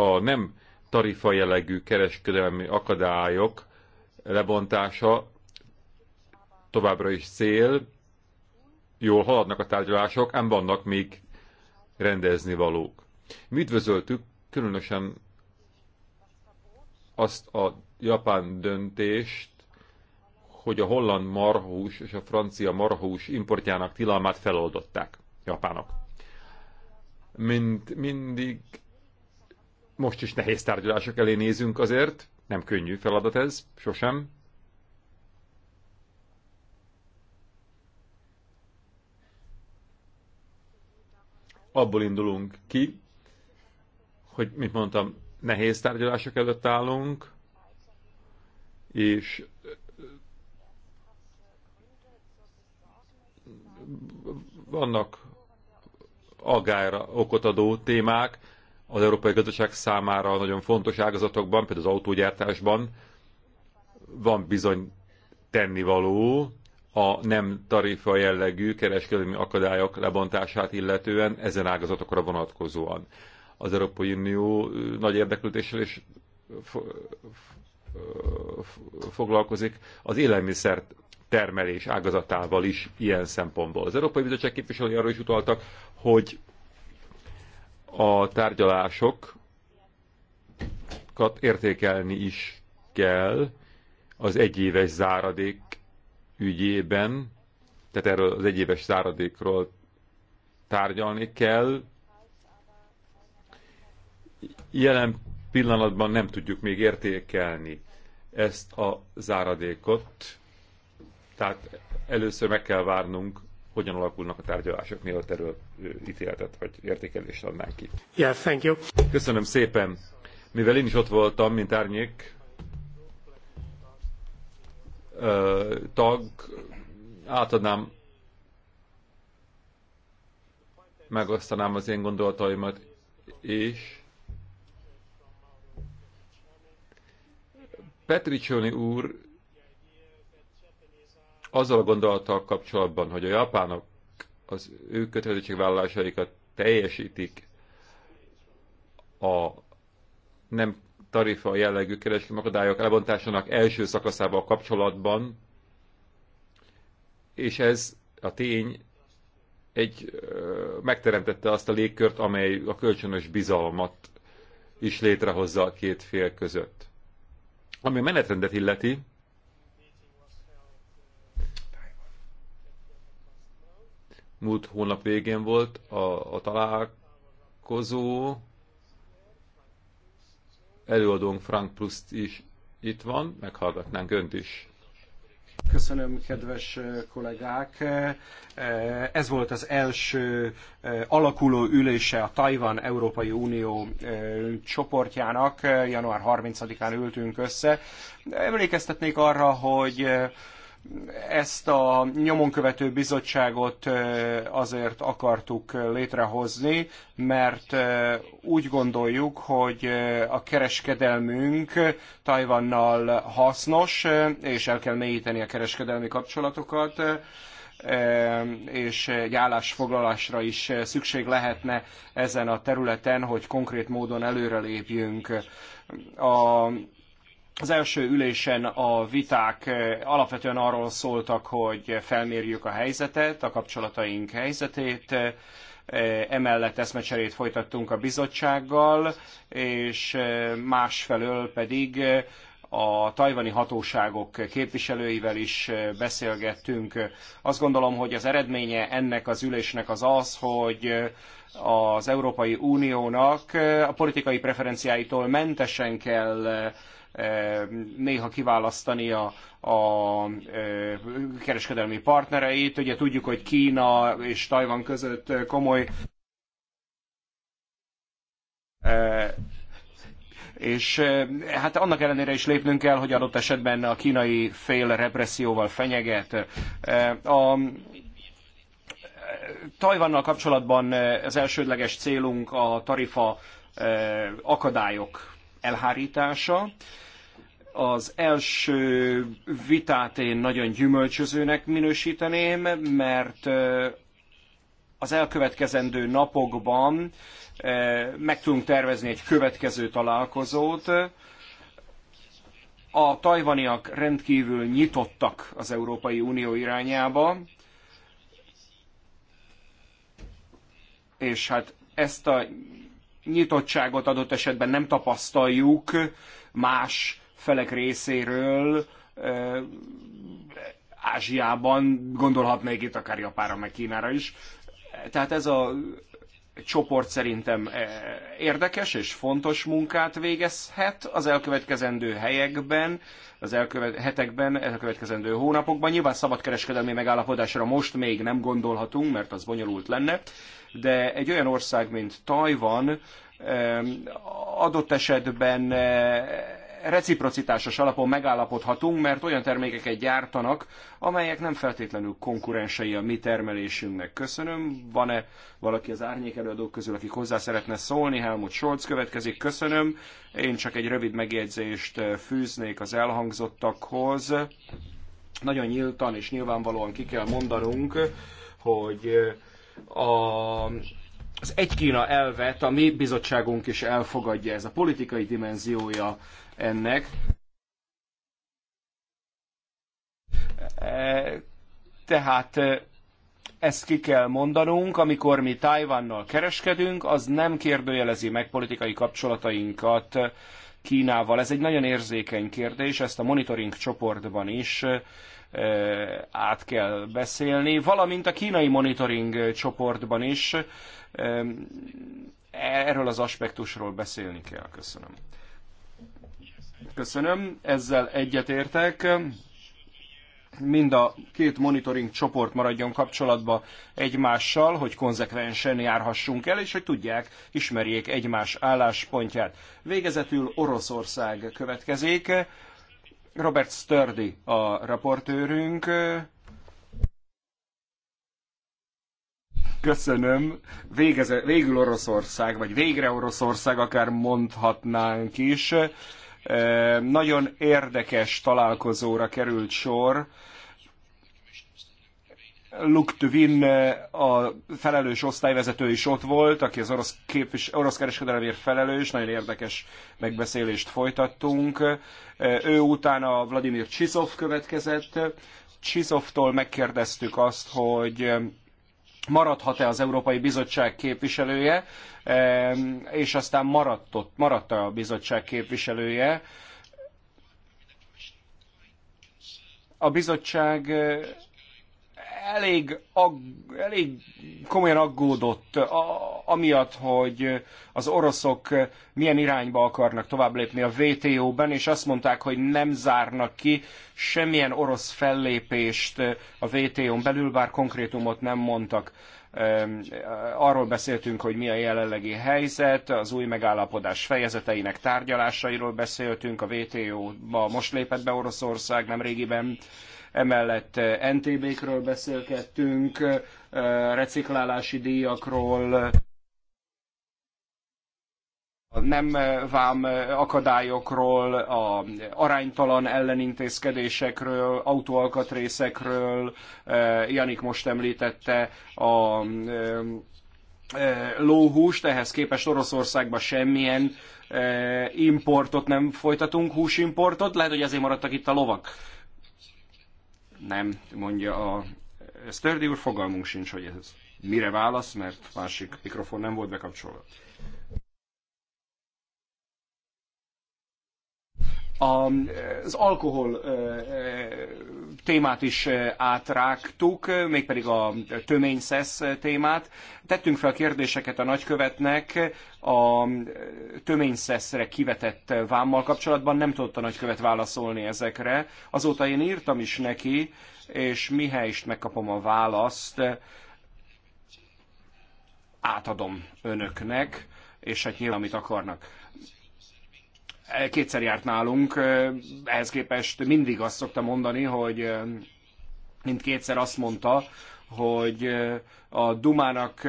S3: a nem tarifa jellegű kereskedelmi akadályok lebontása továbbra is cél, jól haladnak a tárgyalások, ám vannak még rendezni valók. Mi üdvözöltük különösen azt a japán döntést, hogy a holland marhús és a francia marhús importjának tilalmát feloldották japánok. Mint mindig, most is nehéz tárgyalások elé nézünk azért, nem könnyű feladat ez, sosem. abból indulunk ki, hogy, mint mondtam, nehéz tárgyalások előtt állunk, és vannak agályra okot adó témák az európai gazdaság számára nagyon fontos ágazatokban, például az autógyártásban van bizony tennivaló, a nem tarifa jellegű kereskedelmi akadályok lebontását illetően, ezen ágazatokra vonatkozóan. Az Európai Unió nagy érdeklődéssel és foglalkozik az élelmiszer termelés ágazatával is ilyen szempontból. Az Európai Bizottság képviselői arra is utaltak, hogy a tárgyalásokat értékelni is kell az egyéves záradék ügyében, tehát erről az egyéves záradékról tárgyalni kell. Jelen pillanatban nem tudjuk még értékelni ezt a záradékot, tehát először meg kell várnunk, hogyan alakulnak a tárgyalások, mielőtt erről ítéletet vagy értékelést adnánk ki. Yeah, thank you. Köszönöm szépen. Mivel én is ott voltam, mint árnyék tag, átadnám, megosztanám az én gondolataimat, és Petricsoni úr azzal a gondolattal kapcsolatban, hogy a japánok az ő kötelezettségvállalásaikat teljesítik a nem tarifa jellegű kereskedelmi akadályok elbontásának első szakaszával kapcsolatban, és ez a tény egy, megteremtette azt a légkört, amely a kölcsönös bizalmat is létrehozza a két fél között. Ami a menetrendet illeti, múlt hónap végén volt a, a találkozó, előadónk Frank Pluszt is itt van, meghallgatnánk önt is.
S1: Köszönöm, kedves kollégák! Ez volt az első alakuló ülése a Tajvan Európai Unió csoportjának. Január 30-án ültünk össze. Emlékeztetnék arra, hogy ezt a nyomonkövető bizottságot azért akartuk létrehozni, mert úgy gondoljuk, hogy a kereskedelmünk Tajvannal hasznos, és el kell mélyíteni a kereskedelmi kapcsolatokat, és egy állásfoglalásra is szükség lehetne ezen a területen, hogy konkrét módon előrelépjünk. A az első ülésen a viták eh, alapvetően arról szóltak, hogy felmérjük a helyzetet, a kapcsolataink helyzetét, eh, emellett eszmecserét folytattunk a bizottsággal, és eh, másfelől pedig a tajvani hatóságok képviselőivel is beszélgettünk. Azt gondolom, hogy az eredménye ennek az ülésnek az az, hogy az Európai Uniónak a politikai preferenciáitól mentesen kell E, néha kiválasztani a, a e, kereskedelmi partnereit. Ugye tudjuk, hogy Kína és Tajvan között komoly e, és hát annak ellenére is lépnünk kell, hogy adott esetben a kínai fél represszióval fenyeget. A Tajvannal kapcsolatban az elsődleges célunk a tarifa akadályok elhárítása. Az első vitát én nagyon gyümölcsözőnek minősíteném, mert az elkövetkezendő napokban meg tudunk tervezni egy következő találkozót. A tajvaniak rendkívül nyitottak az Európai Unió irányába, és hát ezt a nyitottságot adott esetben nem tapasztaljuk más felek részéről, Ázsiában, gondolhatnék itt akár Japára, meg Kínára is. Tehát ez a csoport szerintem érdekes és fontos munkát végezhet az elkövetkezendő helyekben, az elkövet, hetekben, elkövetkezendő hónapokban. Nyilván szabadkereskedelmi megállapodásra most még nem gondolhatunk, mert az bonyolult lenne, de egy olyan ország, mint Tajvan adott esetben eh, reciprocitásos alapon megállapodhatunk, mert olyan termékeket gyártanak, amelyek nem feltétlenül konkurensei a mi termelésünknek. Köszönöm. Van-e valaki az árnyék előadók közül, akik hozzá szeretne szólni? Helmut Scholz következik. Köszönöm. Én csak egy rövid megjegyzést eh, fűznék az elhangzottakhoz. Nagyon nyíltan és nyilvánvalóan ki kell mondanunk, hogy eh, a, az egy Kína elvet a mi bizottságunk is elfogadja. Ez a politikai dimenziója ennek. E, tehát e, ezt ki kell mondanunk, amikor mi Tajvannal kereskedünk, az nem kérdőjelezi meg politikai kapcsolatainkat Kínával. Ez egy nagyon érzékeny kérdés, ezt a monitoring csoportban is Eh, át kell beszélni, valamint a kínai monitoring csoportban is eh, erről az aspektusról beszélni kell. Köszönöm. Köszönöm, ezzel egyetértek. Mind a két monitoring csoport maradjon kapcsolatba egymással, hogy konzekvensen járhassunk el, és hogy tudják, ismerjék egymás álláspontját. Végezetül Oroszország következéke. Robert Sturdy a raportőrünk. Köszönöm. Végeze, végül Oroszország, vagy végre Oroszország, akár mondhatnánk is. Nagyon érdekes találkozóra került sor Luke Tuvin, eh, a felelős osztályvezető is ott volt, aki az orosz, képvis, orosz kereskedelemért felelős, nagyon érdekes megbeszélést folytattunk. Eh, ő utána Vladimir Csizov következett. Csizovtól megkérdeztük azt, hogy eh, maradhat-e az Európai Bizottság képviselője, és aztán maradt, ott, maradt a bizottság képviselője. A bizottság elég, ag, elég komolyan aggódott a, amiatt, hogy az oroszok milyen irányba akarnak tovább lépni a wto ben és azt mondták, hogy nem zárnak ki semmilyen orosz fellépést a WTO-n belül, bár konkrétumot nem mondtak. Arról beszéltünk, hogy mi a jelenlegi helyzet, az új megállapodás fejezeteinek tárgyalásairól beszéltünk, a WTO-ba most lépett be Oroszország nem régiben emellett eh, NTB-kről beszélgettünk, eh, reciklálási díjakról, nem eh, vám akadályokról, a aránytalan ellenintézkedésekről, autóalkatrészekről, Janik most említette a lóhúst, ehhez képest Oroszországban semmilyen importot nem folytatunk, húsimportot, lehet, hogy azért maradtak itt a lovak nem, mondja a Sturdy úr, fogalmunk sincs, hogy ez mire válasz, mert másik mikrofon nem volt bekapcsolva. az alkohol témát is átrágtuk, mégpedig a szesz témát. Tettünk fel kérdéseket a nagykövetnek a szeszre kivetett vámmal kapcsolatban, nem tudott a nagykövet válaszolni ezekre. Azóta én írtam is neki, és is megkapom a választ, átadom önöknek, és hát nyilván, amit akarnak kétszer járt nálunk, ehhez képest mindig azt szokta mondani, hogy mint kétszer azt mondta, hogy a Dumának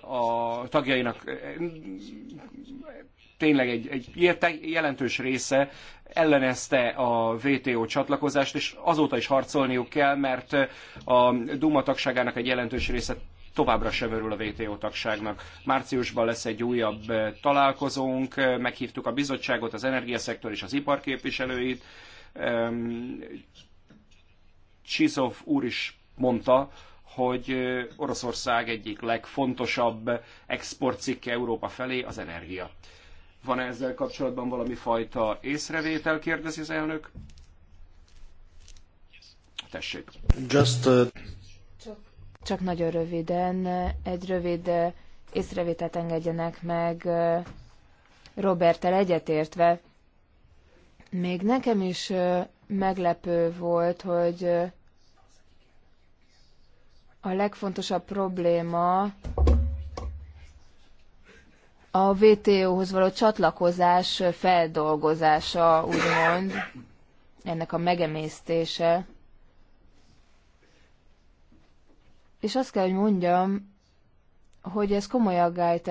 S1: a tagjainak tényleg egy, egy jelentős része ellenezte a VTO csatlakozást, és azóta is harcolniuk kell, mert a Duma tagságának egy jelentős része továbbra sem örül a WTO tagságnak. Márciusban lesz egy újabb eh, találkozónk, eh, meghívtuk a bizottságot, az energiaszektor és az ipar képviselőit. Csizov úr is mondta, hogy eh, Oroszország egyik legfontosabb exportcikke Európa felé az energia. Van -e ezzel kapcsolatban valami fajta észrevétel, kérdezi az elnök? Tessék. Just, uh...
S2: Csak nagyon röviden, egy rövid eh, észrevételt engedjenek meg eh, Roberttel egyetértve. Még nekem is eh, meglepő volt, hogy a legfontosabb probléma a WTO-hoz való csatlakozás feldolgozása, úgymond, ennek a megemésztése. És azt kell, hogy mondjam, hogy ez komoly aggályt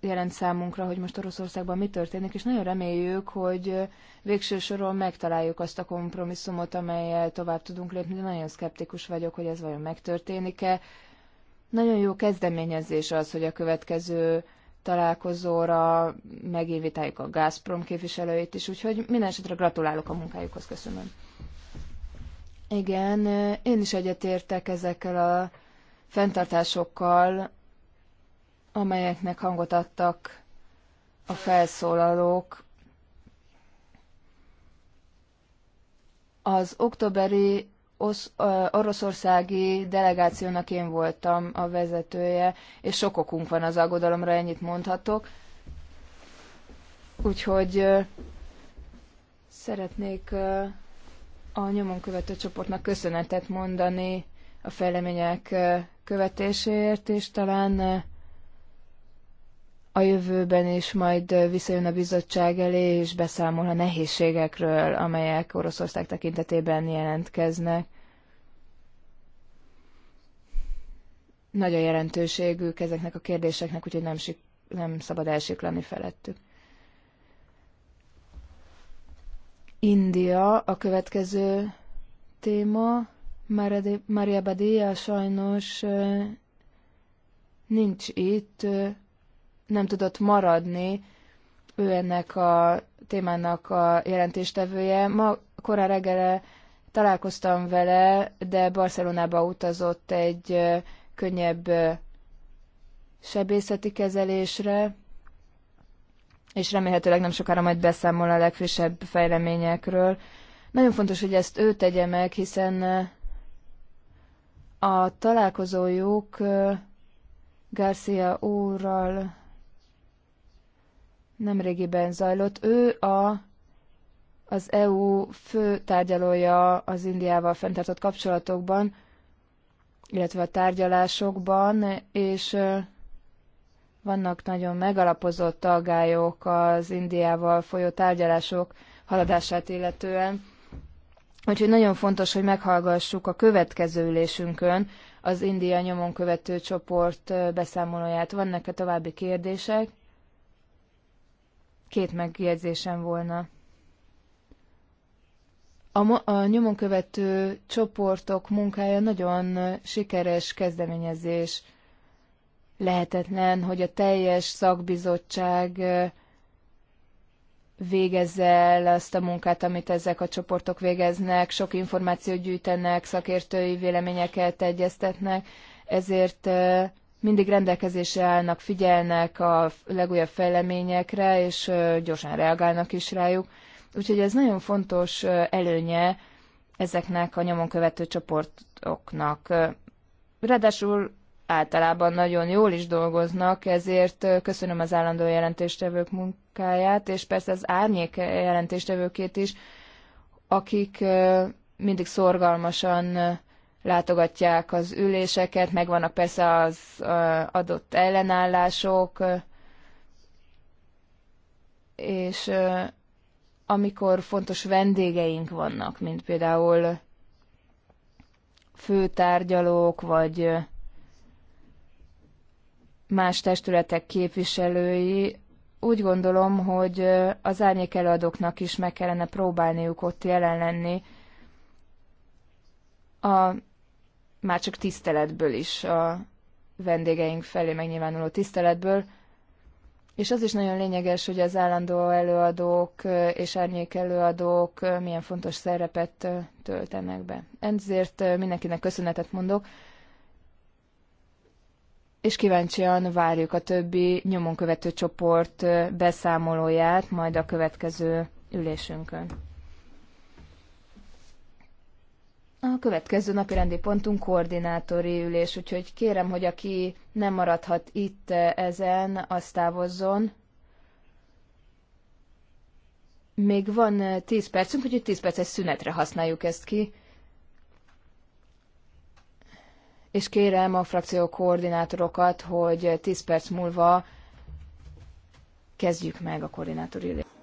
S2: jelent számunkra, hogy most Oroszországban mi történik, és nagyon reméljük, hogy végső soron megtaláljuk azt a kompromisszumot, amelyel tovább tudunk lépni, de nagyon szkeptikus vagyok, hogy ez vajon megtörténik-e. Nagyon jó kezdeményezés az, hogy a következő találkozóra megévitáljuk a Gazprom képviselőit is, úgyhogy minden esetre gratulálok a munkájukhoz, köszönöm. Igen, én is egyetértek ezekkel a fenntartásokkal, amelyeknek hangot adtak a felszólalók. Az októberi osz, oroszországi delegációnak én voltam a vezetője, és sok okunk van az aggodalomra, ennyit mondhatok. Úgyhogy szeretnék a nyomon követő csoportnak köszönetet mondani a fejlemények követéséért, és talán a jövőben is majd visszajön a bizottság elé, és beszámol a nehézségekről, amelyek Oroszország tekintetében jelentkeznek. Nagy a jelentőségük ezeknek a kérdéseknek, úgyhogy nem, nem szabad elsiklani felettük. India a következő téma. Maria Badia sajnos nincs itt, nem tudott maradni, ő ennek a témának a jelentéstevője. Ma korán reggel találkoztam vele, de Barcelonába utazott egy könnyebb sebészeti kezelésre, és remélhetőleg nem sokára majd beszámol a legfrissebb fejleményekről. Nagyon fontos, hogy ezt ő tegye meg, hiszen eh, a találkozójuk eh, Garcia úrral nemrégiben zajlott. Ő a, az EU fő tárgyalója az Indiával fenntartott kapcsolatokban, illetve a tárgyalásokban, és eh, vannak nagyon megalapozott aggályok az Indiával folyó tárgyalások haladását illetően. Úgyhogy nagyon fontos, hogy meghallgassuk a következő ülésünkön az India nyomon követő csoport beszámolóját. Vannak-e további kérdések? Két megjegyzésem volna. A, a nyomon követő csoportok munkája nagyon sikeres kezdeményezés lehetetlen, hogy a teljes szakbizottság végezze el azt a munkát, amit ezek a csoportok végeznek, sok információt gyűjtenek, szakértői véleményeket egyeztetnek, ezért mindig rendelkezésre állnak, figyelnek a legújabb fejleményekre, és gyorsan reagálnak is rájuk. Úgyhogy ez nagyon fontos előnye ezeknek a nyomon követő csoportoknak. Ráadásul általában nagyon jól is dolgoznak, ezért köszönöm az állandó jelentéstevők munkáját, és persze az árnyék jelentéstevőkét is, akik mindig szorgalmasan látogatják az üléseket, megvannak persze az adott ellenállások, és amikor fontos vendégeink vannak, mint például főtárgyalók, vagy más testületek képviselői, úgy gondolom, hogy az árnyék előadóknak is meg kellene próbálniuk ott jelen lenni, a, már csak tiszteletből is, a vendégeink felé megnyilvánuló tiszteletből, és az is nagyon lényeges, hogy az állandó előadók és árnyék előadók milyen fontos szerepet töltenek be. Ezért mindenkinek köszönetet mondok, és kíváncsian várjuk a többi nyomon követő csoport beszámolóját majd a következő ülésünkön. A következő napi rendi pontunk koordinátori ülés, úgyhogy kérem, hogy aki nem maradhat itt ezen, azt távozzon. Még van 10 percünk, úgyhogy 10 perces szünetre használjuk ezt ki és kérem a frakció koordinátorokat, hogy 10 perc múlva kezdjük meg a koordinátori ülést.